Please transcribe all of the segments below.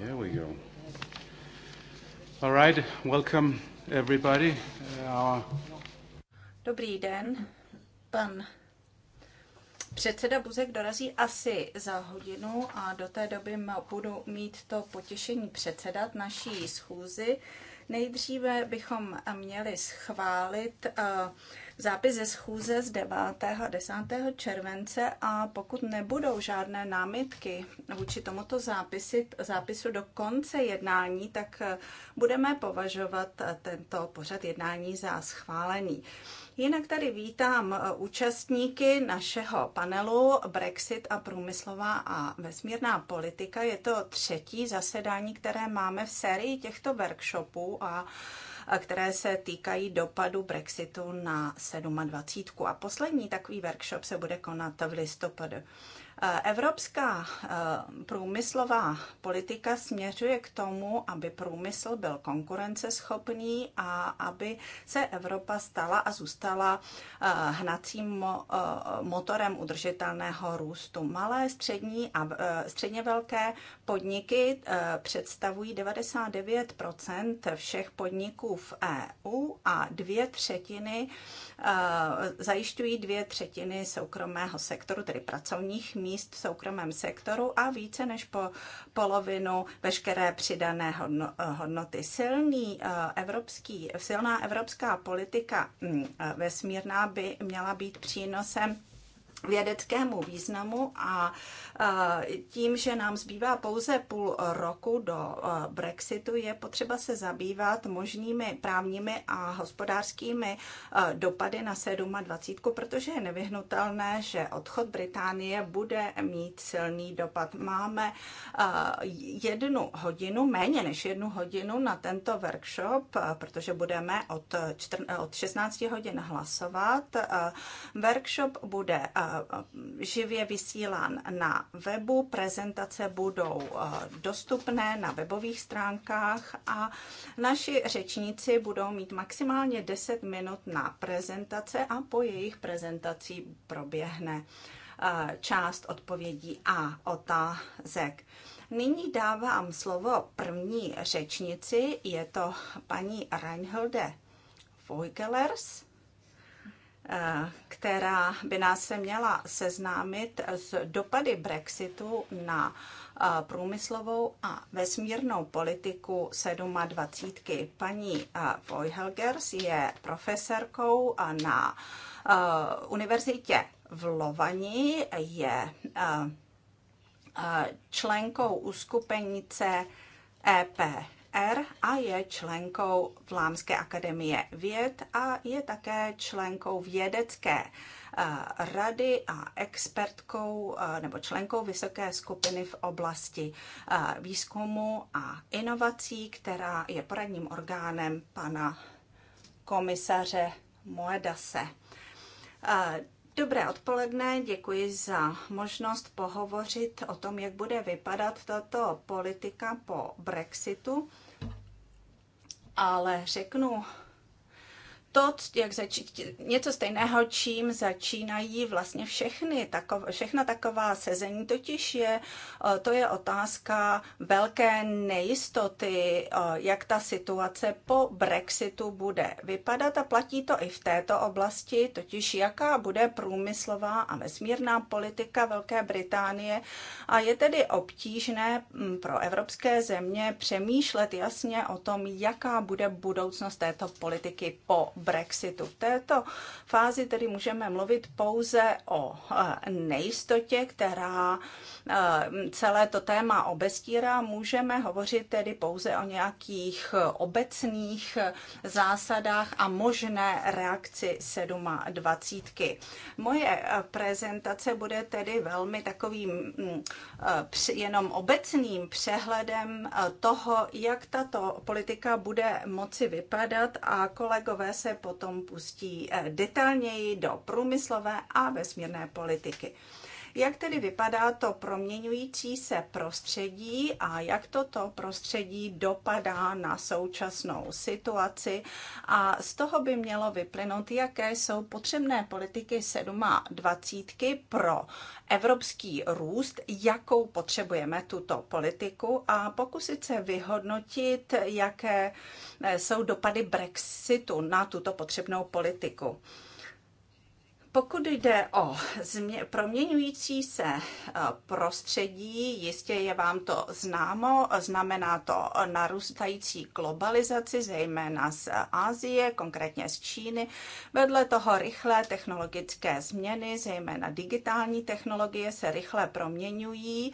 Here we go. All right, welcome everybody. Uh, our... Dobrý den, pan Předseda Buzek dorazí asi za hodinu a do té doby budu mít to potěšení předsedat naší schůzi. Nejdříve bychom měli schválit uh, zápis ze schůze z 9. a 10. července a pokud nebudou žádné námitky vůči tomuto zápisy, zápisu do konce jednání, tak eh, budeme považovat eh, tento pořad jednání za schválený. Jinak tady vítám eh, účastníky našeho panelu Brexit a průmyslová a vesmírná politika. Je to třetí zasedání, které máme v sérii těchto workshopů a které se týkají dopadu Brexitu na 27. A poslední takový workshop se bude konat v listopadu. Eh, evropská eh, průmyslová politika směřuje k tomu, aby průmysl byl konkurenceschopný a aby se Evropa stala a zůstala eh, hnacím motorem udržitelného růstu. Malé, střední a středně velké podniky představují 99 všech podniků v EU a dvě třetiny zajišťují dvě třetiny soukromého sektoru, tedy pracovních míst míst v soukromém sektoru a více než po polovinu veškeré přidané hodnoty. Silný eh, evropský, silná evropská politika hm, eh, vesmírná by měla být přínosem vědeckému významu a e, tím, že nám zbývá pouze půl roku do e, Brexitu, je potřeba se zabývat možnými právními a hospodářskými e, dopady na 27, protože je nevyhnutelné, že odchod Británie bude mít silný dopad. Máme jednu hodinu, méně než jednu hodinu na tento workshop, protože budeme od, od 16 hodin hlasovat. Workshop bude živě vysílán na webu. Prezentace budou eh, dostupné na webových stránkách a naši řečníci budou mít maximálně 10 minut na prezentace a po jejich prezentací proběhne eh, část odpovědí a otázek. Nyní dávám slovo první řečnici, je to paní Reinholde Voigelers Eh, která by nás se měla seznámit s dopady Brexitu na eh, průmyslovou a vesmírnou politiku 27. Paní Foyhelgers eh, je profesorkou na univerzitě v Lovani, je členkou uskupení CEP R a je členkou Vlámské akademie věd a je také členkou vědecké eh, rady a expertkou eh, nebo členkou vysoké skupiny v oblasti eh, výzkumu a inovací, která je poradním orgánem pana komisaře Moedase. Dobré odpoledne, děkuji za možnost pohovořit o tom, jak bude vypadat tato politika po Brexitu ale řeknu to, jak začít, něco stejného, čím začínají vlastně všechny, tako- všechna taková sezení, totiž je, to je otázka velké nejistoty, jak ta situace po Brexitu bude vypadat a platí to i v této oblasti, totiž jaká bude průmyslová a vesmírná politika Velké Británie a je tedy obtížné pro evropské země přemýšlet jasně o tom, jaká bude budoucnost této politiky po Brexitu. V této fázi tedy můžeme mluvit pouze o eh, nejistotě, která Eh, celé to téma obestírá. Můžeme hovořit tedy pouze o nějakých eh, obecných eh, zásadách a možné reakci 27. Moje prezentace bude tedy velmi takovým mm, jenom obecným přehledem toho, jak tato politika bude moci vypadat a kolegové se potom pustí detailněji do průmyslové a vesmírné politiky. Jak tedy vypadá to proměňující se prostředí a jak toto prostředí dopadá na současnou situaci a z toho by mělo vyplynout, jaké jsou potřebné politiky 27 pro evropský růst, jakou potřebujeme tuto politiku a pokusit se vyhodnotit, jaké eh, jsou dopady Brexitu na tuto potřebnou politiku. Pokud jde o změ- proměňující se eh, prostředí, jistě je vám to známo, znamená to narůstající globalizaci, zejména z Asie, konkrétně z Číny. Vedle toho rychlé technologické změny, zejména digitální technologie se rychle proměňují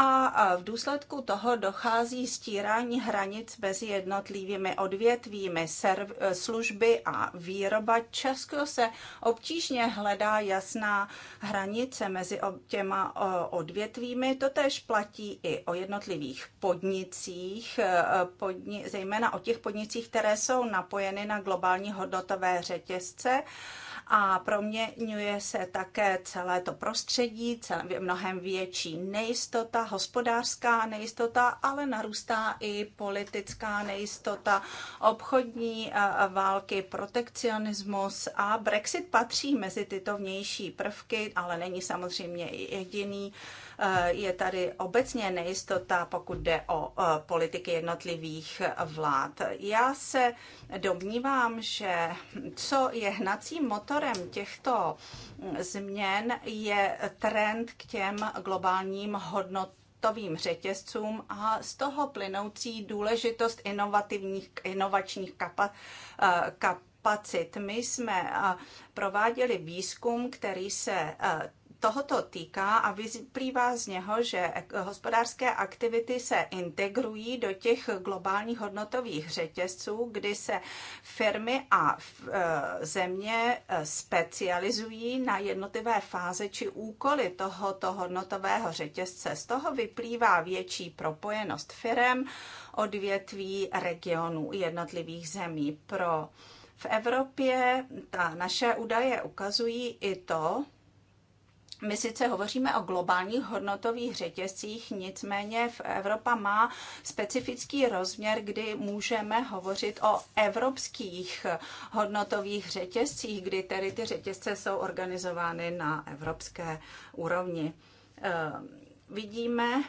a v důsledku toho dochází stírání hranic mezi jednotlivými odvětvími eh, služby a výroba. Česko se obtížně hledá jasná hranice mezi těma odvětvími. To tež platí i o jednotlivých podnicích, eh, podni- zejména o těch podnicích, které jsou napojeny na globální hodnotové řetězce a proměňuje se také celé to prostředí, celé, mnohem větší nejistota, hospodářská nejistota, ale narůstá i politická nejistota, obchodní eh, eh, války, protekcionismus a Brexit patří mezi tyto vnější prvky, ale není samozřejmě jediný. Eh, je tady obecně nejistota, pokud jde o eh, politiky jednotlivých vlád. Já se domnívám, že co je hnacím motorem těchto změn, je trend k těm globálním hodnotám hodnotovým řetězcům a z toho plynoucí důležitost inovativních, inovačních eh, kapacit. My jsme prováděli výzkum, který se tohoto týká a vyplývá z něho, že hospodářské aktivity se integrují do těch globálních hodnotových řetězců, kdy se firmy a e, země e, specializují na jednotlivé fáze či úkoly tohoto hodnotového řetězce. Z toho vyplývá větší propojenost firm, odvětví, regionů jednotlivých zemí. Pro v Evropě ta naše údaje ukazují i to, my sice hovoříme o globálních hodnotových řetězcích, nicméně v Evropa má specifický rozměr, kdy můžeme hovořit o evropských hodnotových řetězcích, kdy tedy ty řetězce jsou organizovány na evropské úrovni. Eh, vidíme,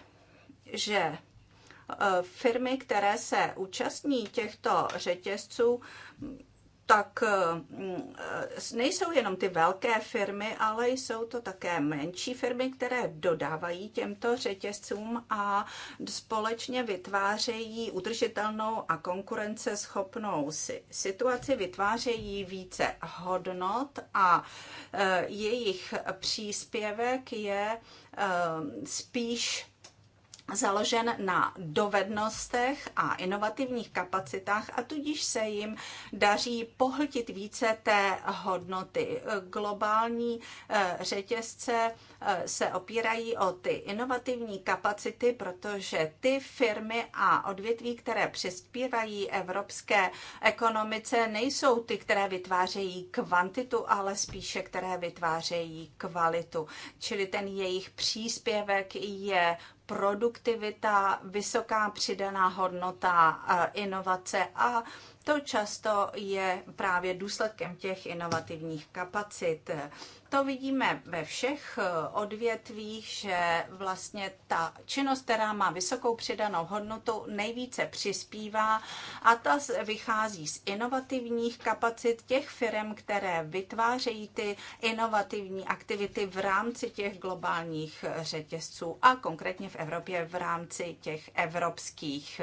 že eh, firmy, které se účastní těchto řetězců, tak eh, mm, eh, nejsou jenom ty velké firmy, ale jsou to také menší firmy, které dodávají těmto řetězcům a společně vytvářejí udržitelnou a konkurenceschopnou situaci, vytvářejí více hodnot a eh, jejich příspěvek je spíš založen na dovednostech a inovativních kapacitách a tudíž se jim daří pohltit více té hodnoty. Globální eh, řetězce eh, se opírají o ty inovativní kapacity, protože ty firmy a odvětví, které přispívají evropské ekonomice, nejsou ty, které vytvářejí kvantitu, ale spíše které vytvářejí kvalitu. Čili ten jejich příspěvek je produktivita, vysoká přidaná hodnota, eh, inovace a to často je právě důsledkem těch inovativních kapacit. To vidíme ve všech eh, odvětvích, že vlastně ta činnost, která má vysokou přidanou hodnotu, nejvíce přispívá a ta vychází z inovativních kapacit těch firm, které vytvářejí ty inovativní aktivity v rámci těch globálních řetězců a konkrétně v Evropě v rámci těch evropských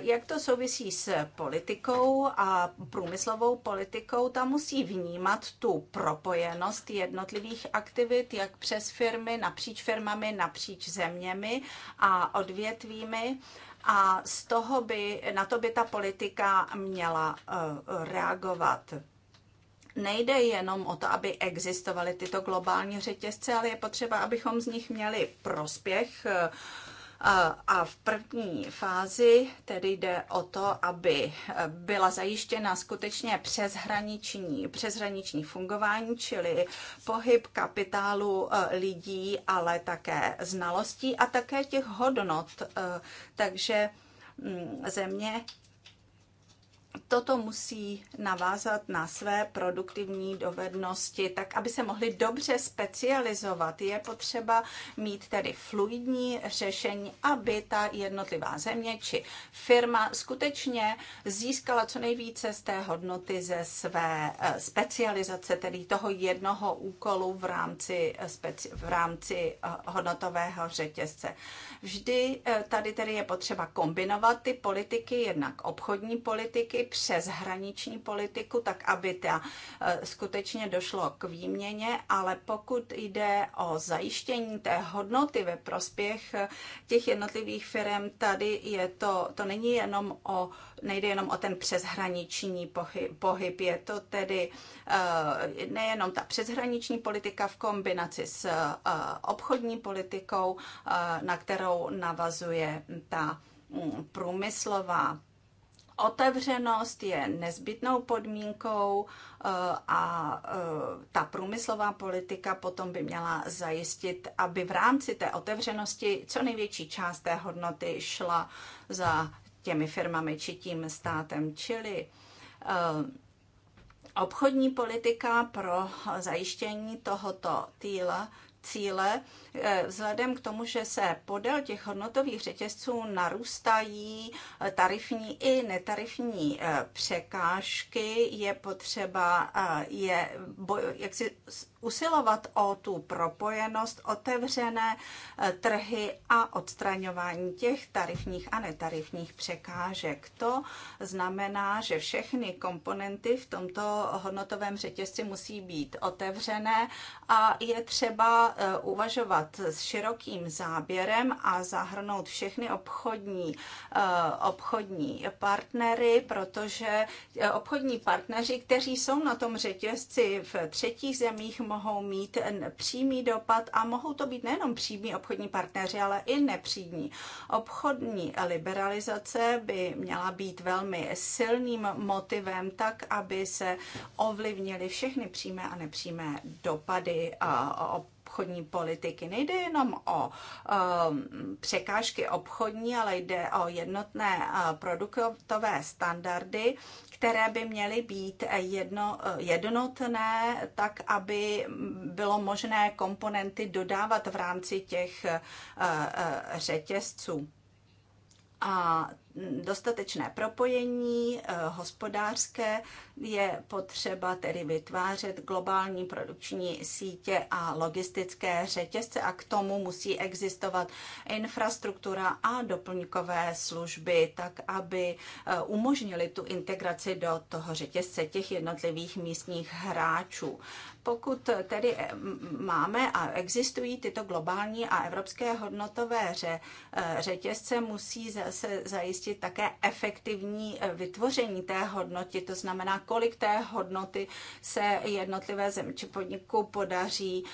jak to souvisí s politikou a průmyslovou politikou, tam musí vnímat tu propojenost jednotlivých aktivit, jak přes firmy, napříč firmami, napříč zeměmi a odvětvími a z toho by, na to by ta politika měla eh, reagovat nejde jenom o to, aby existovaly tyto globální řetězce, ale je potřeba, abychom z nich měli prospěch eh, a v první fázi tedy jde o to, aby byla zajištěna skutečně přeshraniční, přeshraniční fungování, čili pohyb kapitálu e, lidí, ale také znalostí a také těch hodnot. E, takže mm, země toto musí navázat na své produktivní dovednosti, tak aby se mohli dobře specializovat. Je potřeba mít tedy fluidní řešení, aby ta jednotlivá země či firma skutečně získala co nejvíce z té hodnoty ze své eh, specializace, tedy toho jednoho úkolu v rámci, eh, speci- v rámci eh, hodnotového řetězce. Vždy tady tedy je potřeba kombinovat ty politiky, jednak obchodní politiky, i přes hraniční politiku, tak aby ta eh, skutečně došlo k výměně, ale pokud jde o zajištění té hodnoty ve prospěch eh, těch jednotlivých firm, tady je to, to není jenom o, nejde jenom o ten přeshraniční pohyb, pohyb je to tedy eh, nejenom ta přeshraniční politika v kombinaci s obchodní politikou, na kterou navazuje ta mm, průmyslová otevřenost je nezbytnou podmínkou eh, a eh, ta průmyslová politika potom by měla zajistit, aby v rámci té otevřenosti co největší část té hodnoty šla za těmi firmami či tím státem, čili eh, obchodní politika pro zajištění tohoto týla cíle, eh, vzhledem k tomu, že se podél těch hodnotových řetězců narůstají eh, tarifní i netarifní eh, překážky, je potřeba je jak si usilovat o tu propojenost, otevřené eh, trhy a odstraňování těch tarifních a netarifních překážek. To znamená, že všechny komponenty v tomto hodnotovém řetězci musí být otevřené a je třeba eh, uvažovat s širokým záběrem a zahrnout všechny obchodní, eh, obchodní partnery, protože obchodní partneři, kteří jsou na tom řetězci v třetích zemích, mohou mít přímý dopad a mohou to být nejenom přímí obchodní partneři, ale i nepřímí. Obchodní liberalizace by měla být velmi silným motivem, tak aby se ovlivnily všechny přímé a nepřímé dopady obchodní politiky. Nejde jenom o um, překážky obchodní, ale jde o jednotné produktové standardy které by měly být jedno, jednotné, tak aby bylo možné komponenty dodávat v rámci těch eh, eh, řetězců. A dostatečné propojení eh, hospodářské, je potřeba tedy vytvářet globální produkční sítě a logistické řetězce a k tomu musí existovat infrastruktura a doplňkové služby, tak aby eh, umožnili tu integraci do toho řetězce těch jednotlivých místních hráčů. Pokud tedy eh, máme a existují tyto globální a evropské hodnotové eh, řetězce, musí se zajistit také efektivní eh, vytvoření té hodnoty, to znamená, kolik té hodnoty se jednotlivé země či podniku podaří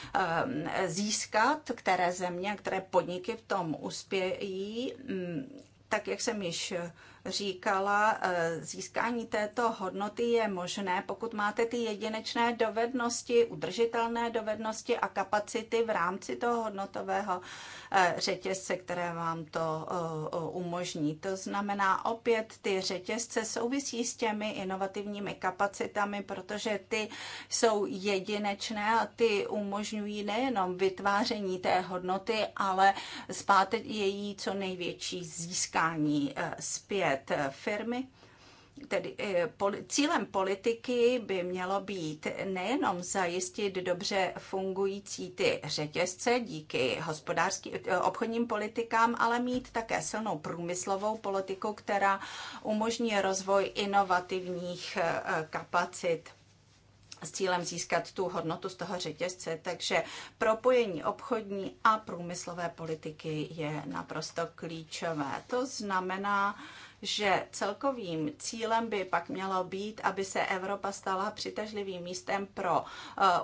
získat, které země, které podniky v tom uspějí mm, tak jak jsem již říkala, eh, získání této hodnoty je možné, pokud máte ty jedinečné dovednosti, udržitelné dovednosti a kapacity v rámci toho hodnotového eh, řetězce, které vám to eh, umožní. To znamená, opět ty řetězce souvisí s těmi inovativními kapacitami, protože ty jsou jedinečné a ty umožňují nejenom vytváření té hodnoty, ale zpátek její co největší získání zpět let eh, firmy tedy eh, cílem politiky by mělo být nejenom zajistit dobře fungující ty řetězce díky hospodářským eh, obchodním politikám, ale mít také silnou průmyslovou politiku, která umožní rozvoj inovativních kapacit s cílem získat tu hodnotu z toho řetězce. Takže propojení obchodní a průmyslové politiky je naprosto klíčové. To znamená, že celkovým cílem by pak mělo být, aby se Evropa stala přitažlivým místem pro uh,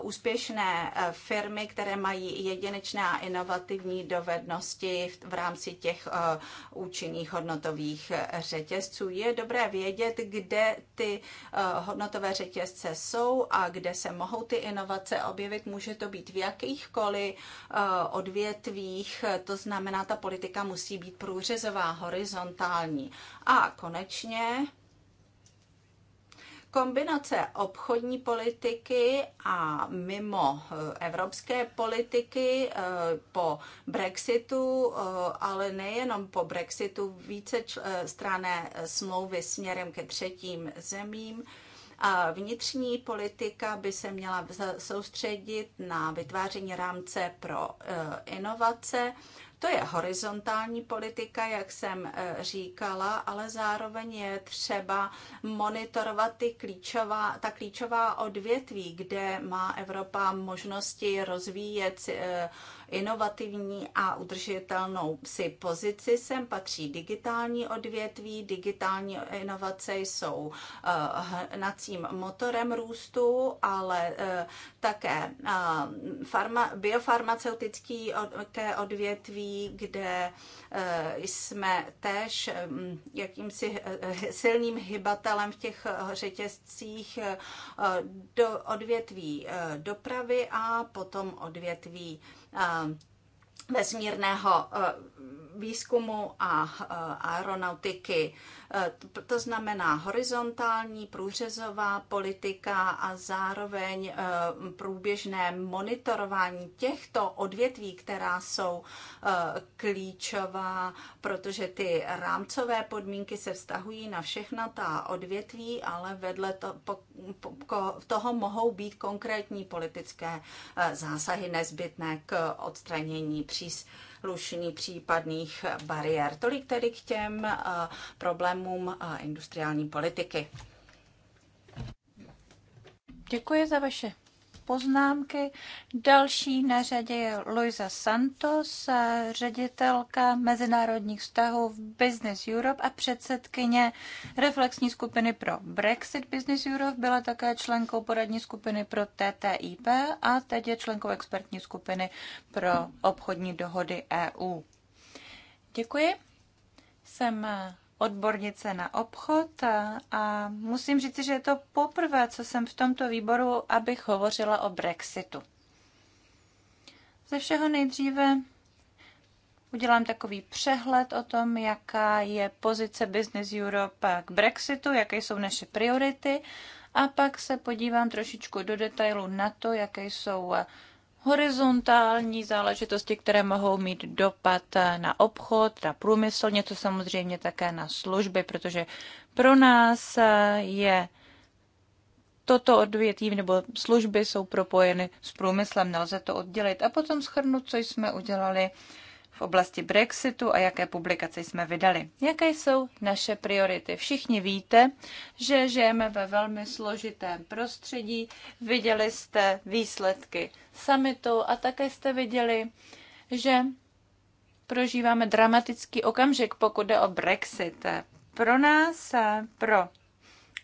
úspěšné uh, firmy, které mají jedinečné a inovativní dovednosti v rámci těch uh, účinných hodnotových řetězců. Je dobré vědět, kde ty hodnotové řetězce jsou a kde se mohou ty inovace objevit. Může to být v jakýchkoliv odvětvích, to znamená, ta politika musí být průřezová, horizontální. A konečně kombinace obchodní politiky a mimo eh, evropské politiky eh, po Brexitu, eh, ale nejenom po Brexitu, více strané smlouvy směrem ke třetím zemím. A vnitřní politika by se měla soustředit na vytváření rámce pro inovace, to je horizontální politika, jak jsem eh, říkala, ale zároveň je třeba monitorovat ty klíčová, ta klíčová odvětví, kde má Evropa možnosti rozvíjet eh, inovativní a udržitelnou si pozici. Sem patří digitální odvětví, digitální inovace jsou eh, hnacím motorem růstu, ale eh, také eh, farma, biofarmaceutické odvětví, kde jsme též mm, jakýmsi silným hybatelem v těch řetězcích do odvětví dopravy a potom odvětví Eh, vesmírného eh, výzkumu a eh, aeronautiky. Eh, to znamená horizontální průřezová politika a zároveň eh, průběžné monitorování těchto odvětví, která jsou eh, klíčová, protože ty rámcové podmínky se vztahují na všechna ta odvětví, ale vedle toho mohou být konkrétní politické zásahy nezbytné k odstranění příslušnosti rušení případných bariér. Tolik tedy k těm eh, problémům eh, industriální politiky. Děkuji za vaše poznámky. Další na řadě je Luisa Santos, ředitelka mezinárodních vztahů v Business Europe a předsedkyně reflexní skupiny pro Brexit Business Europe. Byla také členkou poradní skupiny pro TTIP a teď je členkou expertní skupiny pro obchodní dohody EU. Děkuji. Jsem odbornice na obchod a musím říct, že je to poprvé, co jsem v tomto výboru, abych hovořila o Brexitu. Ze všeho nejdříve udělám takový přehled o tom, jaká je pozice Business Europe k Brexitu, jaké jsou naše priority a pak se podívám trošičku do detailu na to, jaké jsou horizontální záležitosti, které mohou mít dopad na obchod, na průmysl, něco samozřejmě také na služby, protože pro nás je toto odvětví nebo služby jsou propojeny s průmyslem, nelze to oddělit. A potom schrnu, co jsme udělali oblasti Brexitu a jaké publikace jsme vydali. Jaké jsou naše priority? Všichni víte, že žijeme ve velmi složitém prostředí. Viděli jste výsledky summitu a také jste viděli, že prožíváme dramatický okamžik, pokud jde o Brexit. Pro nás, pro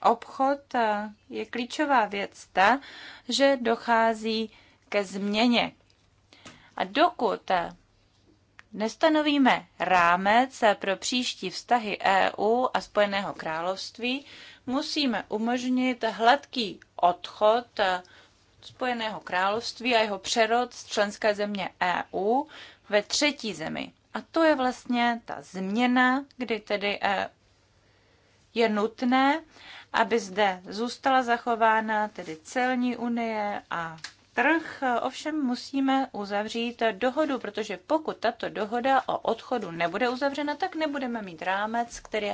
obchod, je klíčová věc ta, že dochází ke změně. A dokud nestanovíme rámec pro příští vztahy EU a Spojeného království, musíme umožnit hladký odchod Spojeného království a jeho přerod z členské země EU ve třetí zemi. A to je vlastně ta změna, kdy tedy e je nutné, aby zde zůstala zachována tedy celní unie a trh, ovšem musíme uzavřít dohodu, protože pokud tato dohoda o odchodu nebude uzavřena, tak nebudeme mít rámec, který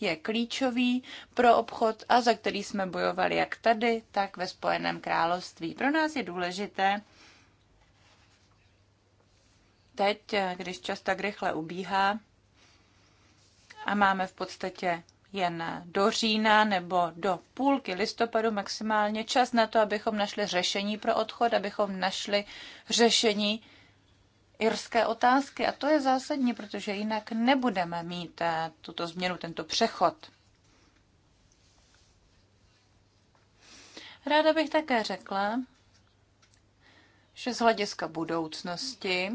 je klíčový pro obchod a za který jsme bojovali jak tady, tak ve Spojeném království. Pro nás je důležité teď, když čas tak rychle ubíhá a máme v podstatě jen do října nebo do půlky listopadu maximálně čas na to, abychom našli řešení pro odchod, abychom našli řešení irské otázky. A to je zásadní, protože jinak nebudeme mít eh, tuto změnu, tento přechod. Ráda bych také řekla, že z hlediska budoucnosti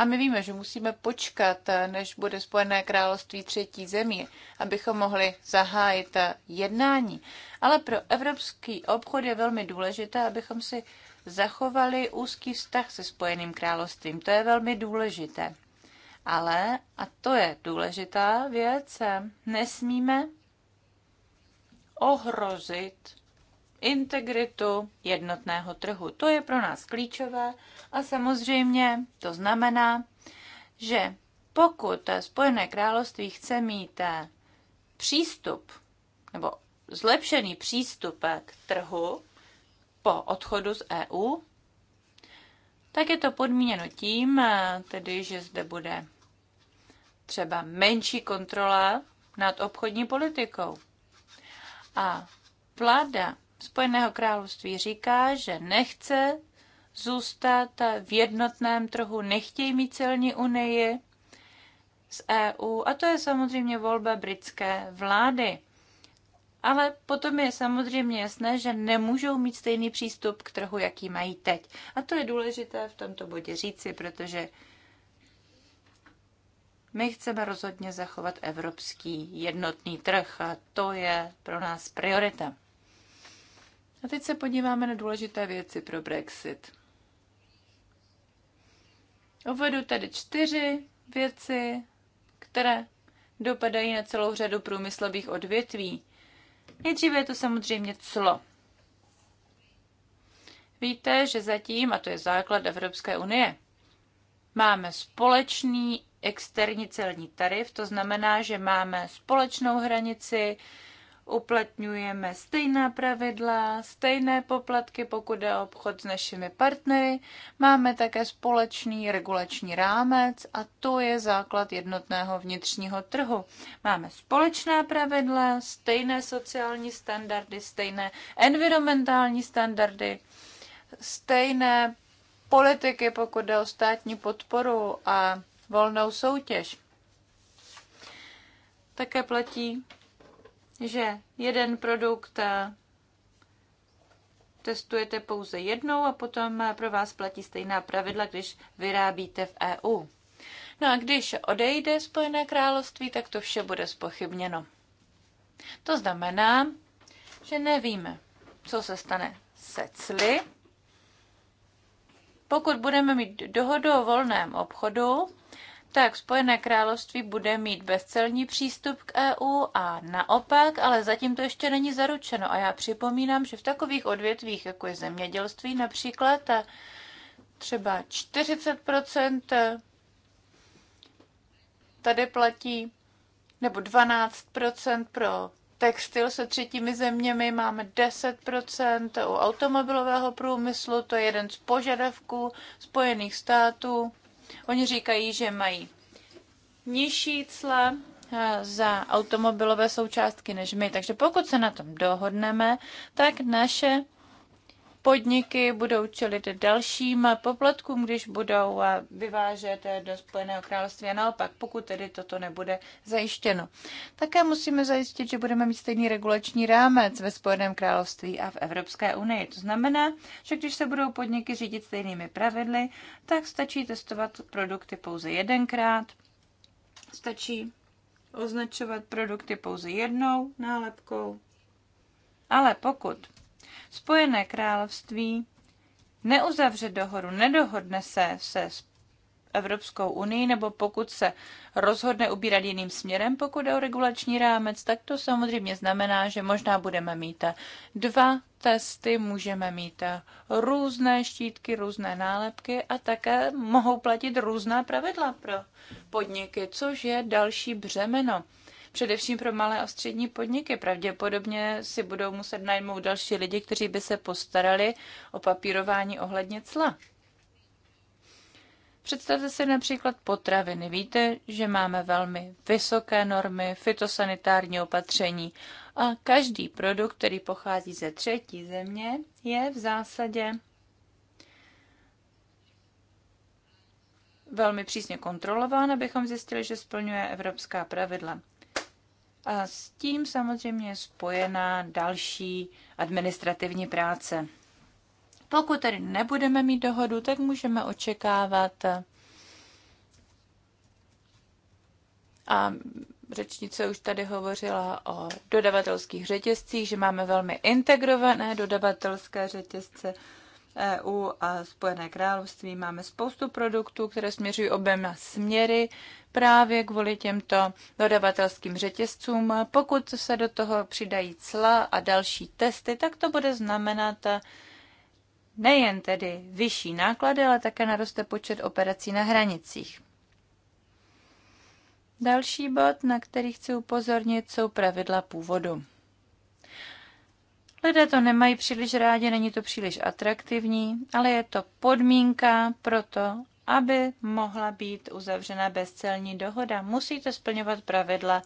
a my víme, že musíme počkat, než bude Spojené království třetí zemí, abychom mohli zahájit jednání. Ale pro evropský obchod je velmi důležité, abychom si zachovali úzký vztah se Spojeným královstvím. To je velmi důležité. Ale, a to je důležitá věc, nesmíme ohrozit integritu jednotného trhu. To je pro nás klíčové a samozřejmě to znamená, že pokud Spojené království chce mít eh, přístup nebo zlepšený přístup eh, k trhu po odchodu z EU, tak je to podmíněno tím, eh, tedy, že zde bude třeba menší kontrola nad obchodní politikou. A vláda Spojeného království říká, že nechce zůstat v jednotném trhu, nechtějí mít celní unii z EU a to je samozřejmě volba britské vlády. Ale potom je samozřejmě jasné, že nemůžou mít stejný přístup k trhu, jaký mají teď. A to je důležité v tomto bodě říci, protože my chceme rozhodně zachovat evropský jednotný trh a to je pro nás priorita. A teď se podíváme na důležité věci pro Brexit. Uvedu tady čtyři věci, které dopadají na celou řadu průmyslových odvětví. Nejdříve je to samozřejmě clo. Víte, že zatím, a to je základ Evropské unie, máme společný externí celní tarif, to znamená, že máme společnou hranici, uplatňujeme stejná pravidla, stejné poplatky, pokud je obchod s našimi partnery. Máme také společný regulační rámec a to je základ jednotného vnitřního trhu. Máme společná pravidla, stejné sociální standardy, stejné environmentální standardy, stejné politiky, pokud jde o státní podporu a volnou soutěž. Také platí že jeden produkt eh, testujete pouze jednou a potom eh, pro vás platí stejná pravidla, když vyrábíte v EU. No a když odejde Spojené království, tak to vše bude spochybněno. To znamená, že nevíme, co se stane se cly. Pokud budeme mít dohodu o volném obchodu, tak Spojené království bude mít bezcelní přístup k EU a naopak, ale zatím to ještě není zaručeno. A já připomínám, že v takových odvětvích, jako je zemědělství například, a třeba 40 tady platí, nebo 12 pro textil se třetími zeměmi, máme 10% u automobilového průmyslu, to je jeden z požadavků Spojených států Oni říkají, že mají nižší cla eh, za automobilové součástky než my. Takže pokud se na tom dohodneme, tak naše podniky budou čelit dalším poplatkům, když budou eh, vyvážet eh, do Spojeného království a naopak, pokud tedy toto nebude zajištěno. Také musíme zajistit, že budeme mít stejný regulační rámec ve Spojeném království a v Evropské unii. To znamená, že když se budou podniky řídit stejnými pravidly, tak stačí testovat produkty pouze jedenkrát, stačí označovat produkty pouze jednou nálepkou. Ale pokud Spojené království neuzavře dohodu, nedohodne se se Evropskou unii, nebo pokud se rozhodne ubírat jiným směrem, pokud je o regulační rámec, tak to samozřejmě znamená, že možná budeme mít dva testy, můžeme mít různé štítky, různé nálepky a také mohou platit různá pravidla pro podniky, což je další břemeno především pro malé a střední podniky. Pravděpodobně si budou muset najmout další lidi, kteří by se postarali o papírování ohledně cla. Představte si například potraviny. Víte, že máme velmi vysoké normy fitosanitární opatření a každý produkt, který pochází ze třetí země, je v zásadě velmi přísně kontrolován, abychom zjistili, že splňuje evropská pravidla. A s tím samozřejmě je spojená další administrativní práce. Pokud tedy nebudeme mít dohodu, tak můžeme očekávat a řečnice už tady hovořila o dodavatelských řetězcích, že máme velmi integrované dodavatelské řetězce EU a Spojené království. Máme spoustu produktů, které směřují oběma směry právě kvůli těmto dodavatelským řetězcům. Pokud se do toho přidají cla a další testy, tak to bude znamenat nejen tedy vyšší náklady, ale také naroste počet operací na hranicích. Další bod, na který chci upozornit, jsou pravidla původu. Lidé to nemají příliš rádi, není to příliš atraktivní, ale je to podmínka pro to, aby mohla být uzavřena bezcelní dohoda, musíte splňovat pravidla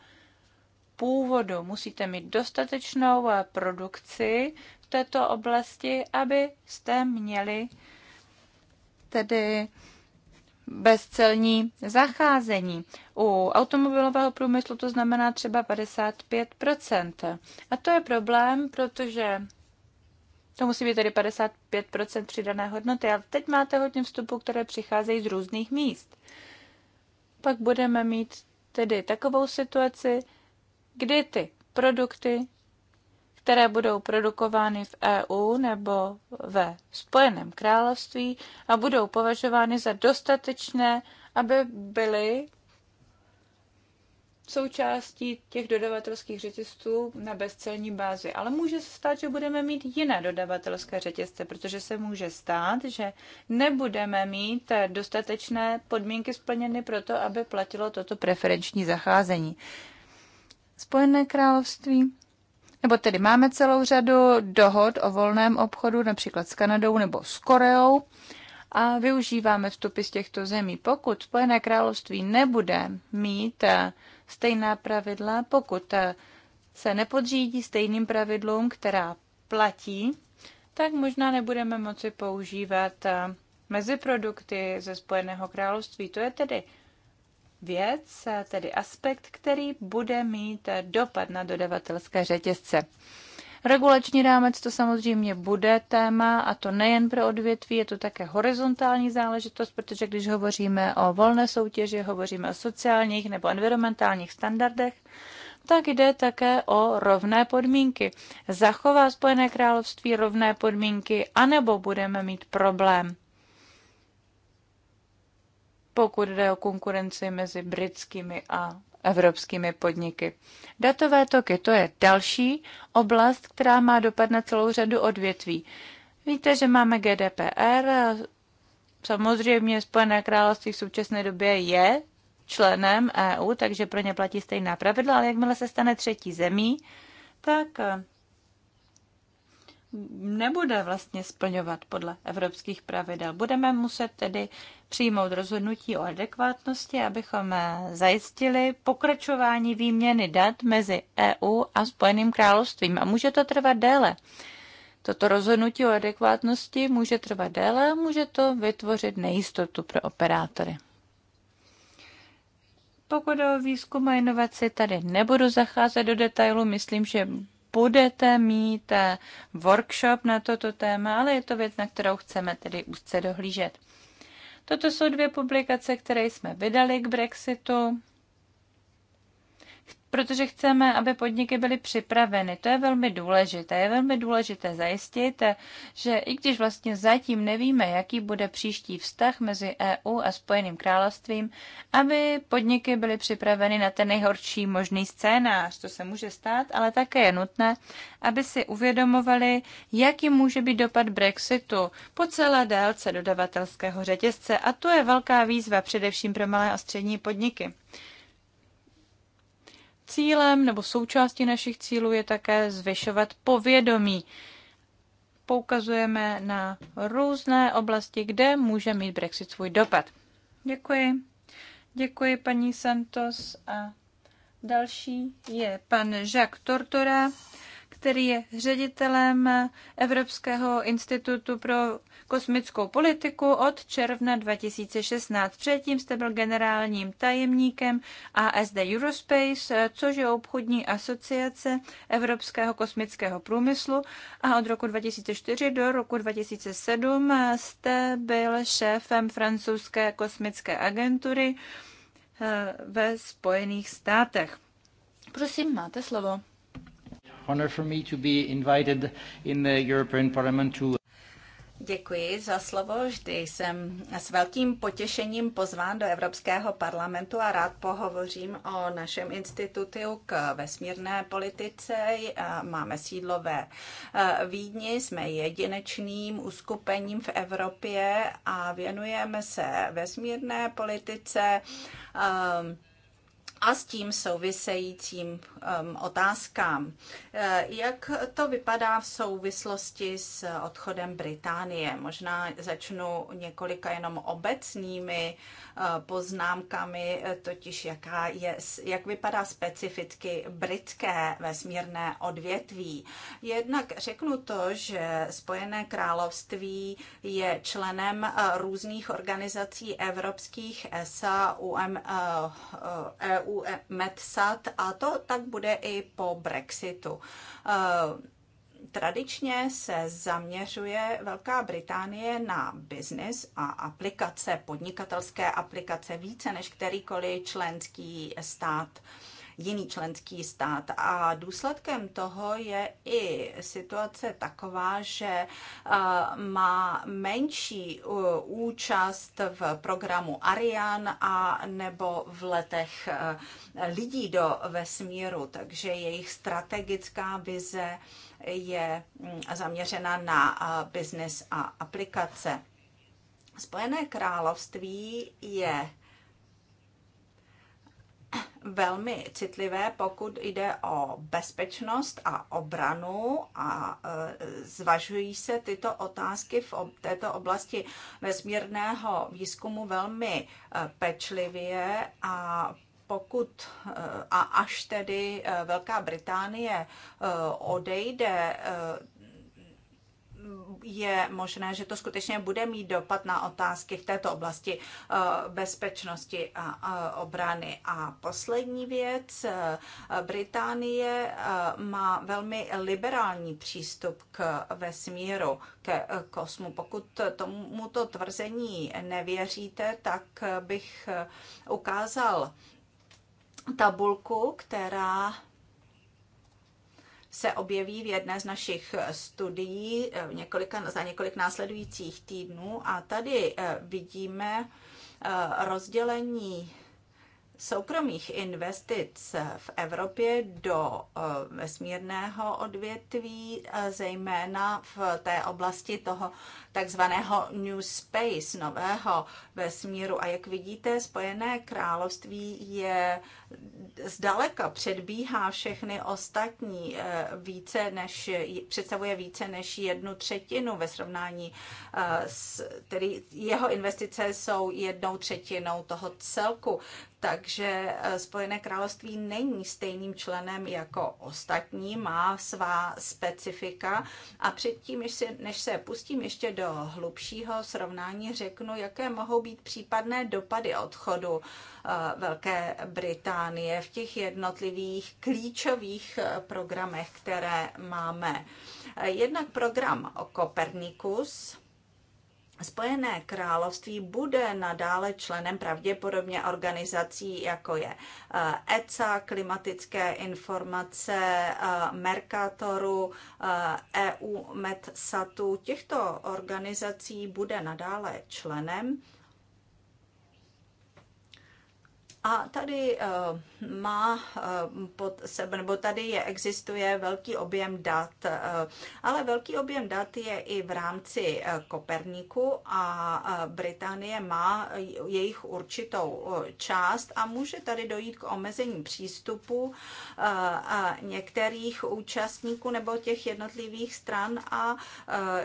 původu. Musíte mít dostatečnou eh, produkci v této oblasti, abyste měli tedy bezcelní zacházení. U automobilového průmyslu to znamená třeba 55 A to je problém, protože to musí být tedy 55% přidané hodnoty, ale teď máte hodně vstupů, které přicházejí z různých míst. Pak budeme mít tedy takovou situaci, kdy ty produkty, které budou produkovány v EU nebo ve Spojeném království a budou považovány za dostatečné, aby byly součástí těch dodavatelských řetězců na bezcelní bázi. Ale může se stát, že budeme mít jiné dodavatelské řetězce, protože se může stát, že nebudeme mít dostatečné podmínky splněny pro to, aby platilo toto preferenční zacházení. Spojené království. Nebo tedy máme celou řadu dohod o volném obchodu, například s Kanadou nebo s Koreou, a využíváme vstupy z těchto zemí. Pokud Spojené království nebude mít eh, stejná pravidla, pokud eh, se nepodřídí stejným pravidlům, která platí, tak možná nebudeme moci používat eh, meziprodukty ze Spojeného království. To je tedy věc, eh, tedy aspekt, který bude mít dopad na dodavatelské řetězce. Regulační rámec to samozřejmě bude téma a to nejen pro odvětví, je to také horizontální záležitost, protože když hovoříme o volné soutěži, hovoříme o sociálních nebo environmentálních standardech, tak jde také o rovné podmínky. Zachová Spojené království rovné podmínky, anebo budeme mít problém, pokud jde o konkurenci mezi britskými a evropskými podniky. Datové toky to je další oblast, která má dopad na celou řadu odvětví. Víte, že máme GDPR, samozřejmě Spojené království v současné době je členem EU, takže pro ně platí stejná pravidla, ale jakmile se stane třetí zemí, tak nebude vlastně splňovat podle evropských pravidel. Budeme muset tedy přijmout rozhodnutí o adekvátnosti, abychom zajistili pokračování výměny dat mezi EU a Spojeným královstvím. A může to trvat déle. Toto rozhodnutí o adekvátnosti může trvat déle a může to vytvořit nejistotu pro operátory. Pokud o výzkum a inovaci tady nebudu zacházet do detailu, myslím, že budete mít eh, workshop na toto téma, ale je to věc, na kterou chceme tedy úzce dohlížet. Toto jsou dvě publikace, které jsme vydali k Brexitu protože chceme, aby podniky byly připraveny. To je velmi důležité. Je velmi důležité zajistit, že i když vlastně zatím nevíme, jaký bude příští vztah mezi EU a Spojeným královstvím, aby podniky byly připraveny na ten nejhorší možný scénář, to se může stát, ale také je nutné, aby si uvědomovali, jaký může být dopad Brexitu po celé délce dodavatelského řetězce. A to je velká výzva především pro malé a střední podniky. Cílem nebo součástí našich cílů je také zvyšovat povědomí. Poukazujeme na různé oblasti, kde může mít Brexit svůj dopad. Děkuji. Děkuji paní Santos a další je pan Jacques Tortora který je ředitelem Evropského institutu pro kosmickou politiku od června 2016. Předtím jste byl generálním tajemníkem ASD Eurospace, což je obchodní asociace Evropského kosmického průmyslu a od roku 2004 do roku 2007 jste byl šéfem francouzské kosmické agentury eh, ve Spojených státech. Prosím, máte slovo honor for me to be invited in the European Parliament to Děkuji za slovo. Vždy jsem s velkým potěšením pozván do Evropského parlamentu a rád pohovořím o našem institutu k vesmírné politice. Máme sídlo ve e, Vídni, jsme jedinečným uskupením v Evropě a věnujeme se vesmírné politice ehm, a s tím souvisejícím um, otázkám. Eh, jak to vypadá v souvislosti s odchodem Británie? Možná začnu několika jenom obecnými eh, poznámkami, eh, totiž jaká je, jak vypadá specificky britské vesmírné odvětví. Jednak řeknu to, že Spojené království je členem různých organizací evropských ESA, UM, EU, e metsat a to tak bude i po Brexitu eh, tradičně se zaměřuje Velká Británie na business a aplikace, podnikatelské aplikace více než kterýkoliv členský stát jiný členský stát. A důsledkem toho je i situace taková, že eh, má menší eh, účast v programu Ariane a nebo v letech eh, lidí do vesmíru, takže jejich strategická vize je mm, zaměřena na business a aplikace. Spojené království je velmi citlivé, pokud jde o bezpečnost a obranu a e, zvažují se tyto otázky v této oblasti vesmírného výzkumu velmi e, pečlivě a pokud e, a až tedy Velká Británie odejde, je možné, že to skutečně bude mít dopad na otázky v této oblasti eh, bezpečnosti a obrany. A poslední věc, eh, Británie eh, má velmi liberální přístup k vesmíru, ke kosmu. Pokud tomuto tvrzení nevěříte, tak bych ukázal tabulku, která se objeví v jedné z našich studií eh, několika, za několik následujících týdnů. A tady eh, vidíme eh, rozdělení soukromých investic v Evropě do vesmírného odvětví, zejména v té oblasti toho takzvaného New Space, nového vesmíru. A jak vidíte, Spojené království je zdaleka předbíhá všechny ostatní, eh, více než, představuje více než jednu třetinu ve srovnání eh, s, tedy jeho investice jsou jednou třetinou toho celku. Takže eh, Spojené království není stejným členem jako ostatní, má svá specifika. A předtím, než se, než se pustím ještě do hlubšího srovnání, řeknu, jaké mohou být případné dopady odchodu Velké Británie Británie v těch jednotlivých klíčových eh, programech, které máme. Eh, jednak program Copernicus, Spojené království bude nadále členem pravděpodobně organizací, jako je eh, ECA, klimatické informace, Mercatoru, EU, e MedSatu. Těchto organizací bude nadále členem A tady eh, má eh, pod sebe, nebo tady je, existuje velký objem dat, eh, ale velký objem dat je i v rámci Koperniku a Británie má jejich určitou část a může tady dojít k omezení přístupu některých účastníků nebo těch jednotlivých stran a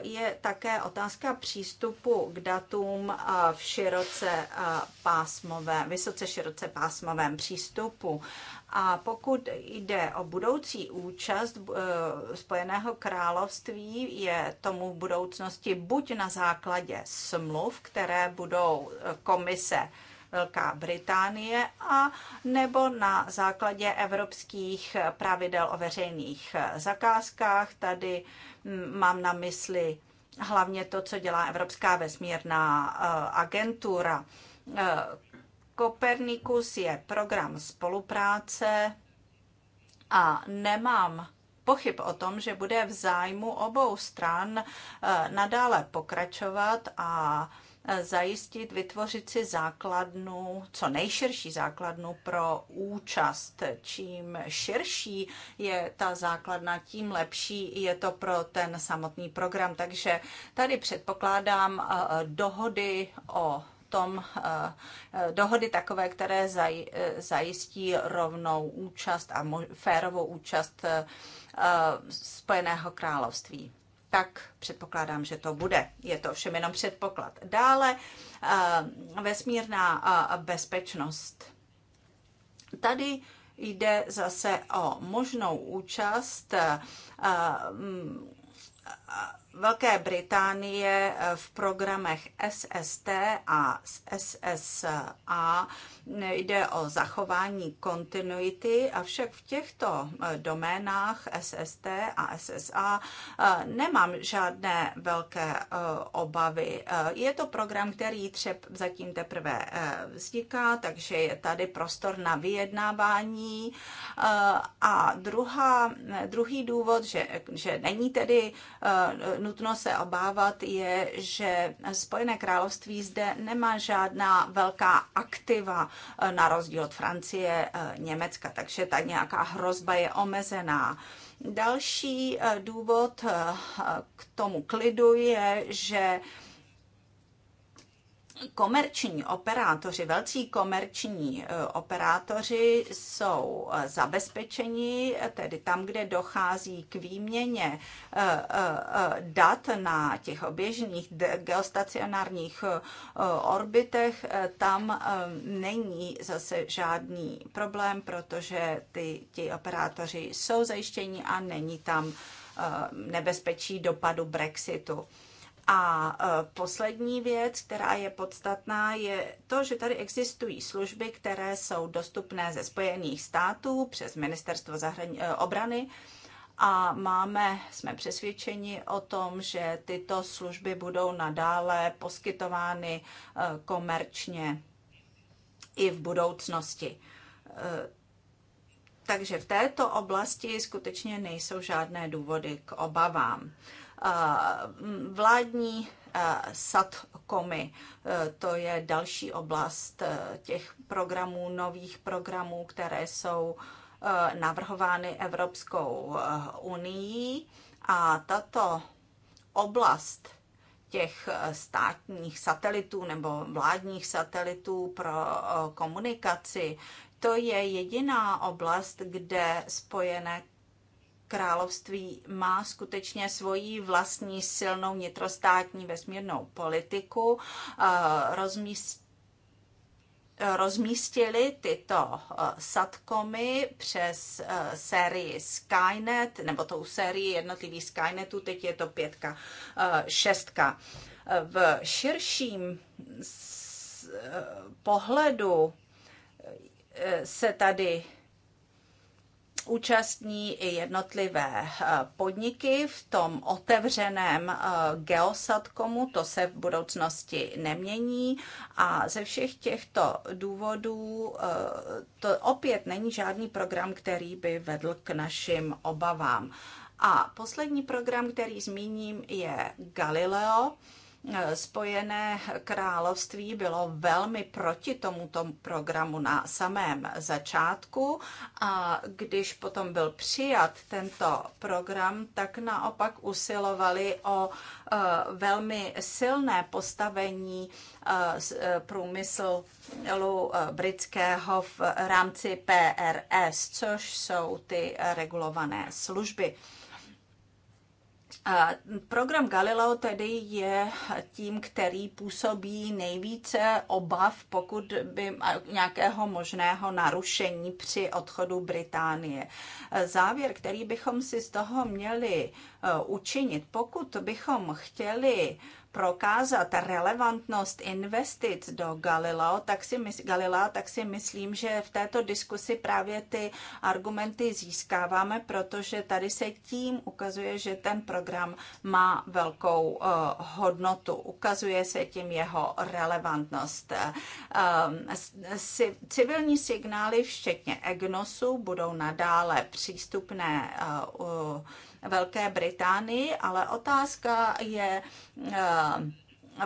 je také otázka přístupu k datům v široce pásmové, vysoce široce vícepásmovém přístupu. A pokud jde o budoucí účast eh, Spojeného království, je tomu v budoucnosti buď na základě smluv, které budou eh, komise Velká Británie a nebo na základě evropských pravidel o veřejných eh, zakázkách. Tady hm, mám na mysli hlavně to, co dělá Evropská vesmírná agentura. Kopernikus je program spolupráce a nemám pochyb o tom, že bude v zájmu obou stran eh, nadále pokračovat a eh, zajistit, vytvořit si základnu, co nejširší základnu pro účast. Čím širší je ta základna, tím lepší je to pro ten samotný program. Takže tady předpokládám eh, dohody o potom eh, eh, dohody takové, které eh, zajistí rovnou účast a férovou účast Spojeného království tak předpokládám, že to bude. Je to všem jenom předpoklad. Dále vesmírná bezpečnost. Tady jde zase o možnou účast mm, Velké Británie eh, v programech SST a SSA jde o zachování kontinuity, avšak v těchto eh, doménách SST a SSA eh, nemám žádné velké eh, obavy. Je to program, který třeba zatím teprve vzniká, takže je tady prostor na vyjednávání. A druhá, druhý důvod, že, že není tedy nutno se obávat, je, že Spojené království zde nemá žádná velká aktiva, Eh, na rozdíl od Francie, eh, Německa, takže ta nějaká hrozba je omezená. Další eh, důvod k tomu klidu je, že komerční operátoři, velcí komerční e, operátoři jsou e, zabezpečeni, tedy tam, kde dochází k výměně e, dat na těch oběžných geostacionárních orbitech, tam není zase žádný problém, protože ty, ti operátoři jsou zajištěni a není tam nebezpečí dopadu Brexitu. A e, poslední věc, která je podstatná, je to, že tady existují služby, které jsou dostupné ze Spojených států přes Ministerstvo zahrani- e, obrany a máme, jsme přesvědčeni o tom, že tyto služby budou nadále poskytovány e, komerčně i v budoucnosti. Takže v této oblasti skutečně nejsou žádné důvody k obavám. Mm, vládní SATCOMy. E, to je další oblast e, těch programů, nových programů, které jsou e, navrhovány Evropskou unii. A tato oblast těch státních satelitů nebo vládních satelitů pro komunikaci, to je jediná oblast, kde Spojené království má skutečně svoji vlastní silnou vnitrostátní vesmírnou politiku. Eh, rozmístili tyto eh, satkomy přes eh, sérii Skynet, nebo tou sérii jednotlivých Skynetů, teď je to pětka, šestka. V širším pohledu se tady účastní i jednotlivé eh, podniky v tom otevřeném eh, geosatkomu, to se v budoucnosti nemění a ze všech těchto důvodů eh, to opět není žádný program, který by vedl k našim obavám. A poslední program, který zmíním, je Galileo Spojené království bylo velmi proti tomuto programu na samém začátku a když potom byl přijat tento program, tak naopak usilovali o e, velmi silné postavení e, e, průmyslu britského v rámci PRS, což jsou ty regulované služby. Program Galileo tedy je tím, který působí nejvíce obav, pokud by nějakého možného narušení při odchodu Británie. Závěr, který bychom si z toho měli eh, učinit, pokud bychom chtěli prokázat relevantnost investic do Galileo, tak si mysl, Galileo, tak si myslím, že v této diskusi právě ty argumenty získáváme, protože tady se tím ukazuje, že ten program má velkou uh, hodnotu. Ukazuje se tím jeho relevantnost. Um, si, civilní signály, včetně EGNOSu, budou nadále přístupné uh, uh, Velké Británii, ale otázka je eh,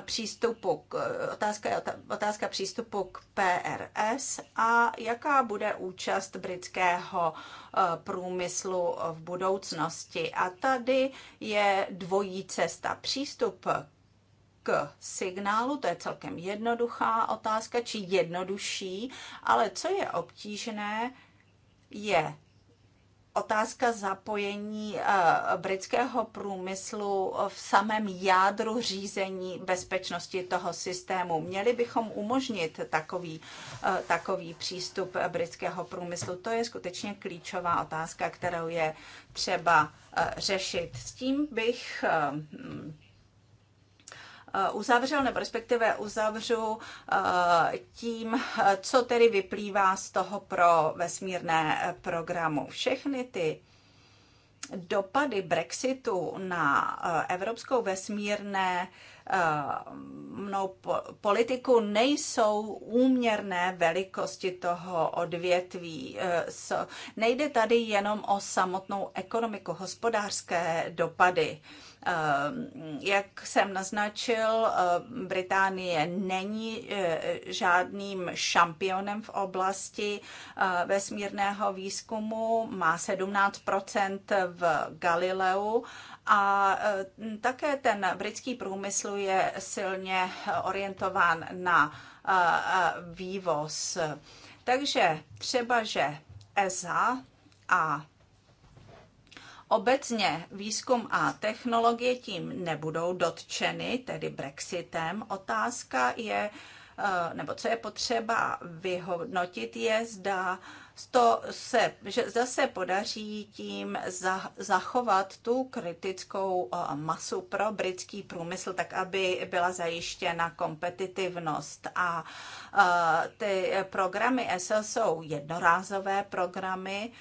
přístupu k, otázka, otázka přístupu k PRS a jaká bude účast britského eh, průmyslu v budoucnosti. A tady je dvojí cesta. Přístup k signálu, to je celkem jednoduchá otázka, či jednodušší, ale co je obtížné, je otázka zapojení eh, britského průmyslu v samém jádru řízení bezpečnosti toho systému. Měli bychom umožnit takový, eh, takový přístup britského průmyslu. To je skutečně klíčová otázka, kterou je třeba eh, řešit. S tím bych Eh, uzavřel, nebo respektive uzavřu eh, tím, eh, co tedy vyplývá z toho pro vesmírné programu. Všechny ty dopady Brexitu na evropskou vesmírné politiku nejsou úměrné velikosti toho odvětví. Nejde tady jenom o samotnou ekonomiku, hospodářské dopady. Eh, jak jsem naznačil, eh, Británie není eh, žádným šampionem v oblasti vesmírného výzkumu, má 17 v Galileu a také ten britský průmysl je silně orientován na vývoz. Takže třeba, že ESA a Obecně výzkum a technologie tím nebudou dotčeny, tedy Brexitem. Otázka je, eh, nebo co je potřeba vyhodnotit, je, zda to se, že zase podaří tím za, zachovat tu kritickou eh, masu pro britský průmysl, tak aby byla zajištěna kompetitivnost. A eh, ty programy ESL jsou jednorázové programy,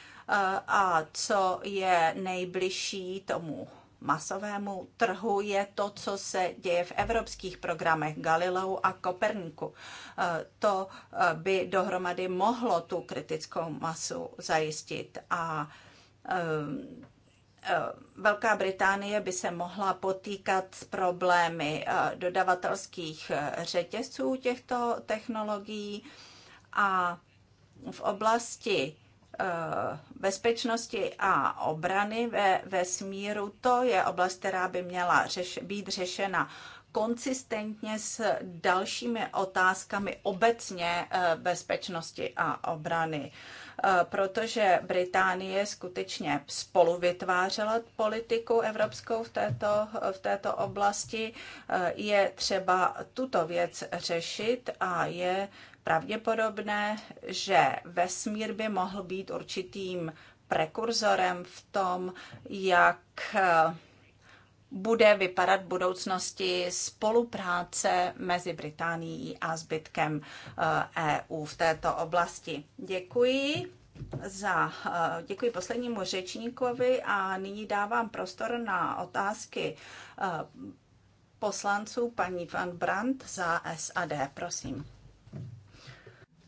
a co je nejbližší tomu masovému trhu je to, co se děje v evropských programech Galileu a Koperniku. E, to e, by dohromady mohlo tu kritickou masu zajistit a e, Velká Británie by se mohla potýkat s problémy dodavatelských řetězců těchto technologií a v oblasti Eh, bezpečnosti a obrany ve, ve smíru, to je oblast, která by měla řeš, být řešena konsistentně s dalšími otázkami obecně eh, bezpečnosti a obrany eh, protože Británie skutečně spolu vytvářela politiku evropskou v této, v této oblasti. Je třeba tuto věc řešit a je pravděpodobné, že vesmír by mohl být určitým prekurzorem v tom, jak eh, bude vypadat v budoucnosti spolupráce mezi Británií a zbytkem EU eh, e v této oblasti. Děkuji za, eh, děkuji poslednímu řečníkovi a nyní dávám prostor na otázky poslanců paní Van Brandt za SAD, prosím.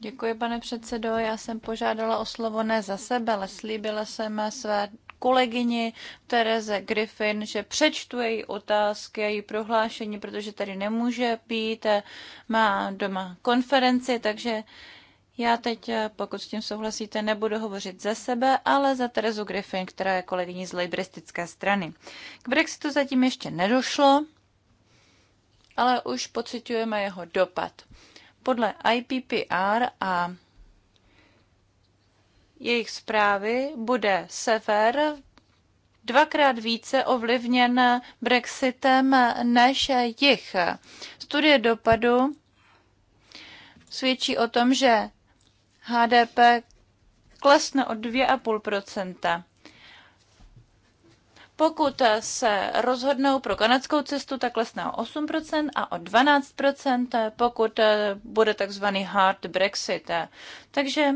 Děkuji, pane předsedo. Já jsem požádala o slovo ne za sebe, ale slíbila jsem své kolegyni Tereze Griffin, že přečtu její otázky a její prohlášení, protože tady nemůže být, má doma konferenci, takže já teď, pokud s tím souhlasíte, nebudu hovořit za sebe, ale za Terezu Griffin, která je kolegyní z lejbristické strany. K Brexitu zatím ještě nedošlo, ale už pocitujeme jeho dopad. Podle IPPR a jejich zprávy bude sever dvakrát více ovlivněn Brexitem než jich. Studie dopadu svědčí o tom, že HDP klesne o 2,5 pokud se rozhodnou pro kanadskou cestu, tak klesne o 8% a o 12%, pokud eh, bude takzvaný hard Brexit. Takže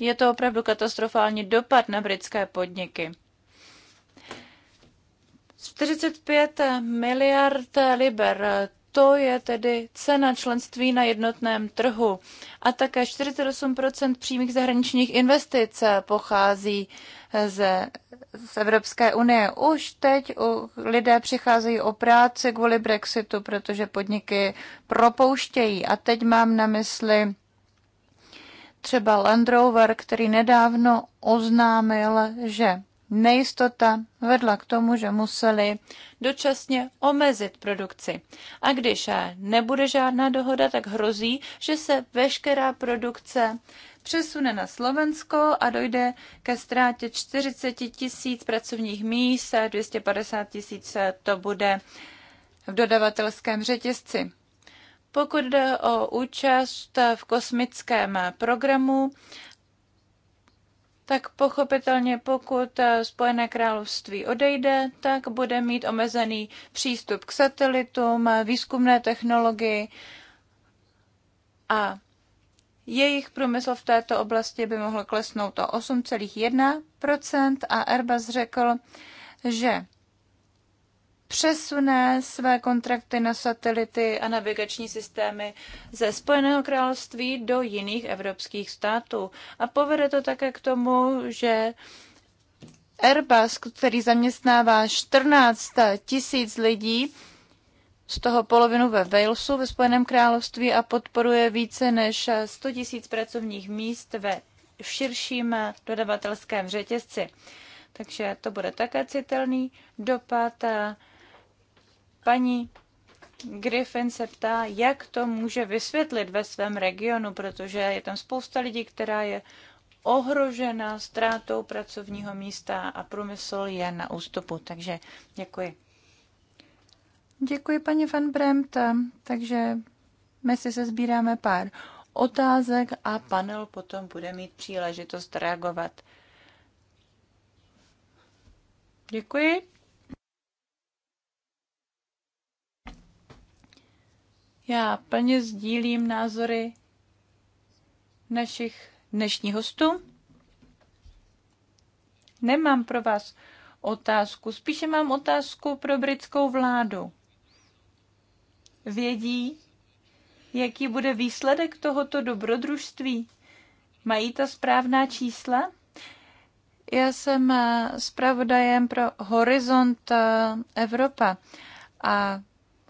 je to opravdu katastrofální dopad na britské podniky. 45 miliard liber, to je tedy cena členství na jednotném trhu. A také 48 přímých zahraničních investic pochází ze z Evropské unie. Už teď lidé přicházejí o práci kvůli Brexitu, protože podniky propouštějí. A teď mám na mysli třeba Land Rover, který nedávno oznámil, že nejistota vedla k tomu, že museli dočasně omezit produkci. A když eh, nebude žádná dohoda, tak hrozí, že se veškerá produkce přesune na Slovensko a dojde ke ztrátě 40 tisíc pracovních míst 250 tisíc to bude v dodavatelském řetězci. Pokud jde o účast v kosmickém programu, tak pochopitelně pokud Spojené království odejde, tak bude mít omezený přístup k satelitům, výzkumné technologii a jejich průmysl v této oblasti by mohl klesnout o 8,1 a Airbus řekl, že přesune své kontrakty na satelity a navigační systémy ze Spojeného království do jiných evropských států. A povede to také k tomu, že Airbus, který zaměstnává 14 tisíc lidí, z toho polovinu ve Walesu ve Spojeném království a podporuje více než 100 000 pracovních míst ve širším dodavatelském řetězci. Takže to bude také citelný dopad. Paní Griffin se ptá, jak to může vysvětlit ve svém regionu, protože je tam spousta lidí, která je ohrožena ztrátou pracovního místa a průmysl je na ústupu. Takže děkuji. Děkuji, paní Van Bremt. Takže my si se sbíráme pár otázek a panel potom bude mít příležitost reagovat. Děkuji. Já plně sdílím názory našich dnešních hostů. Nemám pro vás otázku, spíše mám otázku pro britskou vládu. Vědí, jaký bude výsledek tohoto dobrodružství? Mají ta správná čísla? Já jsem eh, zpravodajem pro Horizont eh, Evropa a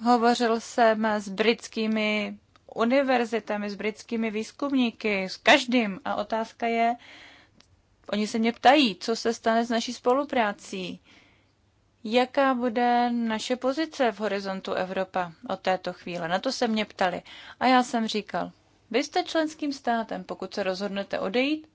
hovořil jsem s britskými univerzitami, s britskými výzkumníky, s každým. A otázka je, oni se mě ptají, co se stane s naší spoluprácí jaká bude naše pozice v horizontu Evropa od této chvíle. Na to se mě ptali. A já jsem říkal, vy jste členským státem, pokud se rozhodnete odejít,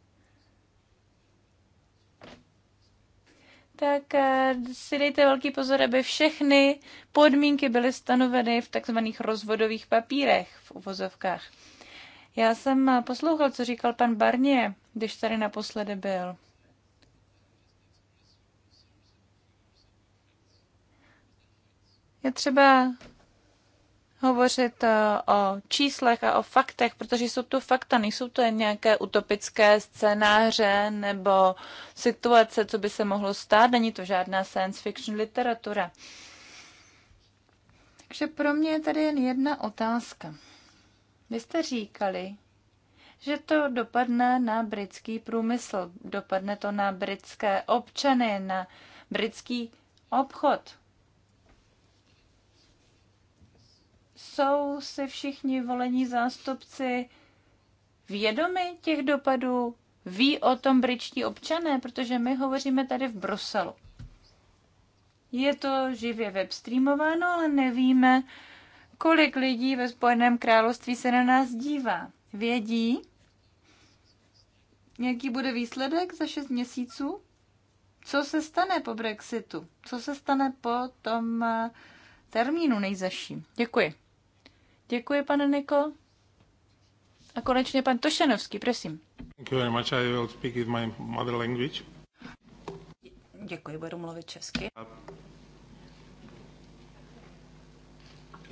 tak eh, si dejte velký pozor, aby všechny podmínky byly stanoveny v takzvaných rozvodových papírech v uvozovkách. Já jsem eh, poslouchal, co říkal pan Barnier, když tady naposledy byl. Je třeba hovořit eh, o číslech a o faktech, protože jsou to fakta, nejsou to jen nějaké utopické scénáře nebo situace, co by se mohlo stát, není to žádná science fiction literatura. Takže pro mě je tady jen jedna otázka. Vy jste říkali, že to dopadne na britský průmysl, dopadne to na britské občany, na britský obchod. jsou si všichni volení zástupci vědomi těch dopadů? Ví o tom britští občané, protože my hovoříme tady v Bruselu. Je to živě webstreamováno, ale nevíme, kolik lidí ve Spojeném království se na nás dívá. Vědí, jaký bude výsledek za šest měsíců? Co se stane po Brexitu? Co se stane po tom eh, termínu nejzaším? Děkuji. Děkuji, pane Niko. A konečně pan Tošenovský, prosím. Thank you very much. I will speak my mother language. Děkuji, budu mluvit česky.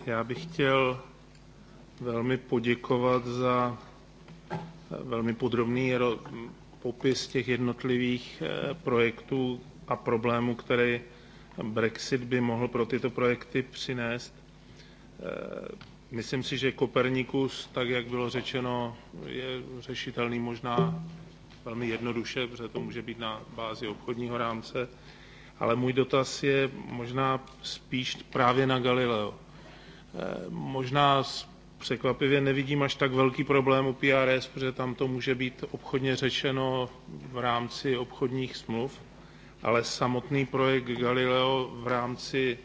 Já bych chtěl velmi poděkovat za velmi podrobný popis těch jednotlivých eh, projektů a problémů, které Brexit by mohl pro tyto projekty přinést. Eh, Myslím si, že Kopernikus, tak jak bylo řečeno, je řešitelný možná velmi jednoduše, protože to může být na bázi obchodního rámce. Ale můj dotaz je možná spíš právě na Galileo. Eh, možná překvapivě nevidím až tak velký problém u PRS, protože tam to může být obchodně řečeno v rámci obchodních smluv, ale samotný projekt Galileo v rámci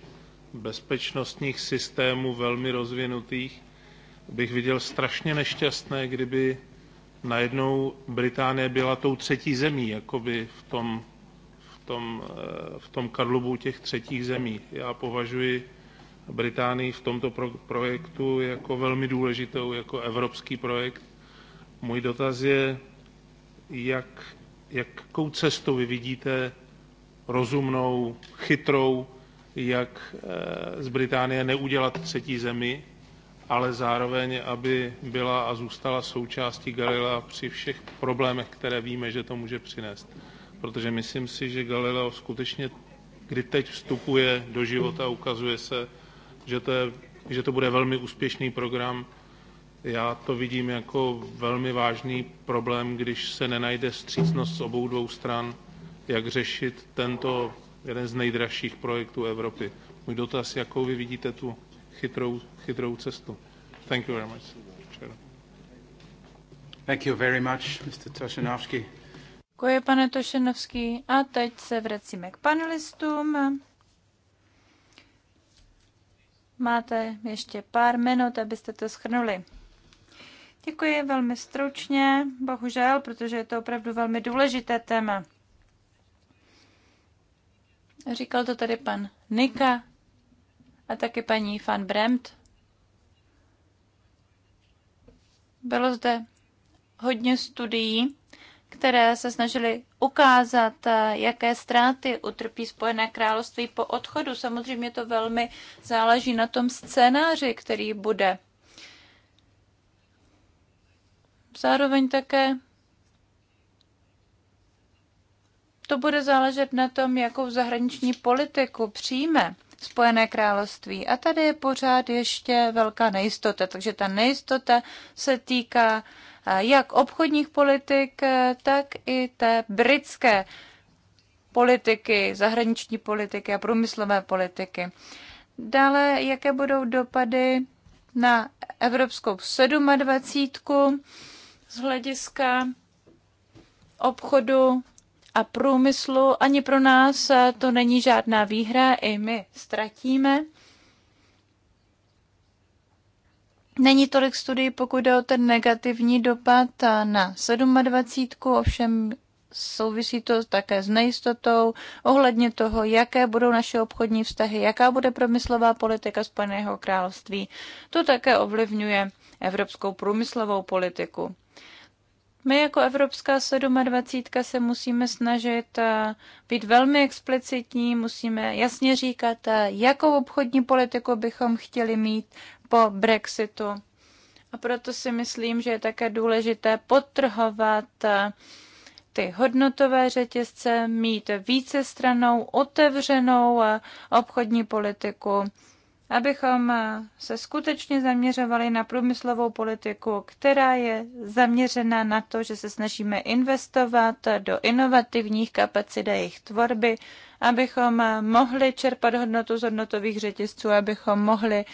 bezpečnostních systémů velmi rozvinutých, bych viděl strašně nešťastné, kdyby najednou Británie byla tou třetí zemí, jakoby v tom, v tom, eh, v tom kadlubu těch třetích zemí. Já považuji Británii v tomto pro- projektu jako velmi důležitou, jako evropský projekt. Můj dotaz je, jak, jakou cestu vy vidíte rozumnou, chytrou, jak eh, z Británie neudělat třetí zemi, ale zároveň, aby byla a zůstala součástí Galilea při všech problémech, které víme, že to může přinést. Protože myslím si, že Galileo skutečně, kdy teď vstupuje do života, ukazuje se, že to, je, že to bude velmi úspěšný program. Já to vidím jako velmi vážný problém, když se nenajde střícnost z obou dvou stran, jak řešit tento jeden z nejdražších projektů Evropy. Můj dotaz, jakou vy vidíte tu chytrou, chytrou cestu. Thank you very much. Thank you very much, Mr. Toshinovsky. Děkuji, pane Tošenovský. A teď se vracíme k panelistům. Máte ještě pár minut, abyste to schrnuli. Děkuji velmi stručně, bohužel, protože je to opravdu velmi důležité téma. Říkal to tady pan Nika a taky paní van Bremt. Bylo zde hodně studií, které se snažily ukázat, jaké ztráty utrpí Spojené království po odchodu. Samozřejmě to velmi záleží na tom scénáři, který bude. Zároveň také To bude záležet na tom, jakou zahraniční politiku přijme Spojené království. A tady je pořád ještě velká nejistota, takže ta nejistota se týká eh, jak obchodních politik, eh, tak i té britské politiky, zahraniční politiky a průmyslové politiky. Dále, jaké budou dopady na Evropskou 27 z hlediska obchodu a průmyslu. Ani pro nás to není žádná výhra, i my ztratíme. Není tolik studií, pokud jde o ten negativní dopad na 27, ovšem souvisí to také s nejistotou ohledně toho, jaké budou naše obchodní vztahy, jaká bude promyslová politika Spojeného království. To také ovlivňuje evropskou průmyslovou politiku. My jako Evropská 27 se musíme snažit eh, být velmi explicitní, musíme jasně říkat, eh, jakou obchodní politiku bychom chtěli mít po Brexitu. A proto si myslím, že je také důležité potrhovat eh, ty hodnotové řetězce, mít vícestranou, otevřenou obchodní politiku abychom se skutečně zaměřovali na průmyslovou politiku, která je zaměřena na to, že se snažíme investovat do inovativních kapacit a jejich tvorby, abychom mohli čerpat hodnotu z hodnotových řetězců, abychom mohli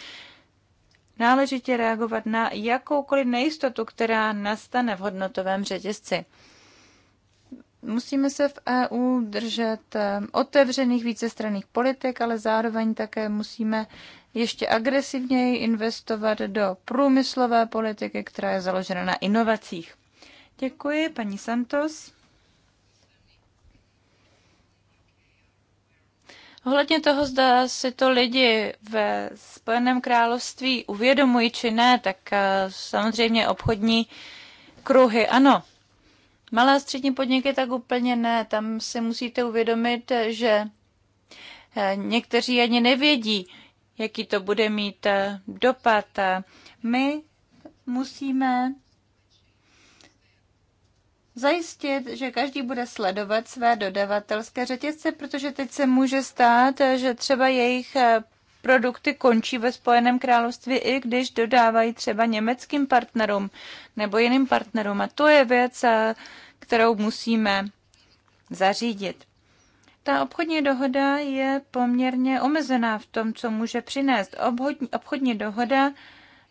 náležitě reagovat na jakoukoliv nejistotu, která nastane v hodnotovém řetězci. Musíme se v EU držet otevřených vícestranných politik, ale zároveň také musíme ještě agresivněji investovat do průmyslové politiky, která je založena na inovacích. Děkuji, paní Santos. Ohledně toho, zda si to lidi ve Spojeném království uvědomují či ne, tak eh, samozřejmě obchodní kruhy, ano. Malé a střední podniky tak úplně ne. Tam si musíte uvědomit, že eh, někteří ani nevědí, jaký to bude mít eh, dopad. My musíme zajistit, že každý bude sledovat své dodavatelské řetězce, protože teď se může stát, že třeba jejich eh, produkty končí ve Spojeném království, i když dodávají třeba německým partnerům nebo jiným partnerům. A to je věc, eh, kterou musíme zařídit. Ta obchodní dohoda je poměrně omezená v tom, co může přinést. Obchodní, obchodní dohoda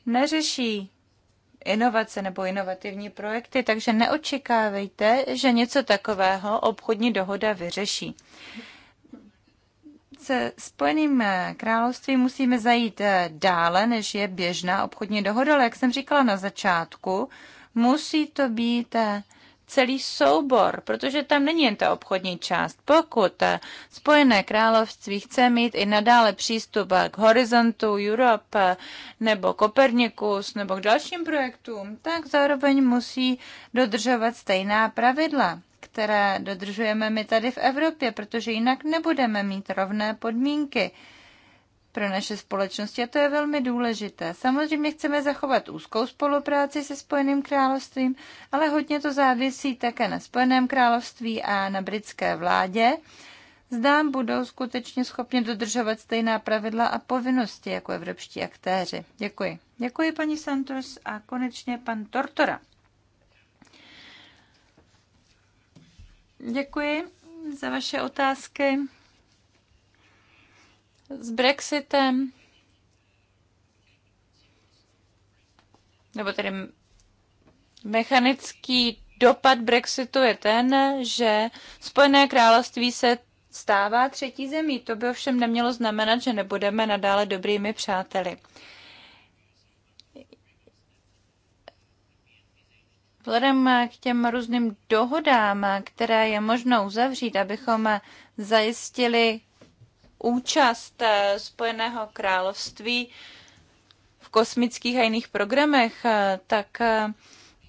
neřeší inovace nebo inovativní projekty, takže neočekávejte, že něco takového obchodní dohoda vyřeší. Se Spojeným královstvím musíme zajít eh, dále, než je běžná obchodní dohoda, ale jak jsem říkala na začátku, musí to být eh, celý soubor, protože tam není jen ta obchodní část. Pokud Spojené království chce mít i nadále přístup k Horizontu Europe nebo Kopernikus nebo k dalším projektům, tak zároveň musí dodržovat stejná pravidla které dodržujeme my tady v Evropě, protože jinak nebudeme mít rovné podmínky pro naše společnosti a to je velmi důležité. Samozřejmě chceme zachovat úzkou spolupráci se Spojeným královstvím, ale hodně to závisí také na Spojeném království a na britské vládě. Zdám budou skutečně schopni dodržovat stejná pravidla a povinnosti jako evropští aktéři. Děkuji. Děkuji, paní Santos, a konečně pan Tortora. Děkuji za vaše otázky s Brexitem, nebo tedy mechanický dopad Brexitu je ten, že Spojené království se stává třetí zemí. To by ovšem nemělo znamenat, že nebudeme nadále dobrými přáteli. Vzhledem k těm různým dohodám, které je možno uzavřít, abychom zajistili účast eh, Spojeného království v kosmických a jiných programech, eh, tak eh,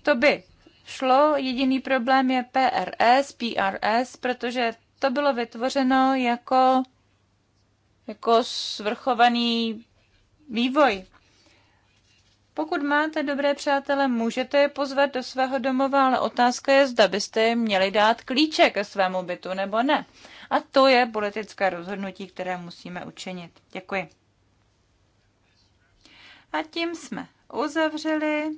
to by šlo. Jediný problém je PRS, PRS, protože to bylo vytvořeno jako, jako svrchovaný vývoj. Pokud máte dobré přátele, můžete je pozvat do svého domova, ale otázka je, zda byste jim měli dát klíče ke svému bytu nebo ne. A to je politické rozhodnutí, které musíme učinit. Děkuji. A tím jsme uzavřeli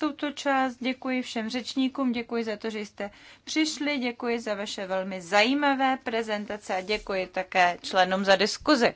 tuto část. Děkuji všem řečníkům, děkuji za to, že jste přišli, děkuji za vaše velmi zajímavé prezentace a děkuji také členům za diskuzi.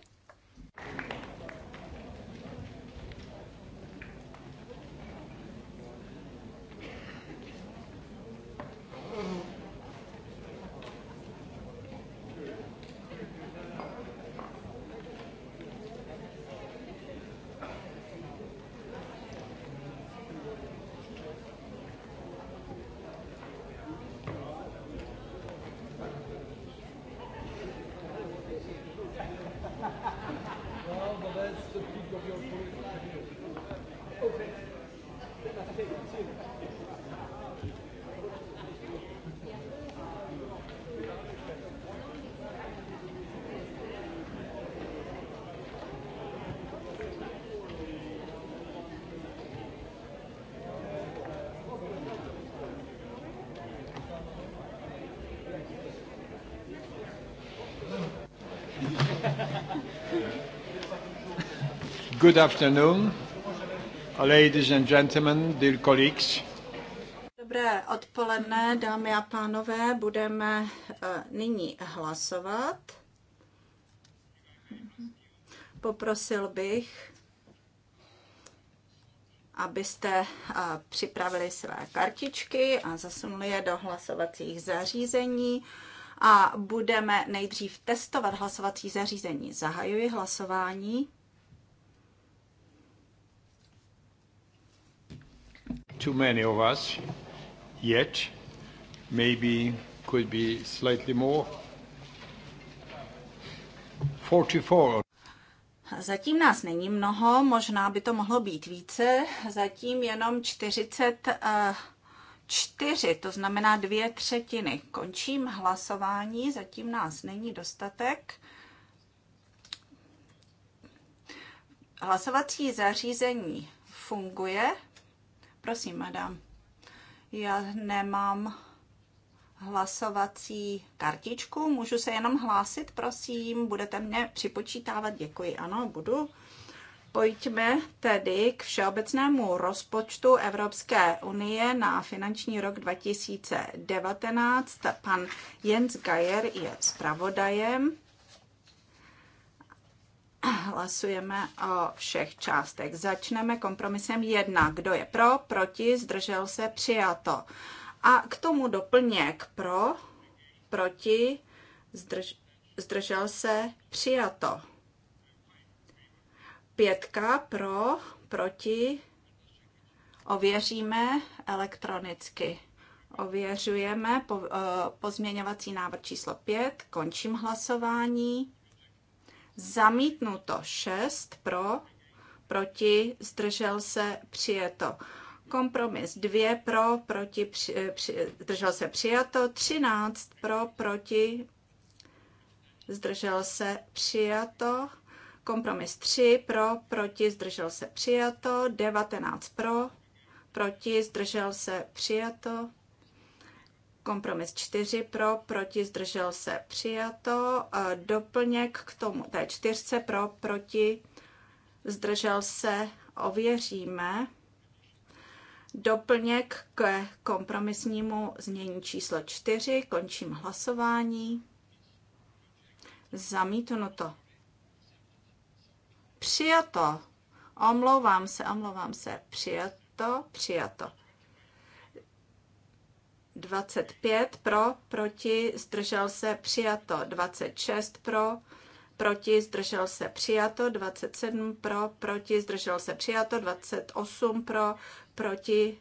Good afternoon, ladies and gentlemen, dear colleagues. Dobré odpoledne, dámy a pánové, budeme eh, nyní hlasovat. Poprosil bych, abyste eh, připravili své kartičky a zasunuli je do hlasovacích zařízení a budeme nejdřív testovat hlasovací zařízení. Zahajuji hlasování. Too many of us yet. Maybe could be slightly more. 44. Zatím nás není mnoho, možná by to mohlo být více, zatím jenom 44, eh, to znamená dvě třetiny. Končím hlasování, zatím nás není dostatek. Hlasovací zařízení funguje. Prosím, madam. Já nemám hlasovací kartičku, můžu se jenom hlásit, prosím, budete mě připočítávat, děkuji, ano, budu. Pojďme tedy k všeobecnému rozpočtu Evropské unie na finanční rok 2019. Pan Jens Geier je zpravodajem. Hlasujeme o všech částech. Začneme kompromisem 1. Kdo je pro, proti, zdržel se, přijato. A k tomu doplněk pro, proti, zdrž, zdržel se, přijato. Pětka pro, proti, ověříme elektronicky. Ověřujeme po, eh, pozměňovací návrh číslo 5, končím hlasování zamítnuto 6 pro, proti, zdržel se, přijeto. Kompromis 2 pro, proti, eh, zdržel se, přijato. 13 pro, proti, zdržel se, přijato. Kompromis 3 pro, proti, zdržel se, přijato. 19 pro, proti, zdržel se, přijato. Kompromis 4 pro, proti, zdržel se, přijato. Doplněk k tomu té čtyřce pro, proti, zdržel se, ověříme. Doplněk k kompromisnímu změní číslo 4. Končím hlasování. Zamítnuto. Přijato. Omlouvám se, omlouvám se. Přijato, přijato. 25 pro, proti, zdržel se, přijato. 26 pro, proti, zdržel se, přijato. 27 pro, proti, zdržel se, přijato. 28 pro, proti,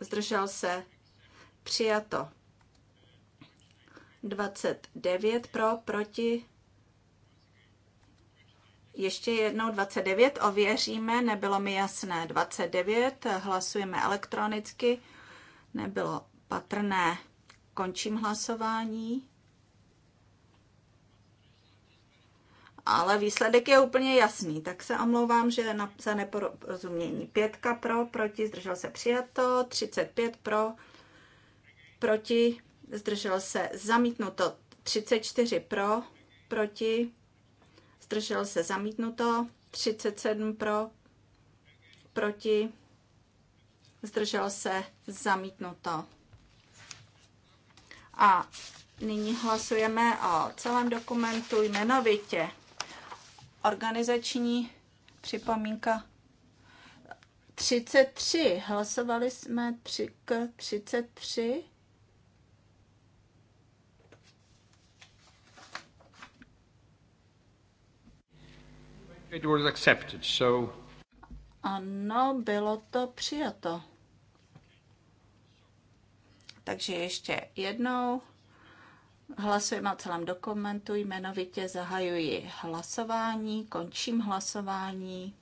zdržel se, přijato. 29 pro, proti, ještě jednou 29 ověříme, nebylo mi jasné. 29 hlasujeme elektronicky nebylo patrné. Končím hlasování. Ale výsledek je úplně jasný, tak se omlouvám, že na, za neporozumění. Pětka pro, proti, zdržel se přijato, 35 pro, proti, zdržel se zamítnuto, 34 pro, proti, zdržel se zamítnuto, 37 pro, proti, zdržel se, zamítnuto. A nyní hlasujeme o celém dokumentu jmenovitě. Organizační připomínka 33. Hlasovali jsme 3 k 33. It was accepted, so... Ano, bylo to přijato. Takže ještě jednou hlasujeme o celém dokumentu, jmenovitě zahajuji hlasování, končím hlasování.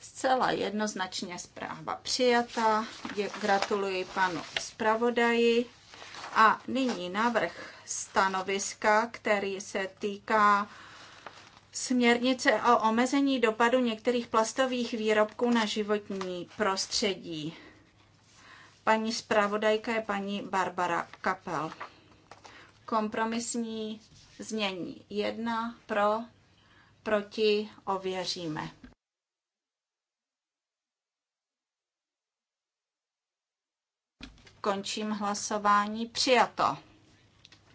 Zcela jednoznačně zpráva přijata. Gratuluji panu zpravodaji. A nyní návrh stanoviska, který se týká směrnice o omezení dopadu některých plastových výrobků na životní prostředí. Paní zpravodajka je paní Barbara Kapel. Kompromisní znění jedna pro, proti ověříme. Končím hlasování. Přijato.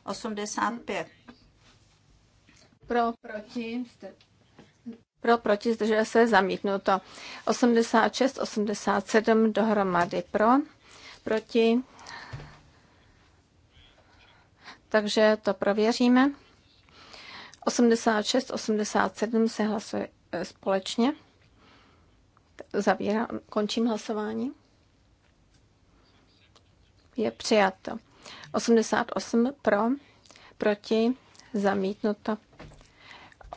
85. Pro, proti, pro, proti, zdržuje se, zamítnuto. 86, 87 dohromady pro proti. Takže to prověříme. 86, 87 se hlasuje e, společně. Zavírám, končím hlasování. Je přijato. 88 pro, proti, zamítnuto.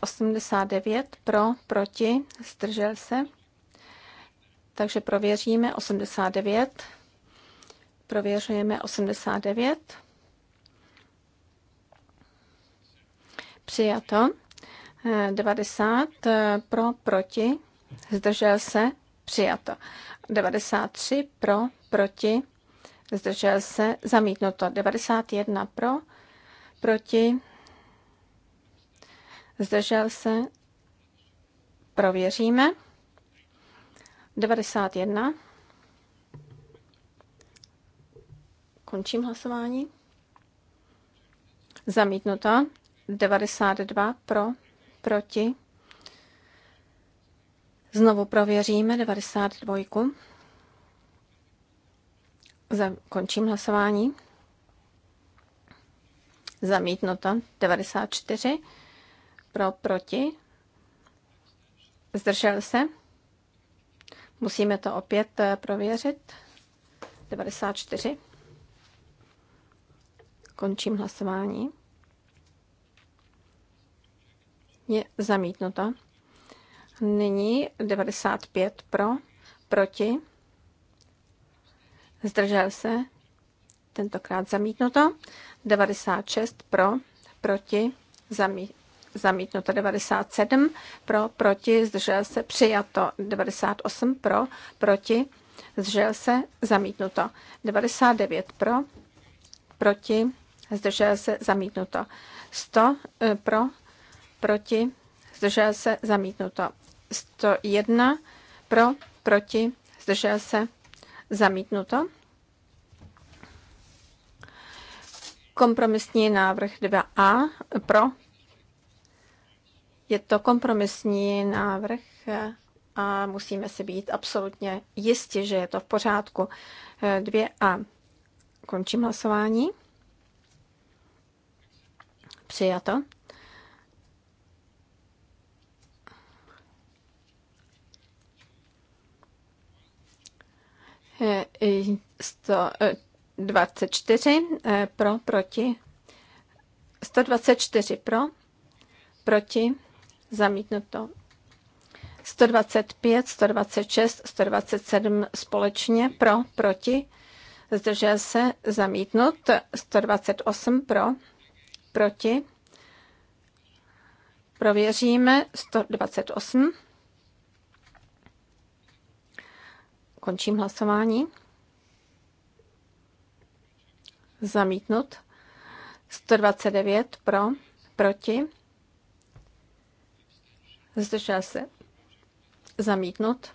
89 pro, proti, zdržel se. Takže prověříme 89. Prověřujeme 89. Přijato. 90 pro, proti, zdržel se, přijato. 93 pro, proti, zdržel se, zamítnuto. 91 pro, proti, zdržel se, prověříme. 91. Končím hlasování. Zamítnuto. 92 pro, proti. Znovu prověříme 92. Zakončím hlasování. Zamítnuto 94. Pro, proti. Zdržel se. Musíme to opět eh, prověřit. 94. Končím hlasování. Je zamítnuto. Nyní 95 pro, proti. Zdržel se. Tentokrát zamítnuto. 96 pro, proti. Zamítnuto. zamítnuto 97 pro, proti. Zdržel se. Přijato 98 pro, proti. Zdržel se. Zamítnuto 99 pro, proti zdržel se, zamítnuto. 100 eh, pro, proti, zdržel se, zamítnuto. 101 pro, proti, zdržel se, zamítnuto. Kompromisní návrh 2a pro. Je to kompromisní návrh eh, a musíme si být absolutně jistí, že je to v pořádku. 2a. Eh, Končím hlasování. Přijato. Je, 124 e, e, pro, proti. 124 pro, proti, zamítnuto. 125, 126, 127 společně pro, proti, zdržel se, zamítnut. 128 pro, proti. Prověříme 128. Končím hlasování. Zamítnut. 129 pro, proti. Zdržel se. Zamítnut.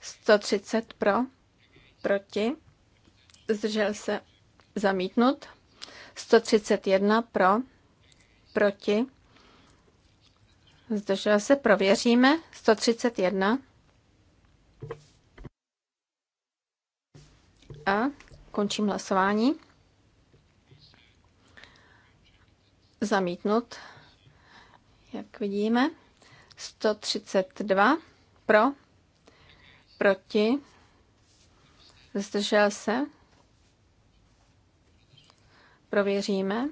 130 pro, proti. Zdržel se. Zamítnut. 131 pro, proti, zdržel se, prověříme, 131 a končím hlasování. Zamítnut, jak vidíme, 132 pro, proti, zdržel se, Prověříme.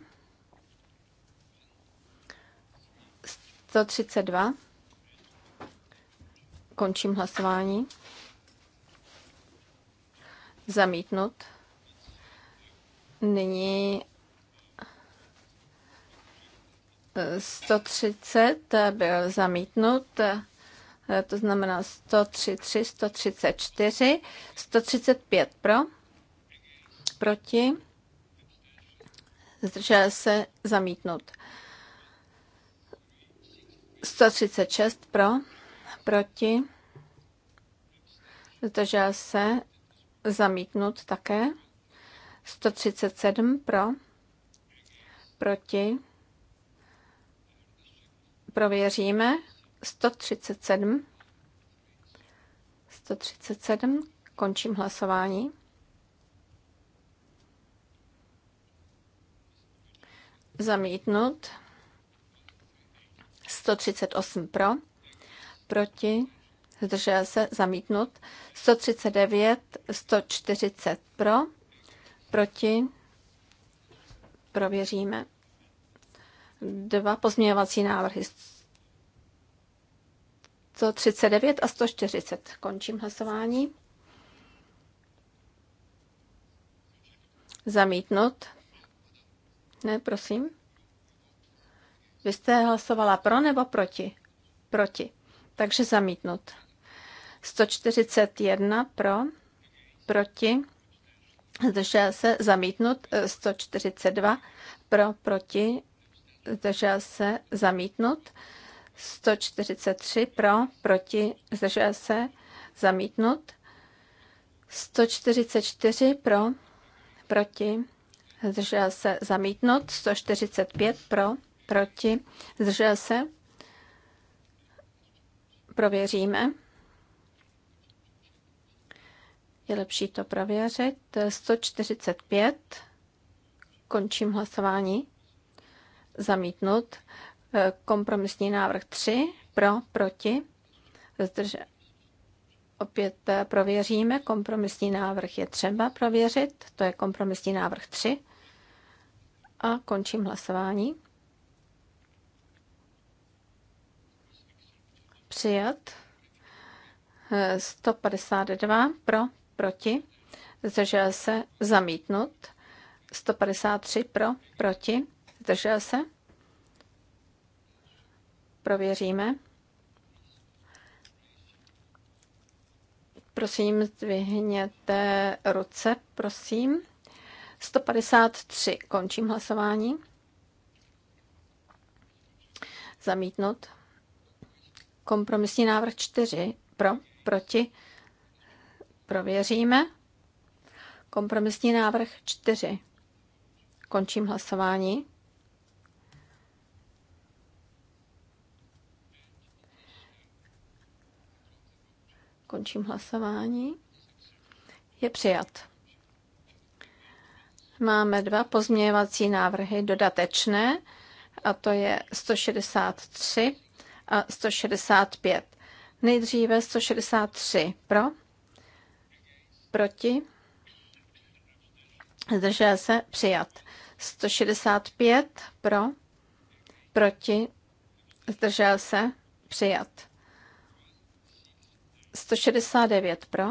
132. Končím hlasování. Zamítnut. Nyní 130 eh, byl zamítnut, eh, to znamená 133, 134, 135 pro, proti, zdržel se, zamítnut. 136 pro, proti, zdržel se, zamítnut také. 137 pro, proti, prověříme. 137, 137, končím hlasování. Zamítnut. 138 pro. Proti. Zdržel se. Zamítnut. 139, 140 pro. Proti. Prověříme. Dva pozměňovací návrhy. 139 a 140. Končím hlasování. Zamítnut. Ne, prosím. Vy jste hlasovala pro nebo proti? Proti. Takže zamítnut. 141 pro, proti, zdržel se, zamítnut. 142 pro, proti, zdržel se, zamítnut. 143 pro, proti, zdržel se, zamítnut. 144 pro, proti, zdržel se zamítnut, 145 pro, proti, zdržel se, prověříme. Je lepší to prověřit. 145, končím hlasování, zamítnut, kompromisní návrh 3, pro, proti, zdržel opět eh, prověříme. Kompromisní návrh je třeba prověřit, to je kompromisní návrh 3 a končím hlasování. Přijat 152 eh, pro, proti, zdržel se zamítnut, 153 pro, proti, zdržel se. Prověříme. Prosím, zdvihněte ruce, prosím. 153. Končím hlasování. Zamítnut. Kompromisní návrh 4. Pro, proti. Prověříme. Kompromisní návrh 4. Končím hlasování. Končím hlasování. Je přijat máme dva pozměňovací návrhy dodatečné, a to je 163 a 165. Nejdříve 163 pro, proti, zdržel se, přijat. 165 pro, proti, zdržel se, přijat. 169 pro,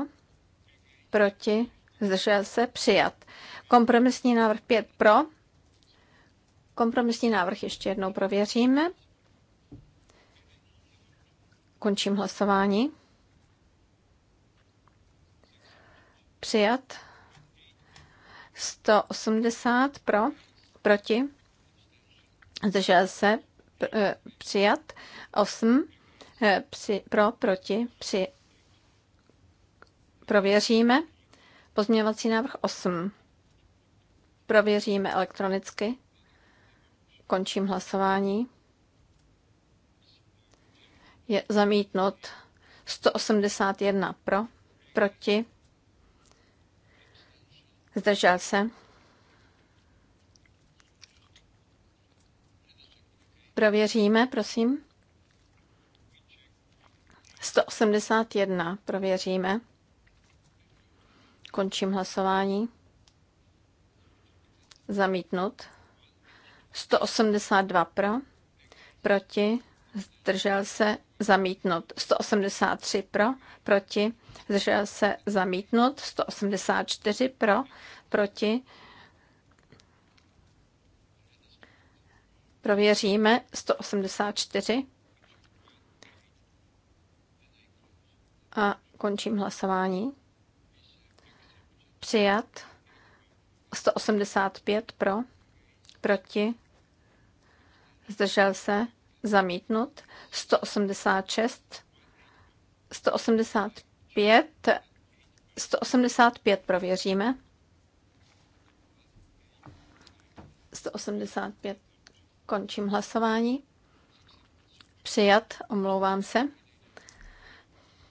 proti, zdržel se, přijat. Kompromisní návrh 5 pro, kompromisní návrh ještě jednou prověříme. Končím hlasování. Přijat. 180 pro, proti, zdržel se, eh, přijat. 8 eh, při, pro, proti, při, prověříme. Pozměňovací návrh 8. Prověříme elektronicky. Končím hlasování. Je zamítnut 181 pro, proti. Zdržel se. Prověříme, prosím. 181 prověříme. Končím hlasování. Zamítnut. 182 pro, proti, zdržel se, zamítnut. 183 pro, proti, zdržel se, zamítnut. 184 pro, proti. Prověříme 184. A končím hlasování. Přijat. 185 pro. Proti. Zdržel se. Zamítnut. 186. 185. 185 prověříme. 185 končím hlasování. Přijat, omlouvám se.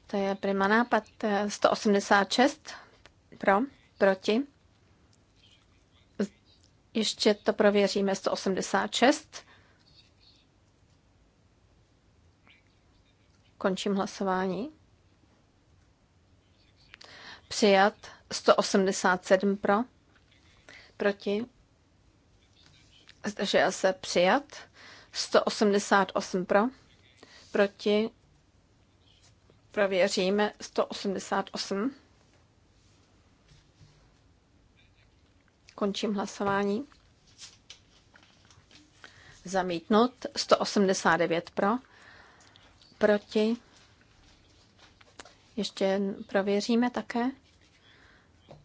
To je prima nápad 186 pro, Proti? Ještě to prověříme 186. Končím hlasování. Přijat 187 pro. Proti. Zdržel se přijat 188 pro. Proti. Prověříme 188. Končím hlasování. Zamítnut 189 pro, proti. Ještě prověříme také.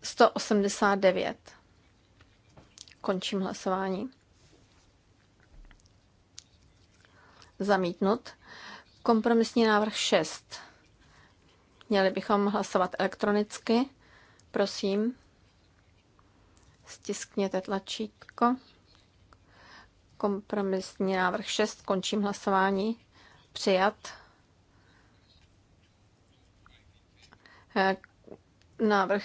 189. Končím hlasování. Zamítnut. Kompromisní návrh 6. Měli bychom hlasovat elektronicky. Prosím stiskněte tlačítko. Kompromisní návrh 6, končím hlasování. Přijat. Eh, návrh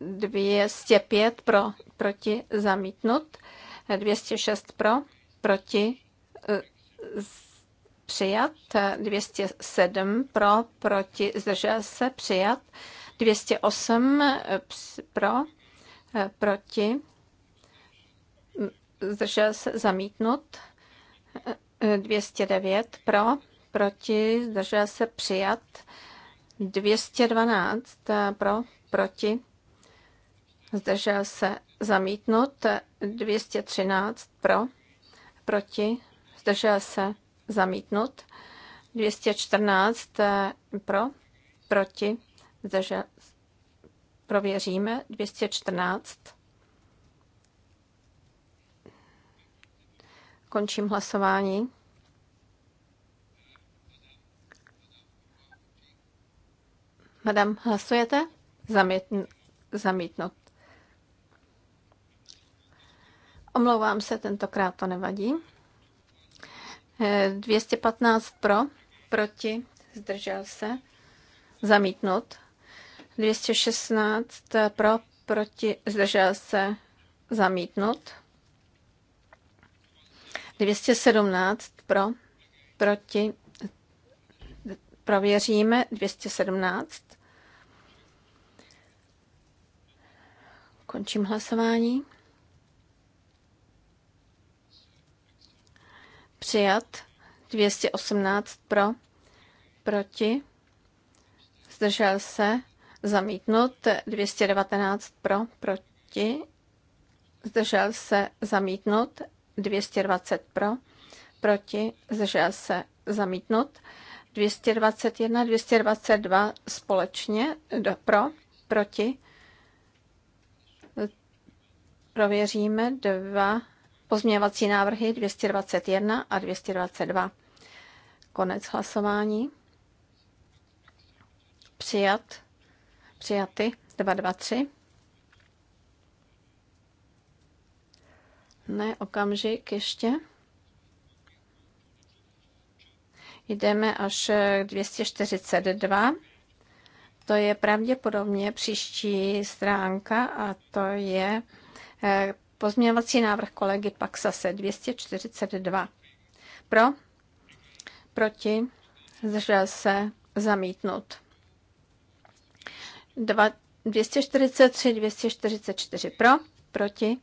205 pro, proti zamítnut, 206 eh, pro, proti eh, přijat, 207 pro, proti zdržel se přijat, 208 pro, Eh, proti, zdržel se zamítnut, 209 eh, eh, pro, proti, zdržel se přijat, 212 pro, proti, zdržel se zamítnut, 213 pro, proti, zdržel se zamítnut, 214 pro, proti, zdržel Prověříme 214. Končím hlasování. Madam, hlasujete? zamítnout. Omlouvám se, tentokrát to nevadí. 215 eh, pro, proti, zdržel se, zamítnout. 216 pro, proti, zdržel se zamítnut. 217 pro, proti, prověříme 217. Končím hlasování. Přijat 218 pro, proti, zdržel se, zamítnut, 219 pro, proti, zdržel se zamítnut, 220 pro, proti, zdržel se zamítnut, 221, 222 společně, do, pro, proti, prověříme dva pozměňovací návrhy 221 a 222. Konec hlasování. Přijat Přijaty 223. Ne, okamžik ještě. Jdeme až k 242. To je pravděpodobně příští stránka a to je eh, pozměňovací návrh kolegy Paxase 242. Pro, proti, zdržel se, zamítnout. 243, 244 pro, proti.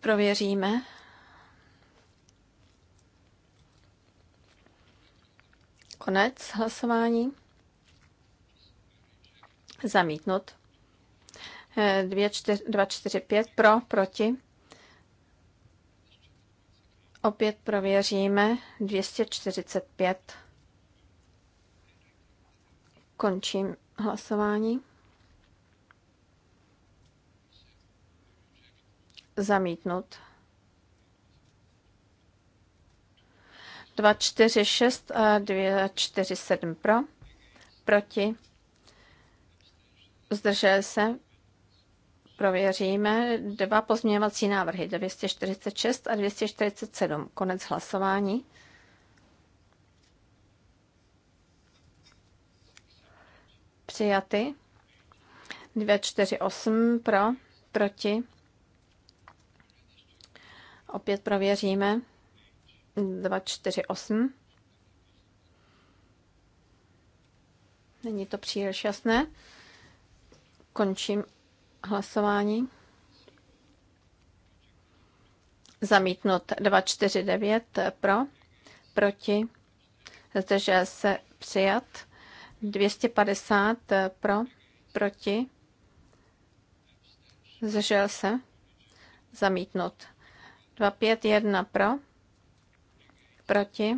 Prověříme. Konec hlasování. Zamítnut. 245 eh, pro, proti. Opět prověříme 245. Končím hlasování. Zamítnut. 246 a 247 pro. Proti. Zdržel se. Prověříme dva pozměňovací návrhy 246 a 247. Konec hlasování. přijaty. 248 pro, proti. Opět prověříme. 248. Není to příliš jasné. Končím hlasování. Zamítnut 249 pro, proti, zdržel se přijat. 250 eh, pro, proti, zdržel se, zamítnut. 251 pro, proti.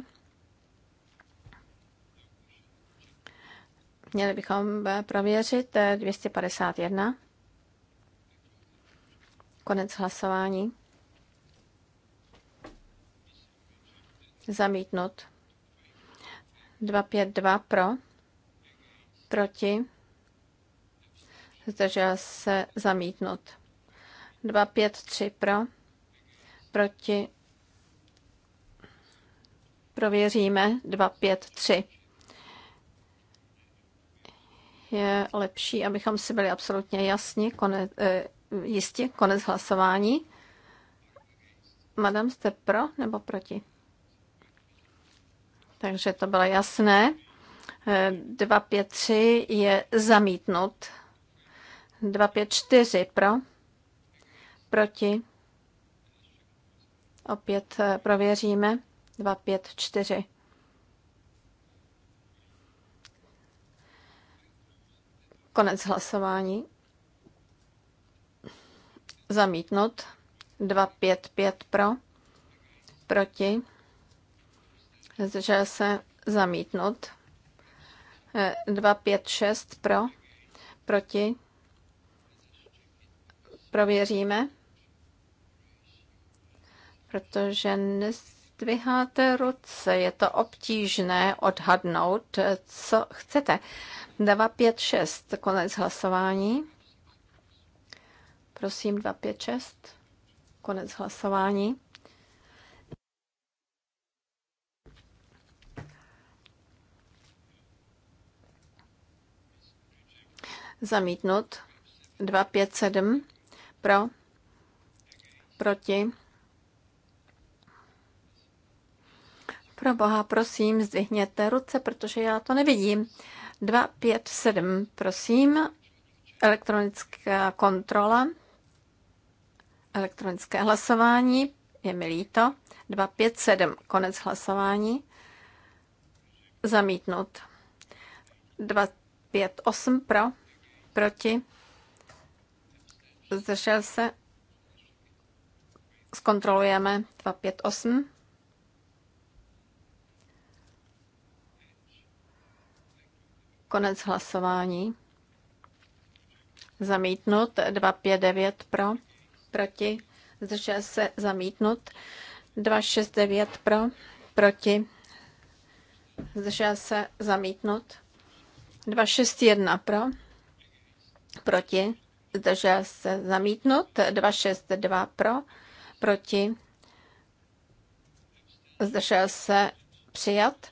Měli bychom eh, prověřit 251. Eh, Konec hlasování. Zamítnut. 252 pro proti, zdržel se zamítnut. 3 pro, proti, prověříme 3. Je lepší, abychom si byli absolutně jasni, kone, eh, jistě, konec hlasování. Madam, jste pro nebo proti? Takže to bylo jasné. 253 je zamítnut. 254 pro, proti. Opět eh, prověříme. 254. Konec hlasování. Zamítnut. 255 pro. Proti. Zdržel se zamítnut. 6 eh, pro, proti. Prověříme, protože nezdviháte ruce. Je to obtížné odhadnout, eh, co chcete. 6, konec hlasování. Prosím, 6, konec hlasování. Zamítnut. 257 pro, proti. Pro boha, prosím, zdvihněte ruce, protože já to nevidím. 257, prosím, elektronická kontrola, elektronické hlasování, je mi líto. 257, konec hlasování, zamítnut. 258 pro, proti, zdržel se, zkontrolujeme 258. Konec hlasování. Zamítnut 259 pro, proti, zdržel se zamítnut 269 pro, proti, zdržel se zamítnut 261 pro, proti, zdržel se zamítnut, 262 pro, proti, zdržel se přijat,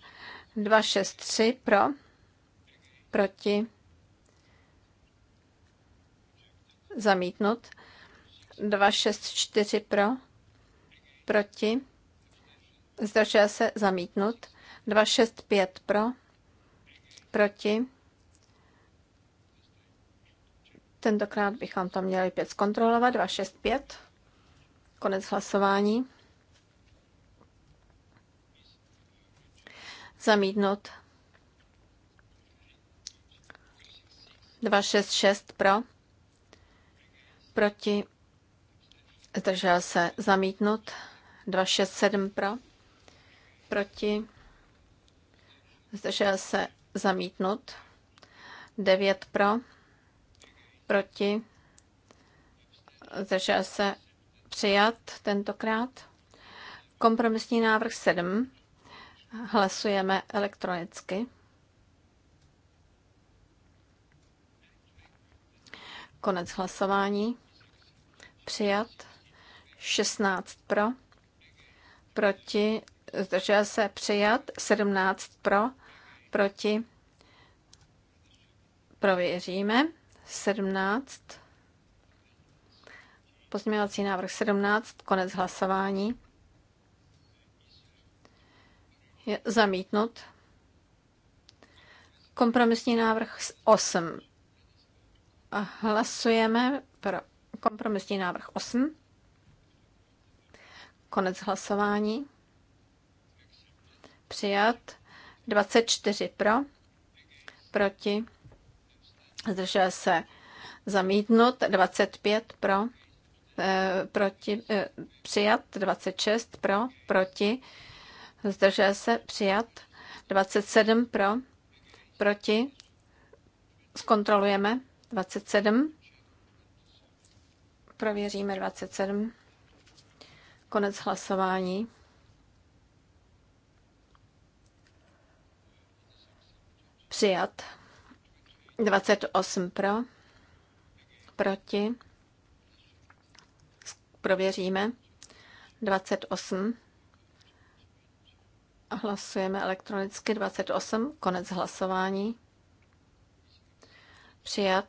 263 pro, proti, zamítnut, 264 pro, proti, zdržel se zamítnut, 265 pro, proti, Tentokrát bychom to měli pět zkontrolovat. pět. Konec hlasování. Zamítnout. šest pro. Proti. Zdržel se zamítnut. sedm pro. Proti. Zdržel se zamítnut. 9 pro proti, zdržel se přijat tentokrát. Kompromisní návrh 7. Hlasujeme elektronicky. Konec hlasování. Přijat. 16 pro. Proti. Zdržel se přijat. 17 pro. Proti. Prověříme. 17. Pozměňovací návrh 17, konec hlasování. Je zamítnut. Kompromisní návrh 8. A hlasujeme pro kompromisní návrh 8. Konec hlasování. Přijat. 24 pro. Proti zdržel se zamítnut, 25 pro, eh, proti, eh, přijat, 26 pro, proti, zdržel se přijat, 27 pro, proti, zkontrolujeme, 27, prověříme 27, konec hlasování. Přijat. 28 pro, proti, prověříme. 28. Hlasujeme elektronicky 28, konec hlasování. Přijat.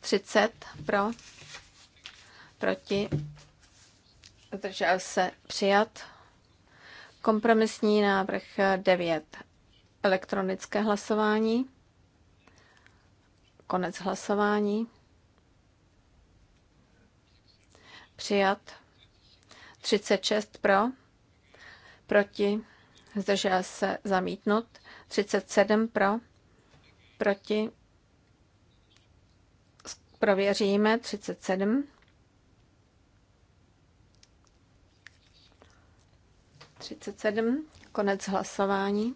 30 pro, proti, zdržel se přijat. Kompromisní návrh 9 Elektronické hlasování. Konec hlasování. Přijat. 36 pro. Proti. Zdržel se zamítnut. 37 pro. Proti. Prověříme. 37. 37. Konec hlasování.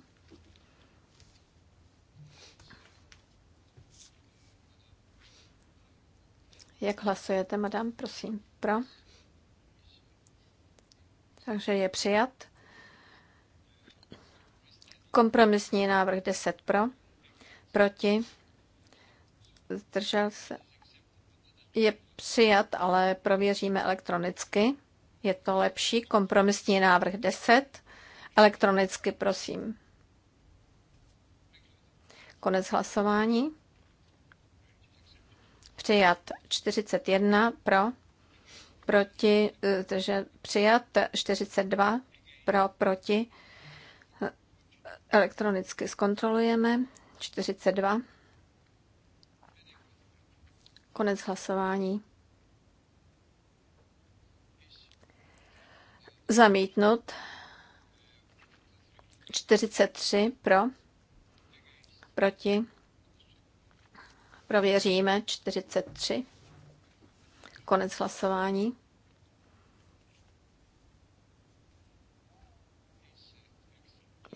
Jak hlasujete, madam? Prosím, pro. Takže je přijat. Kompromisní návrh 10 pro. Proti. Zdržel se. Je přijat, ale prověříme elektronicky. Je to lepší. Kompromisní návrh 10. Elektronicky, prosím. Konec hlasování přijat 41 pro, proti, eh, takže přijat 42 pro, proti. Elektronicky zkontrolujeme 42. Konec hlasování. Zamítnut 43 pro, proti Prověříme 43. Konec hlasování.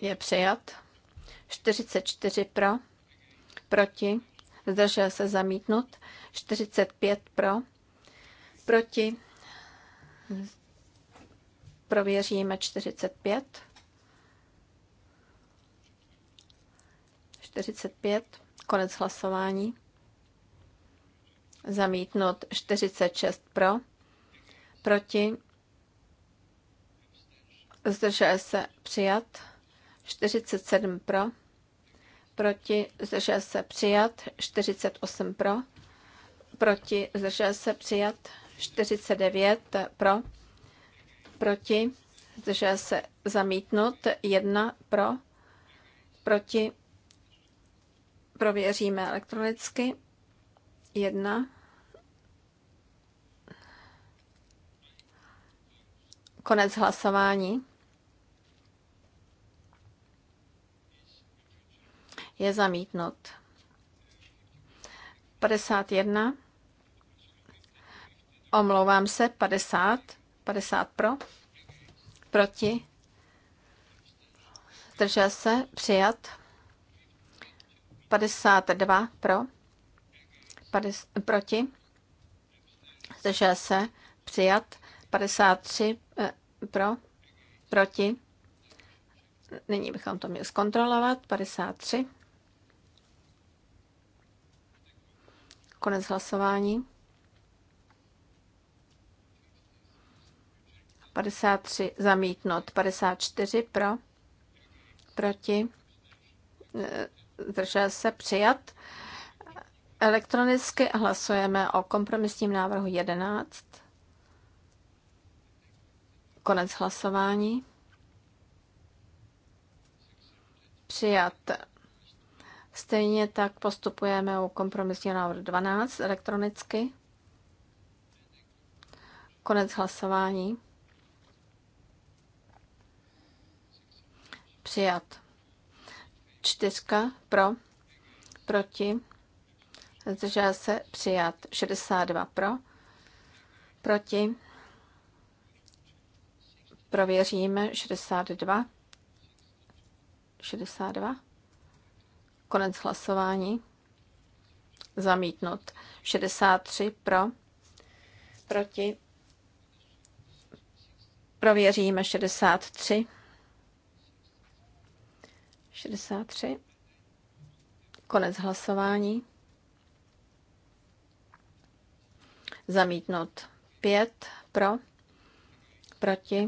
Je přijat. 44 pro, proti, zdržel se zamítnut. 45 pro, proti, prověříme 45. 45, konec hlasování zamítnut 46 pro, proti, zdržel se přijat 47 pro, proti, zdržel se přijat 48 pro, proti, zdržel se přijat 49 pro, proti, zdržel se zamítnut 1 pro, proti, prověříme elektronicky jedna. Konec hlasování. Je zamítnut. 51. Omlouvám se, 50. 50 pro. Proti. Zdržel se, přijat. 52 pro 50, proti, zdržel se, přijat, 53 eh, pro, proti, nyní bychom to měli zkontrolovat, 53, konec hlasování, 53 zamítnout, 54 pro, proti, eh, zdržel se, přijat, Elektronicky hlasujeme o kompromisním návrhu 11. Konec hlasování. Přijat. Stejně tak postupujeme u kompromisního návrhu 12 elektronicky. Konec hlasování. Přijat. Čtyřka pro, proti zdržel se přijat 62 pro, proti, prověříme 62, 62, konec hlasování, zamítnut 63 pro, proti, prověříme 63, 63, konec hlasování, zamítnut. 5 pro, proti,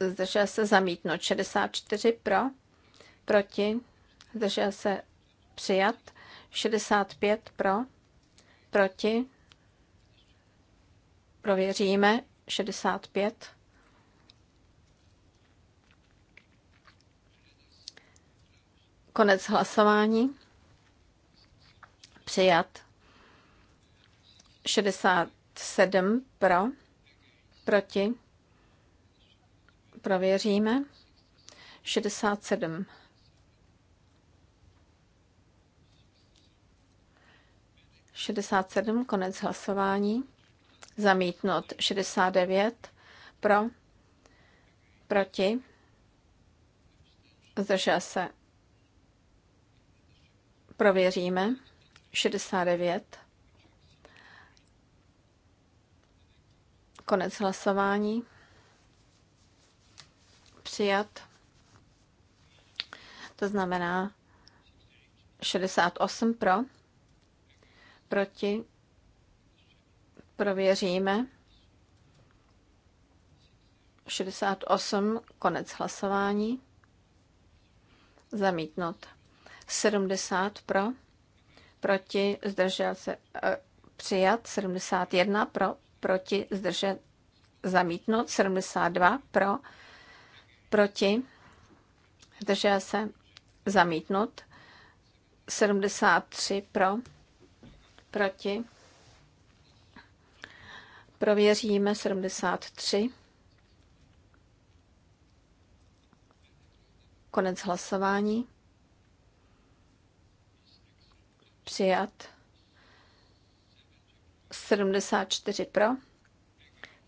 zdržel se zamítnut. 64 pro, proti, zdržel se přijat. 65 pro, proti, prověříme 65. Konec hlasování. Přijat 67 pro, proti, prověříme. 67. Šedesát konec hlasování. Zamítnout šedesát devět, pro, proti, zdržel se. Prověříme. 69. Konec hlasování. Přijat. To znamená 68 pro, proti, prověříme. 68, konec hlasování. Zamítnout. 70 pro, proti, zdržel se eh, přijat, 71 pro, proti, zdržet, zamítnout 72 pro, proti, zdržel se, zamítnout 73 pro, proti, prověříme 73, konec hlasování, přijat 74 pro,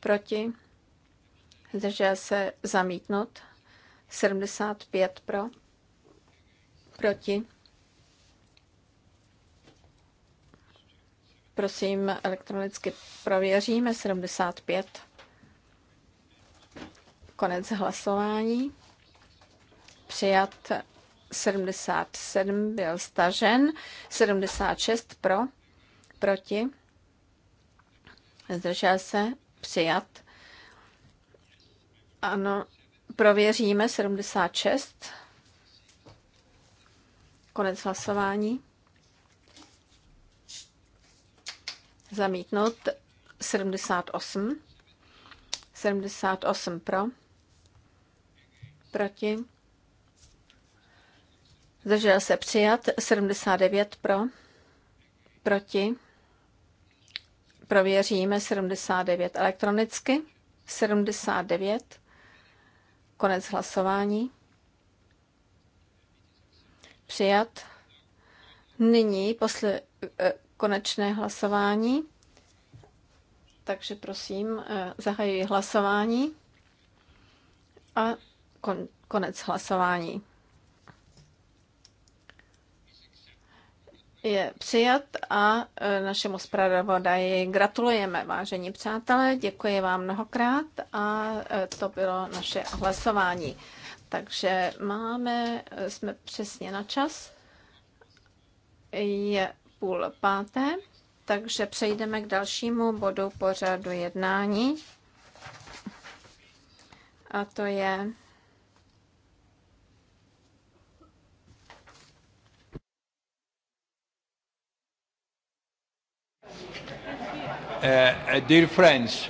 proti, zdržel se zamítnut, 75 pro, proti. Prosím, elektronicky prověříme 75. Konec hlasování. Přijat 77 byl stažen, 76 pro, proti zdržel se, přijat. Ano, prověříme 76. Konec hlasování. Zamítnout 78. 78 pro. Proti. Zdržel se přijat 79 pro. Proti. Prověříme 79 elektronicky. 79. Konec hlasování. Přijat. Nyní posle, eh, konečné hlasování. Takže prosím, eh, zahajuji hlasování a kon, konec hlasování. je přijat a e, našemu zpravodaji gratulujeme, vážení přátelé, děkuji vám mnohokrát a e, to bylo naše hlasování. Takže máme, e, jsme přesně na čas, je půl páté, takže přejdeme k dalšímu bodu pořadu jednání a to je Eh, eh, dear friends.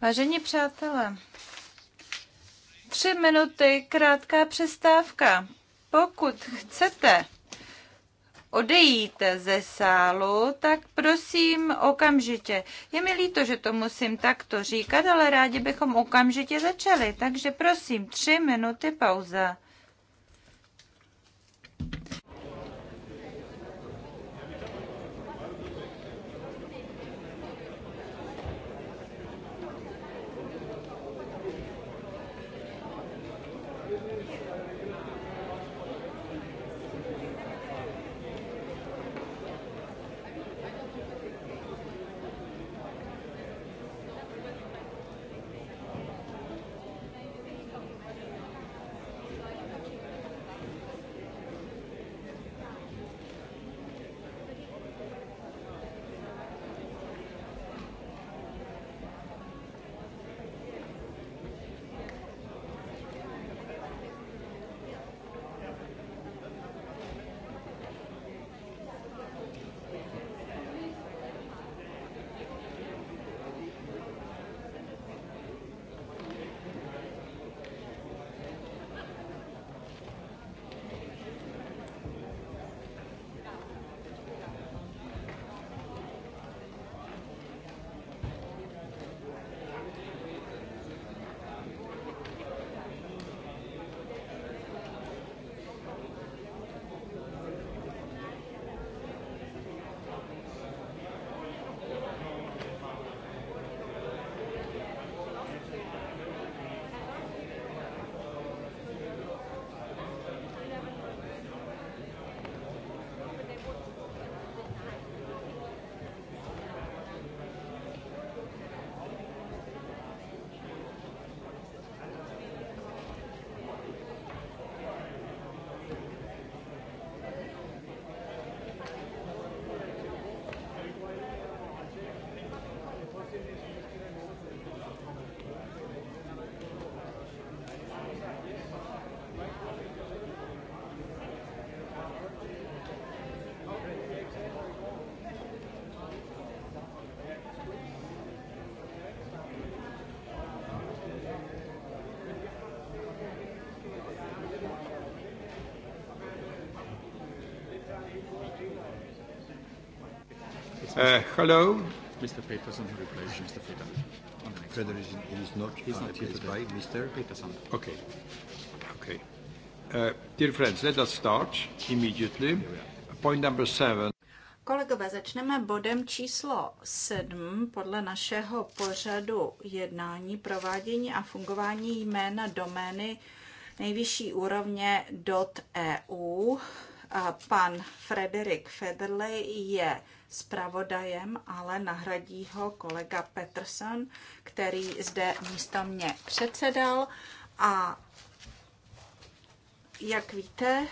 Vážení přátelé, tři minuty, krátká přestávka. Pokud chcete odejít ze sálu, tak prosím okamžitě. Je mi líto, že to musím takto říkat, ale rádi bychom okamžitě začali. Takže prosím, tři minuty pauza. Uh, hello. Mr. Peterson replaced Mr. Peterson. Federation is not, He's not uh, here by Mr. Peterson. Okay. Okay. Uh, dear friends, let us start immediately. Point number seven. Kolegové, začneme bodem číslo 7 podle našeho pořadu jednání provádění a fungování jména domény nejvyšší úrovně .eu. Pan Frederik Federley je zpravodajem, ale nahradí ho kolega Peterson, který zde místo mě předsedal. A jak víte,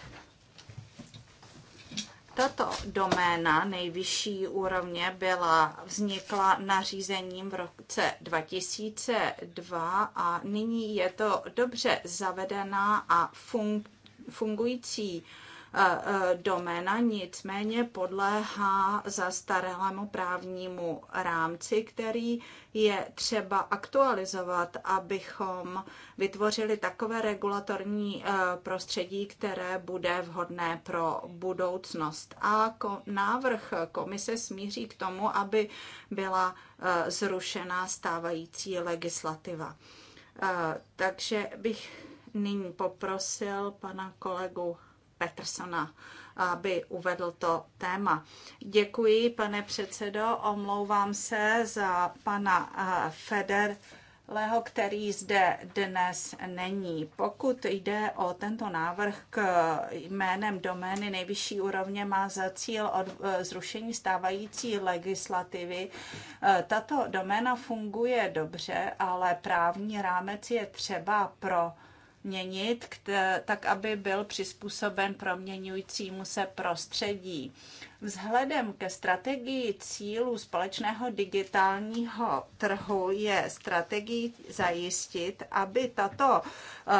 tato doména nejvyšší úrovně byla, vznikla nařízením v roce 2002 a nyní je to dobře zavedená a fun, fungující E, doména, nicméně podléhá starému právnímu rámci, který je třeba aktualizovat, abychom vytvořili takové regulatorní e, prostředí, které bude vhodné pro budoucnost. A návrh komise smíří k tomu, aby byla e, zrušena stávající legislativa. Takže bych nyní poprosil pana kolegu Petersona, aby uvedl to téma. Děkuji, pane předsedo, omlouvám se za pana eh, Feder. Leho, který zde dnes není. Pokud jde o tento návrh k jménem domény nejvyšší úrovně, má za cíl od eh, zrušení stávající legislativy. Eh, tato doména funguje dobře, ale právní rámec je třeba pro měnit, tak aby byl přizpůsoben proměňujícímu se prostředí. Vzhledem ke strategii cílů společného digitálního trhu je strategii zajistit, aby tato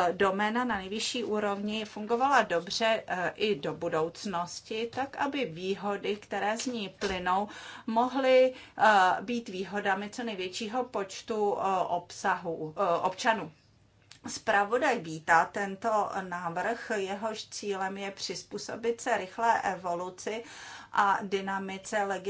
eh, doména na nejvyšší úrovni fungovala dobře eh, i do budoucnosti, tak aby výhody, které z ní plynou, mohly eh, být výhodami co největšího počtu obsahu, občanů. Spravodaj vítá tento návrh, jehož cílem je přizpůsobit se rychlé evoluci a dynamice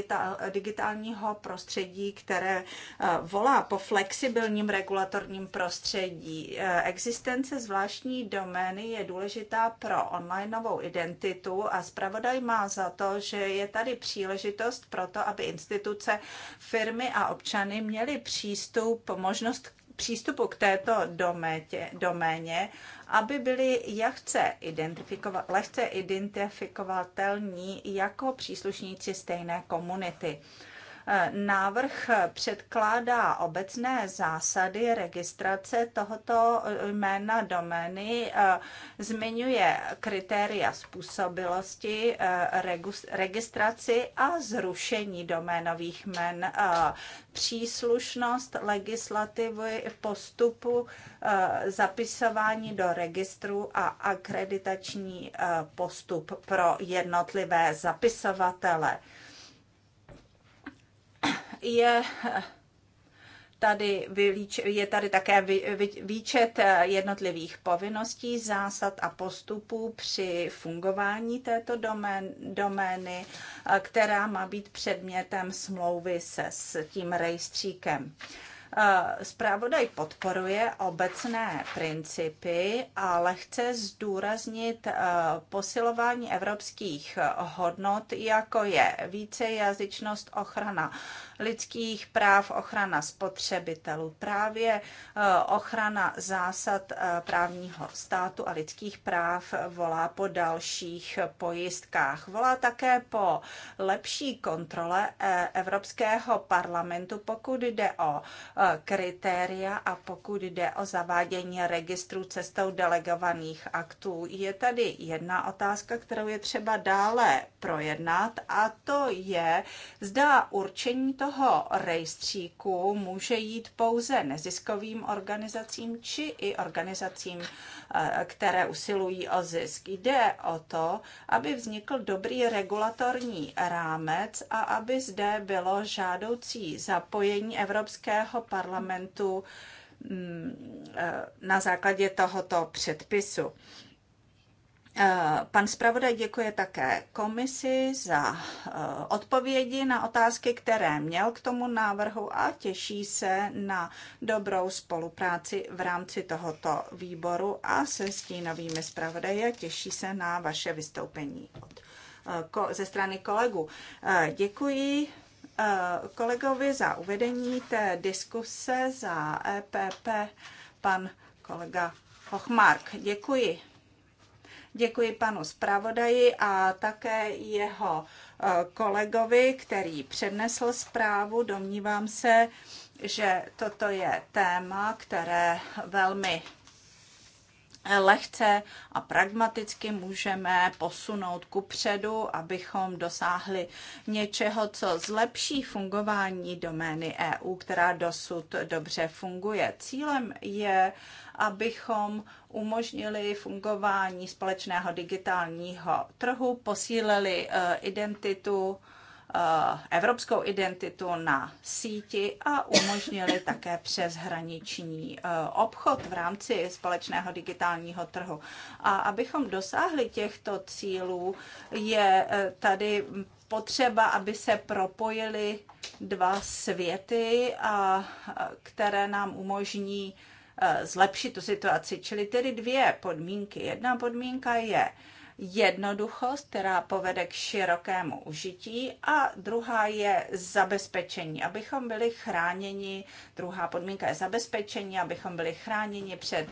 digitálního prostředí, které eh, volá po flexibilním regulatorním prostředí. Eh, existence zvláštní domény je důležitá pro online novou identitu a zpravodaj má za to, že je tady příležitost pro to, aby instituce, firmy a občany měli přístup, možnost přístupu k této dométě, doméně, aby byly jahce identifikovat, lehce identifikovatelní jako příslušníci stejné komunity. Návrh předkládá obecné zásady registrace tohoto jména domény, eh, zmiňuje kritéria způsobilosti, eh, registraci a zrušení doménových jmen, eh, příslušnost legislativy v postupu zapisování do registru a akreditační postup pro jednotlivé zapisovatele je eh, tady je tady také výčet eh, jednotlivých povinností, zásad a postupů při fungování této domény, eh, která má být předmětem smlouvy se s tím rejstříkem. Zpravodaj podporuje obecné principy, ale chce zdůraznit posilování evropských hodnot, jako je vícejazyčnost, ochrana lidských práv, ochrana spotřebitelů. Právě eh, ochrana zásad eh, právního státu a lidských práv volá po dalších pojistkách. Volá také po lepší kontrole eh, Evropského parlamentu, pokud jde o kritéria a pokud jde o zavádění registru cestou delegovaných aktů. Je tady jedna otázka, kterou je třeba dále projednat a to je, zda určení toho toho rejstříku může jít pouze neziskovým organizacím či i organizacím, eh, které usilují o zisk. Jde o to, aby vznikl dobrý regulatorní rámec a aby zde bylo žádoucí zapojení Evropského parlamentu mm, eh, na základě tohoto předpisu. Eh, pan zpravodaj děkuje také komisi za eh, odpovědi na otázky, které měl k tomu návrhu a těší se na dobrou spolupráci v rámci tohoto výboru a se stínovými zpravodaji a těší se na vaše vystoupení od, eh, ko, ze strany kolegů. Děkuji kolegovi za uvedení té diskuse za EPP, pan kolega Hochmark. Děkuji. Děkuji panu zpravodaji a také jeho eh, kolegovi, který přednesl zprávu. Domnívám se, že toto je téma, které velmi lehce a pragmaticky můžeme posunout ku předu, abychom dosáhli něčeho, co zlepší fungování domény EU, která dosud dobře funguje. Cílem je, abychom umožnili fungování společného digitálního trhu, posílili eh, identitu Eh, evropskou identitu na síti a umožnili také přeshraniční eh, obchod v rámci společného digitálního trhu. A abychom dosáhli těchto cílů, je eh, tady potřeba, aby se propojily dva světy, a, které nám umožní zlepšit tu situaci. Čili tedy dvě podmínky. Jedna podmínka je jednoduchost, která povede k širokému užití a druhá je zabezpečení, abychom byli chráněni, druhá podmínka je zabezpečení, abychom byli chráněni před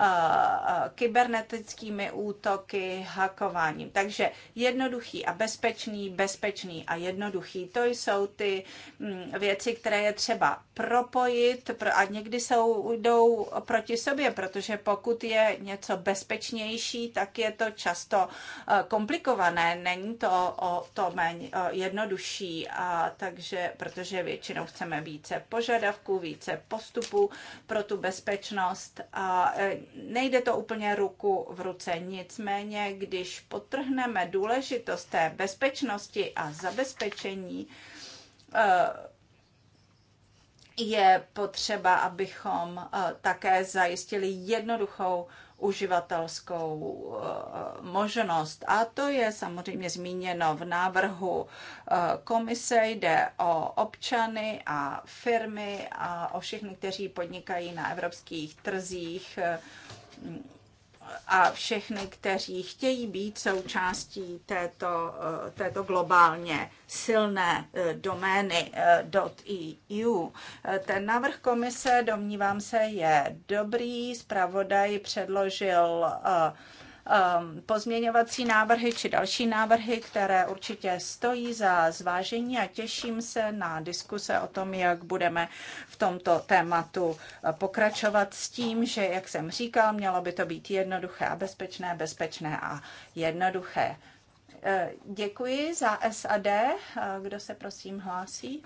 Eh, eh, kybernetickými útoky, hakováním. Takže jednoduchý a bezpečný, bezpečný a jednoduchý. To jsou ty mm, věci, které je třeba propojit a někdy jsou, jdou proti sobě, protože pokud je něco bezpečnější, tak je to často eh, komplikované. Není to o to méně jednodušší, a takže, protože většinou chceme více požadavků, více postupů pro tu bezpečnost a nejde to úplně ruku v ruce. Nicméně, když potrhneme důležitost té bezpečnosti a zabezpečení, eh, je potřeba, abychom eh, také zajistili jednoduchou uživatelskou eh, možnost. A to je samozřejmě zmíněno v návrhu eh, komise. Jde o občany a firmy a o všechny, kteří podnikají na evropských trzích eh, a všechny, kteří chtějí být součástí této, eh, této globálně silné eh, domény .eu. Eh, e ten návrh komise, domnívám se, je dobrý. Spravodaj předložil Um, pozměňovací návrhy či další návrhy, které určitě stojí za zvážení a těším se na diskuse o tom, jak budeme v tomto tématu uh, pokračovat s tím, že, jak jsem říkal, mělo by to být jednoduché a bezpečné, bezpečné a jednoduché. Uh, děkuji za SAD. Uh, kdo se prosím hlásí?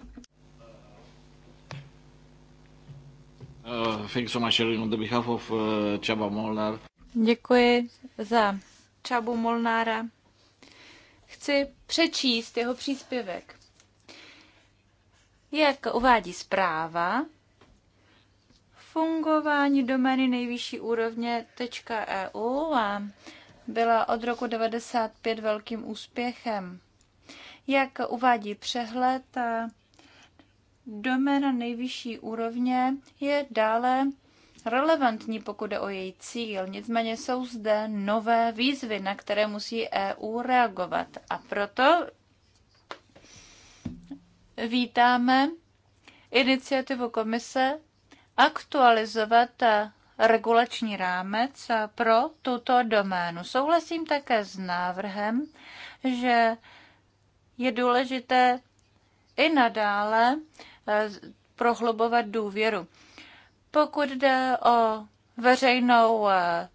Uh, thanks so much, on the behalf of uh, Chaba Molnar. Děkuji za Čabu Molnára. Chci přečíst jeho příspěvek. Jak uvádí zpráva, fungování domény nejvyšší úrovně .eu e a byla od roku 95 velkým úspěchem. Jak uvádí přehled, doména nejvyšší úrovně je dále relevantní, pokud jde o její cíl. Nicméně jsou zde nové výzvy, na které musí EU reagovat. A proto vítáme iniciativu komise aktualizovat regulační rámec pro tuto doménu. Souhlasím také s návrhem, že je důležité i nadále eh, prohlubovat důvěru. Pokud jde o veřejnou eh,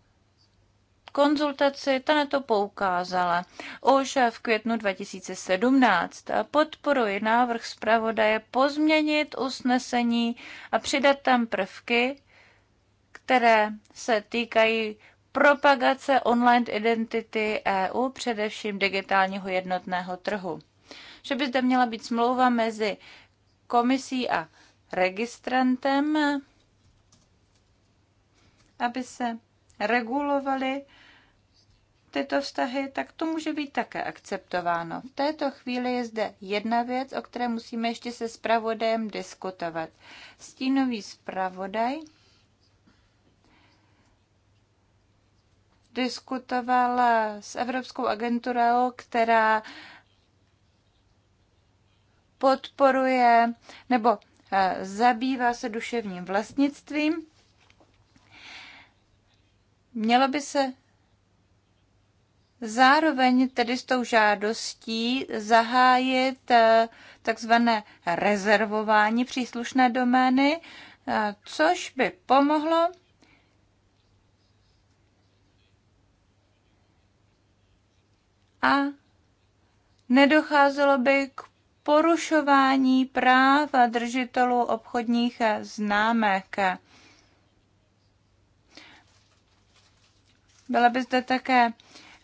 konzultaci, ta na to poukázala už v květnu 2017. Podporuji návrh zpravodaje pozměnit usnesení a přidat tam prvky, které se týkají propagace online identity EU, především digitálního jednotného trhu. Že by zde měla být smlouva mezi komisí a registrantem aby se regulovaly tyto vztahy, tak to může být také akceptováno. V této chvíli je zde jedna věc, o které musíme ještě se zpravodajem diskutovat. Stínový zpravodaj diskutoval s Evropskou agenturou, která podporuje nebo eh, zabývá se duševním vlastnictvím Mělo by se zároveň tedy s tou žádostí zahájit eh, takzvané rezervování příslušné domény, eh, což by pomohlo a nedocházelo by k porušování práv držitelů obchodních známek. Byla by zde také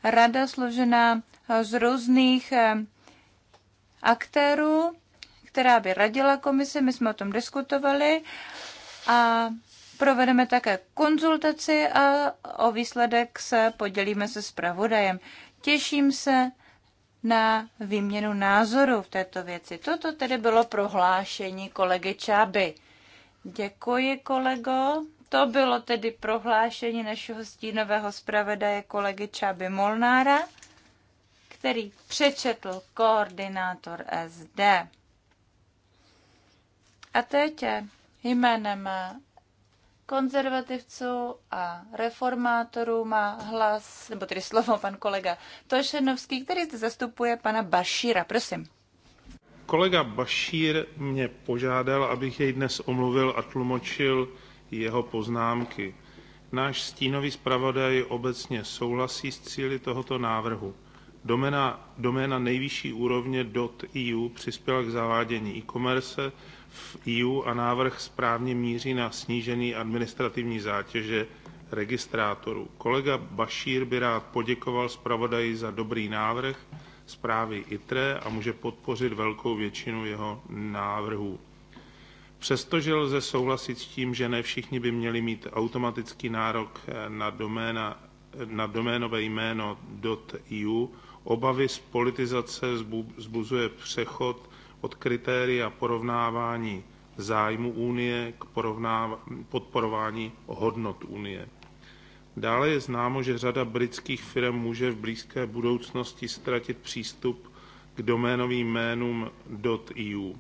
rada složená eh, z různých eh, aktérů, která by radila komisi, my jsme o tom diskutovali a provedeme také konzultaci a o výsledek se podělíme se pravodajem. Těším se na výměnu názoru v této věci. Toto tedy bylo prohlášení kolegy Čáby. Děkuji, kolego. To bylo tedy prohlášení našeho stínového zpravodaje kolegy Čaby Molnára, který přečetl koordinátor SD. A teď jménem konzervativců a reformátorů má hlas, nebo tedy slovo pan kolega Tošenovský, který zde zastupuje pana Bašíra. Prosím. Kolega Bašír mě požádal, abych jej dnes omluvil a tlumočil jeho poznámky. Náš stínový zpravodaj obecně souhlasí s cíli tohoto návrhu. Doména doména nejvyšší úrovně .eu přispěla k zavádění e-commerce v EU a návrh správně míří na snížení administrativní zátěže registrátorů. Kolega Bašír by rád poděkoval zpravodaji za dobrý návrh zprávy ITRE a může podpořit velkou většinu jeho návrhů. Přestože lze souhlasit s tím, že ne všichni by měli mít automatický nárok eh, na, doména, eh, na doménové jméno .eu, obavy z politizace zbuzuje přechod od kritéria porovnávání zájmu Unie k podporování hodnot Unie. Dále je známo, že řada britských firm může v blízké budoucnosti ztratit přístup k doménovým jménům .eu.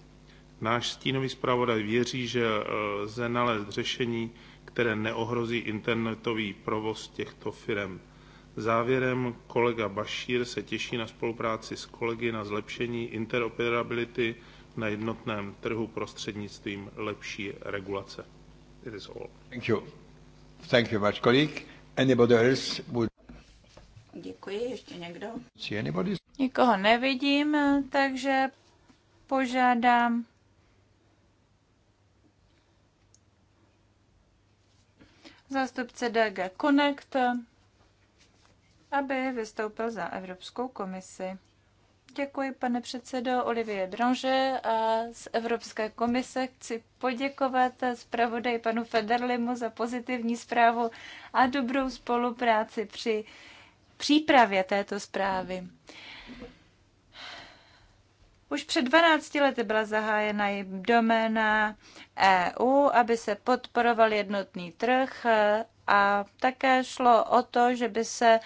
Náš stínový zpravodaj věří, že eh, lze nalézt řešení, které neohrozí internetový provoz těchto firm. Závěrem kolega Bašír se těší na spolupráci s kolegy na zlepšení interoperability na jednotném trhu prostřednictvím lepší regulace. It is all. Thank you. Thank you much, colleague. Anybody else would... Děkuji. Ještě někdo? Anybody? Nikoho nevidím, takže požádám zástupce DG Connect, aby vystoupil za Evropskou komisi. Děkuji, pane předsedo Olivier Branže a z Evropské komise chci poděkovat zpravodaj panu Federlimu za pozitivní zprávu a dobrou spolupráci při přípravě této zprávy. Už před 12 lety byla zahájena i doména EU, aby se podporoval jednotný trh eh, a také šlo o to, že by se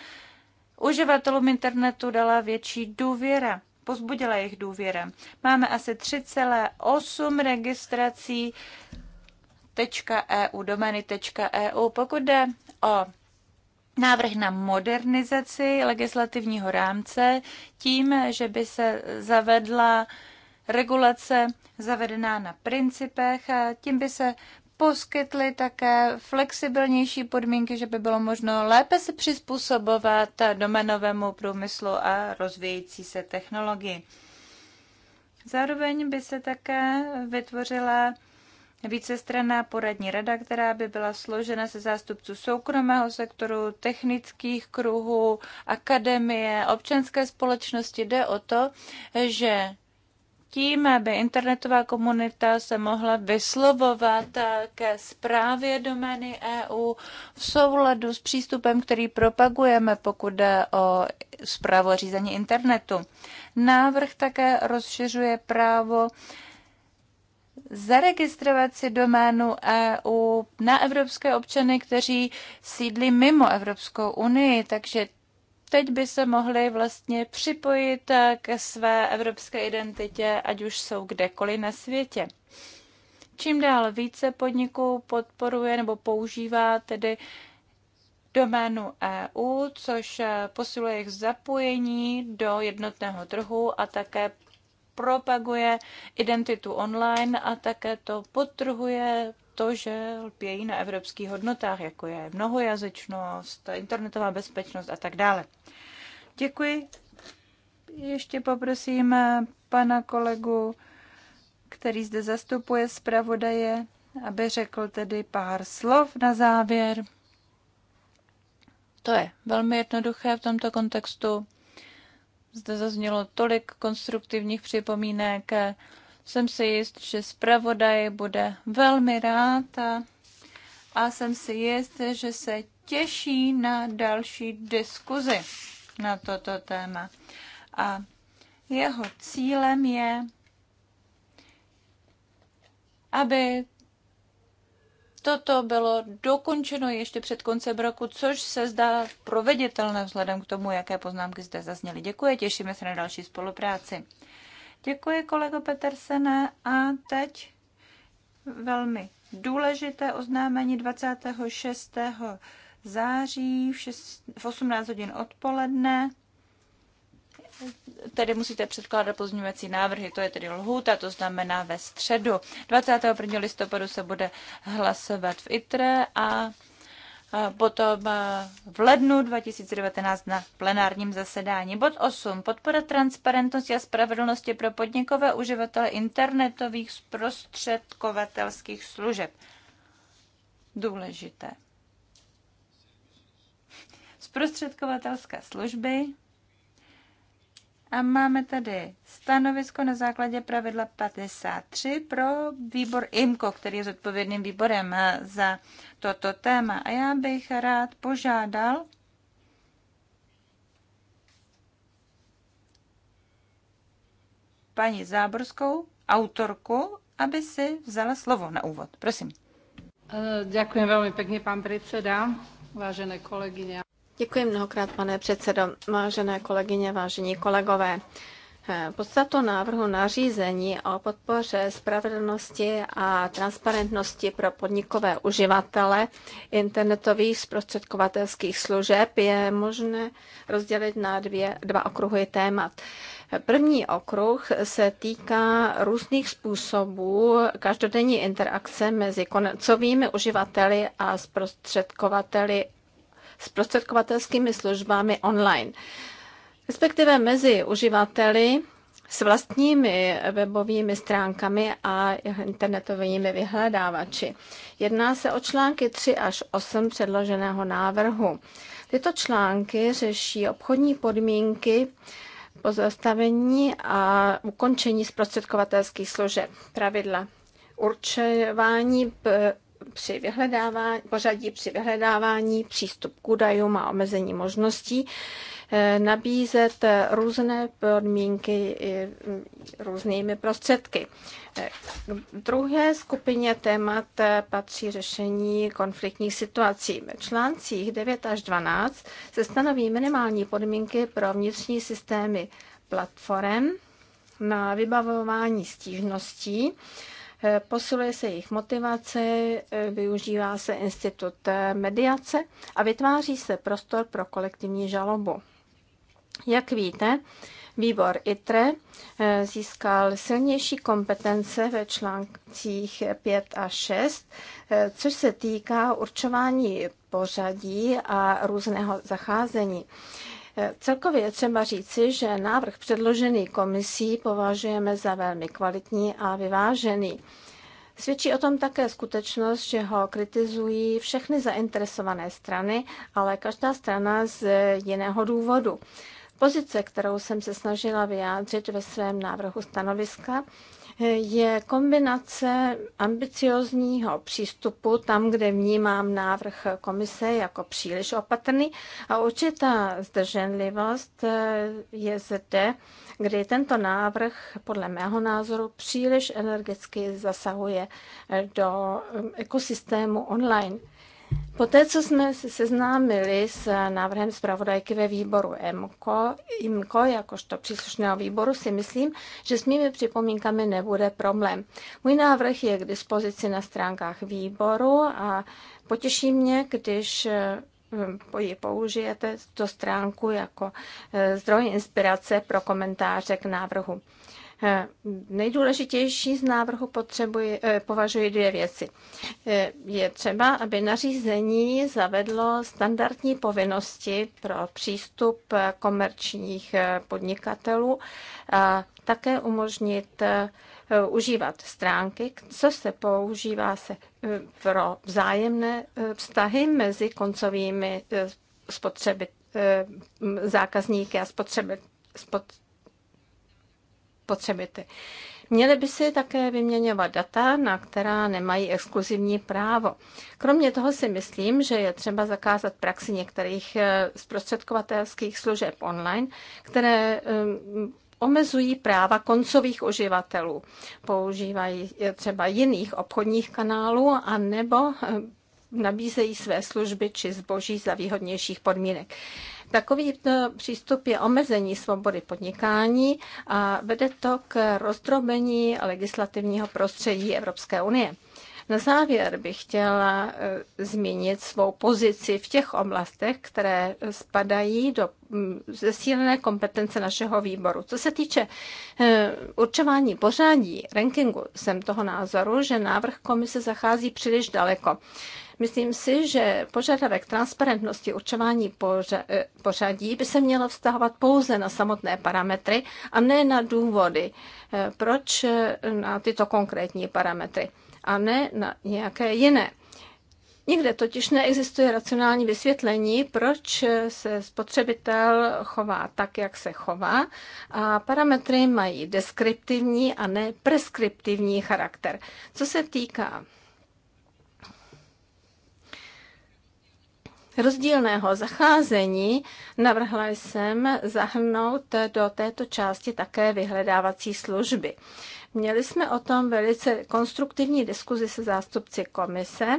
uživatelům internetu dala větší důvěra, pozbudila jejich důvěra. Máme asi 3,8 registrací .eu, e domény .eu. E Pokud jde o návrh na modernizaci legislativního rámce tím, že by se zavedla regulace zavedená na principech a tím by se poskytly také flexibilnější podmínky, že by bylo možno lépe se přizpůsobovat domenovému průmyslu a rozvíjející se technologii. Zároveň by se také vytvořila vícestranná poradní rada, která by byla složena se zástupců soukromého sektoru, technických kruhů, akademie, občanské společnosti. Jde o to, že tím aby internetová komunita se mohla vyslovovat ke zprávě domény EU v souladu s přístupem, který propagujeme, pokud jde o zprávu řízení internetu. Návrh také rozšiřuje právo zaregistrovat si doménu EU na evropské občany, kteří sídlí mimo Evropskou unii, takže teď by se mohli vlastně připojit ke své evropské identitě, ať už jsou kdekoliv na světě. Čím dál více podniků podporuje nebo používá tedy doménu EU, což posiluje jejich zapojení do jednotného trhu a také propaguje identitu online a také to podtrhuje to, že lpějí na evropských hodnotách, jako je mnohojazyčnost, internetová bezpečnost a tak dále. Děkuji. Ještě poprosím pana kolegu, který zde zastupuje zpravodaje, aby řekl tedy pár slov na závěr. To je velmi jednoduché v tomto kontextu. Zde zaznělo tolik konstruktivních připomínek. Jsem si jist, že zpravodaj bude velmi rád a, a jsem si jist, že se těší na další diskuzi na toto téma. A jeho cílem je, aby toto bylo dokončeno ještě před koncem roku, což se zdá proveditelné vzhledem k tomu, jaké poznámky zde zazněly. Děkuji, těšíme se na další spolupráci. Děkuji, kolego Petersene. A teď velmi důležité oznámení 26. září v, 6, v 18 hodin odpoledne tedy musíte předkládat pozměňovací návrhy, to je tedy lhůta, to znamená ve středu. 21. listopadu se bude hlasovat v ITRE a potom v lednu 2019 na plenárním zasedání. Bod 8. Podpora transparentnosti a spravedlnosti pro podnikové uživatele internetových zprostředkovatelských služeb. Důležité. Zprostředkovatelské služby a máme tady stanovisko na základě pravidla 53 pro výbor IMCO, který je zodpovědným výborem za toto téma. A já bych rád požádal paní Záborskou, autorku, aby si vzala slovo na úvod. Prosím. Děkuji eh, velmi pěkně, pan předseda, vážené kolegyně. Děkuji mnohokrát, pane předsedo. Vážené kolegyně, vážení kolegové, eh, Podstatu návrhu nařízení o podpoře spravedlnosti a transparentnosti pro podnikové uživatele internetových zprostředkovatelských služeb je možné rozdělit na dvě, dva okruhy témat. První okruh se týká různých způsobů každodenní interakce mezi koncovými uživateli a zprostředkovateli zprostředkovatelskými službami online, respektive mezi uživateli s vlastními webovými stránkami a internetovými vyhledávači. Jedná se o články 3 až 8 předloženého návrhu. Tyto články řeší obchodní podmínky pozastavení a ukončení zprostředkovatelských služeb, pravidla určování při vyhledávání, pořadí při vyhledávání, přístup k údajům a omezení možností eh, nabízet různé podmínky mm, různými prostředky. Eh, k druhé skupině témat eh, patří řešení konfliktních situací. V článcích 9 až 12 se stanoví minimální podmínky pro vnitřní systémy platform na vybavování stížností Eh, posiluje se jejich motivace, eh, využívá se institut eh, mediace a vytváří se prostor pro kolektivní žalobu. Jak víte, výbor ITRE získal silnější kompetence ve článcích 5 a 6, což se týká určování pořadí a různého zacházení. Celkově je třeba říci, že návrh předložený komisí považujeme za velmi kvalitní a vyvážený. Svědčí o tom také skutečnost, že ho kritizují všechny zainteresované strany, ale každá strana z jiného důvodu. Pozice, kterou jsem se snažila vyjádřit ve svém návrhu stanoviska, je kombinace ambiciozního přístupu tam, kde vnímám návrh komise jako příliš opatrný a určitá zdrženlivost eh, je zde, kdy tento návrh podle mého názoru příliš energicky zasahuje do eh, ekosystému online. Poté, co jsme se seznámili s návrhem zpravodajky ve výboru MKO, IMKO, jakožto příslušného výboru, si myslím, že s mými připomínkami nebude problém. Můj návrh je k dispozici na stránkách výboru a potěší mě, když eh, ji použijete, tu stránku jako eh, zdroj inspirace pro komentáře k návrhu. Eh, nejdůležitější z návrhu potřebuji, eh, považuji dvě věci. Eh, je třeba, aby nařízení zavedlo standardní povinnosti pro přístup komerčních podnikatelů a také umožnit užívat stránky, co se používá se pro vzájemné vztahy mezi koncovými spotřeby, zákazníky a spotřeby, spotřebity. Měly by si také vyměňovat data, na která nemají exkluzivní právo. Kromě toho si myslím, že je třeba zakázat praxi některých eh, zprostředkovatelských služeb online, které eh, omezují práva koncových uživatelů. Používají eh, třeba jiných obchodních kanálů a nebo nabízejí své služby či zboží za výhodnějších podmínek. Takový e, přístup je omezení svobody podnikání a vede to k rozdrobení legislativního prostředí Evropské unie. Na závěr bych chtěla e, zmínit svou pozici v těch oblastech, které spadají do zesílené kompetence našeho výboru. Co se týče e, určování pořádí rankingu, jsem toho názoru, že návrh komise zachází příliš daleko. Myslím si, že požadavek transparentnosti určování eh, pořadí by se mělo vztahovat pouze na samotné parametry a ne na důvody, eh, proč eh, na tyto konkrétní parametry a ne na nějaké jiné. Nikde totiž neexistuje racionální vysvětlení, proč se spotřebitel chová tak, jak se chová a parametry mají deskriptivní a ne preskriptivní charakter. Co se týká rozdílného zacházení navrhla jsem zahrnout do této části také vyhledávací služby. Měli jsme o tom velice konstruktivní diskuzi se zástupci komise,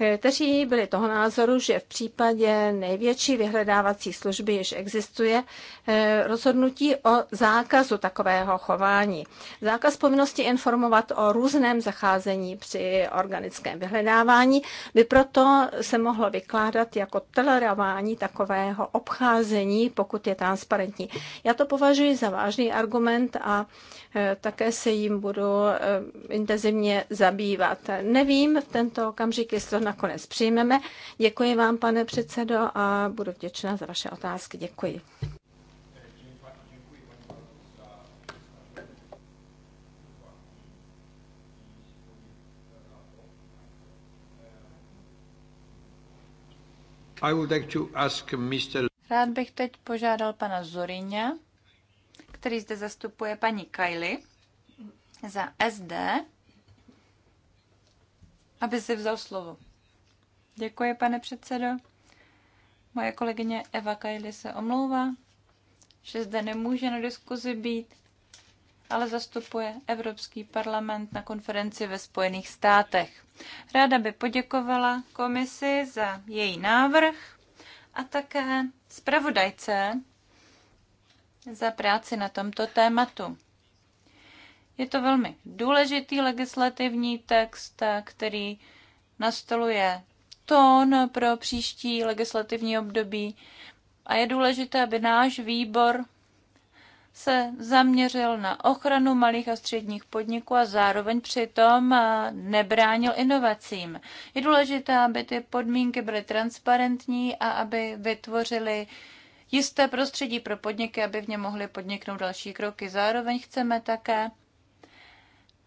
eh, kteří byli toho názoru, že v případě největší vyhledávací služby již existuje eh, rozhodnutí o zákazu takového chování. Zákaz povinnosti informovat o různém zacházení při organickém vyhledávání by proto se mohlo vykládat jako tolerování takového obcházení, pokud je transparentní. Já to považuji za vážný argument a Eh, také se jim budu eh, intenzivně zabývat. Nevím v tento okamžik, jestli to nakonec přijmeme. Děkuji vám, pane předsedo, a budu vděčná za vaše otázky. Děkuji. Rád bych teď požádal pana Zorině, který zde zastupuje paní Kylie za SD, aby si vzal slovo. Děkuji, pane předsedo. Moje kolegyně Eva Kylie se omlouvá, že zde nemůže na diskuzi být, ale zastupuje Evropský parlament na konferenci ve Spojených státech. Ráda by poděkovala komisi za její návrh a také zpravodajce za práci na tomto tématu. Je to velmi důležitý legislativní text, který nastoluje tón pro příští legislativní období a je důležité, aby náš výbor se zaměřil na ochranu malých a středních podniků a zároveň přitom eh, nebránil inovacím. Je důležité, aby ty podmínky byly transparentní a aby vytvořili jisté prostředí pro podniky, aby v něm mohly podniknout další kroky. Zároveň chceme také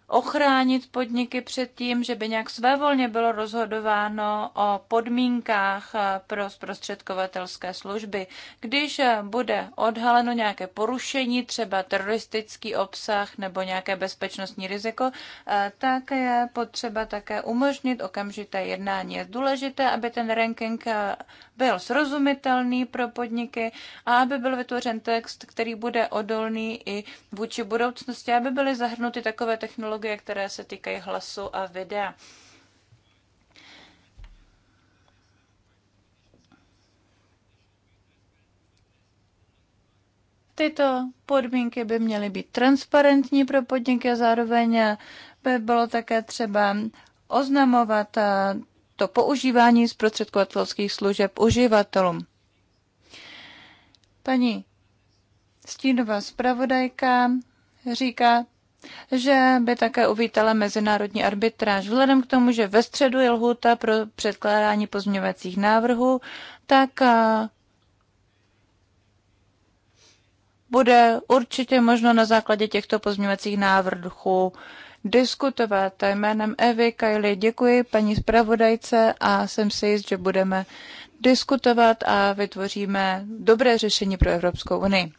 ochránit podniky před tím, že by nějak svévolně bylo rozhodováno o podmínkách eh, pro zprostředkovatelské služby. Když eh, bude odhaleno nějaké porušení, třeba teroristický obsah nebo nějaké bezpečnostní riziko, eh, tak je potřeba také umožnit okamžité jednání. Je důležité, aby ten ranking byl srozumitelný pro podniky a aby byl vytvořen text, který bude odolný i vůči budoucnosti, aby byly zahrnuty takové technologie, technologie, které se týkají hlasu a videa. Tyto podmínky by měly být transparentní pro podniky a zároveň by bylo také třeba oznamovat eh, to používání zprostředkovatelských služeb uživatelům. Paní Stínová zpravodajka říká, že by také uvítala mezinárodní arbitráž. Vzhledem k tomu, že ve středu je lhůta pro předkládání pozměňovacích návrhů, tak bude určitě možno na základě těchto pozměňovacích návrhů diskutovat. Jménem Evy Kajli děkuji paní zpravodajce a jsem si jist, že budeme diskutovat a vytvoříme dobré řešení pro Evropskou unii.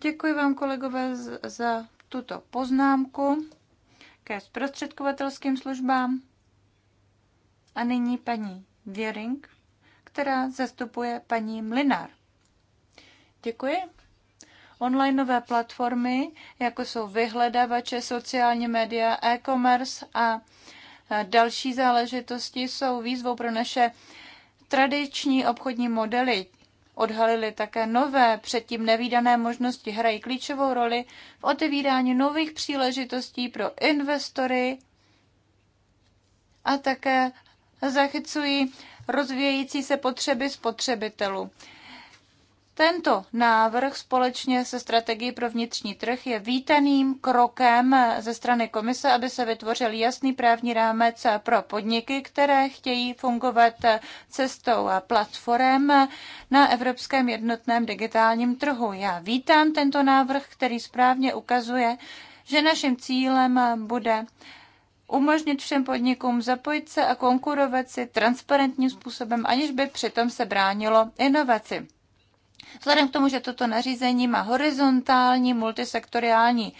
Děkuji vám, kolegové, za tuto poznámku ke zprostředkovatelským službám. A nyní paní Věring, která zastupuje paní Mlinár. Děkuji. Onlineové platformy, jako jsou vyhledavače, sociální média, e-commerce a další záležitosti, jsou výzvou pro naše tradiční obchodní modely. Odhalili také nové, předtím nevýdané možnosti, hrají klíčovou roli v otevírání nových příležitostí pro investory a také zachycují rozvíjející se potřeby spotřebitelů. Tento návrh společně se strategií pro vnitřní trh je vítaným krokem ze strany komise, aby se vytvořil jasný právní rámec pro podniky, které chtějí fungovat cestou platformem na evropském jednotném digitálním trhu. Já vítám tento návrh, který správně ukazuje, že naším cílem bude umožnit všem podnikům zapojit se a konkurovat si transparentním způsobem, aniž by přitom se bránilo inovaci. Vzhledem k tomu, že toto nařízení má horizontální multisektoriální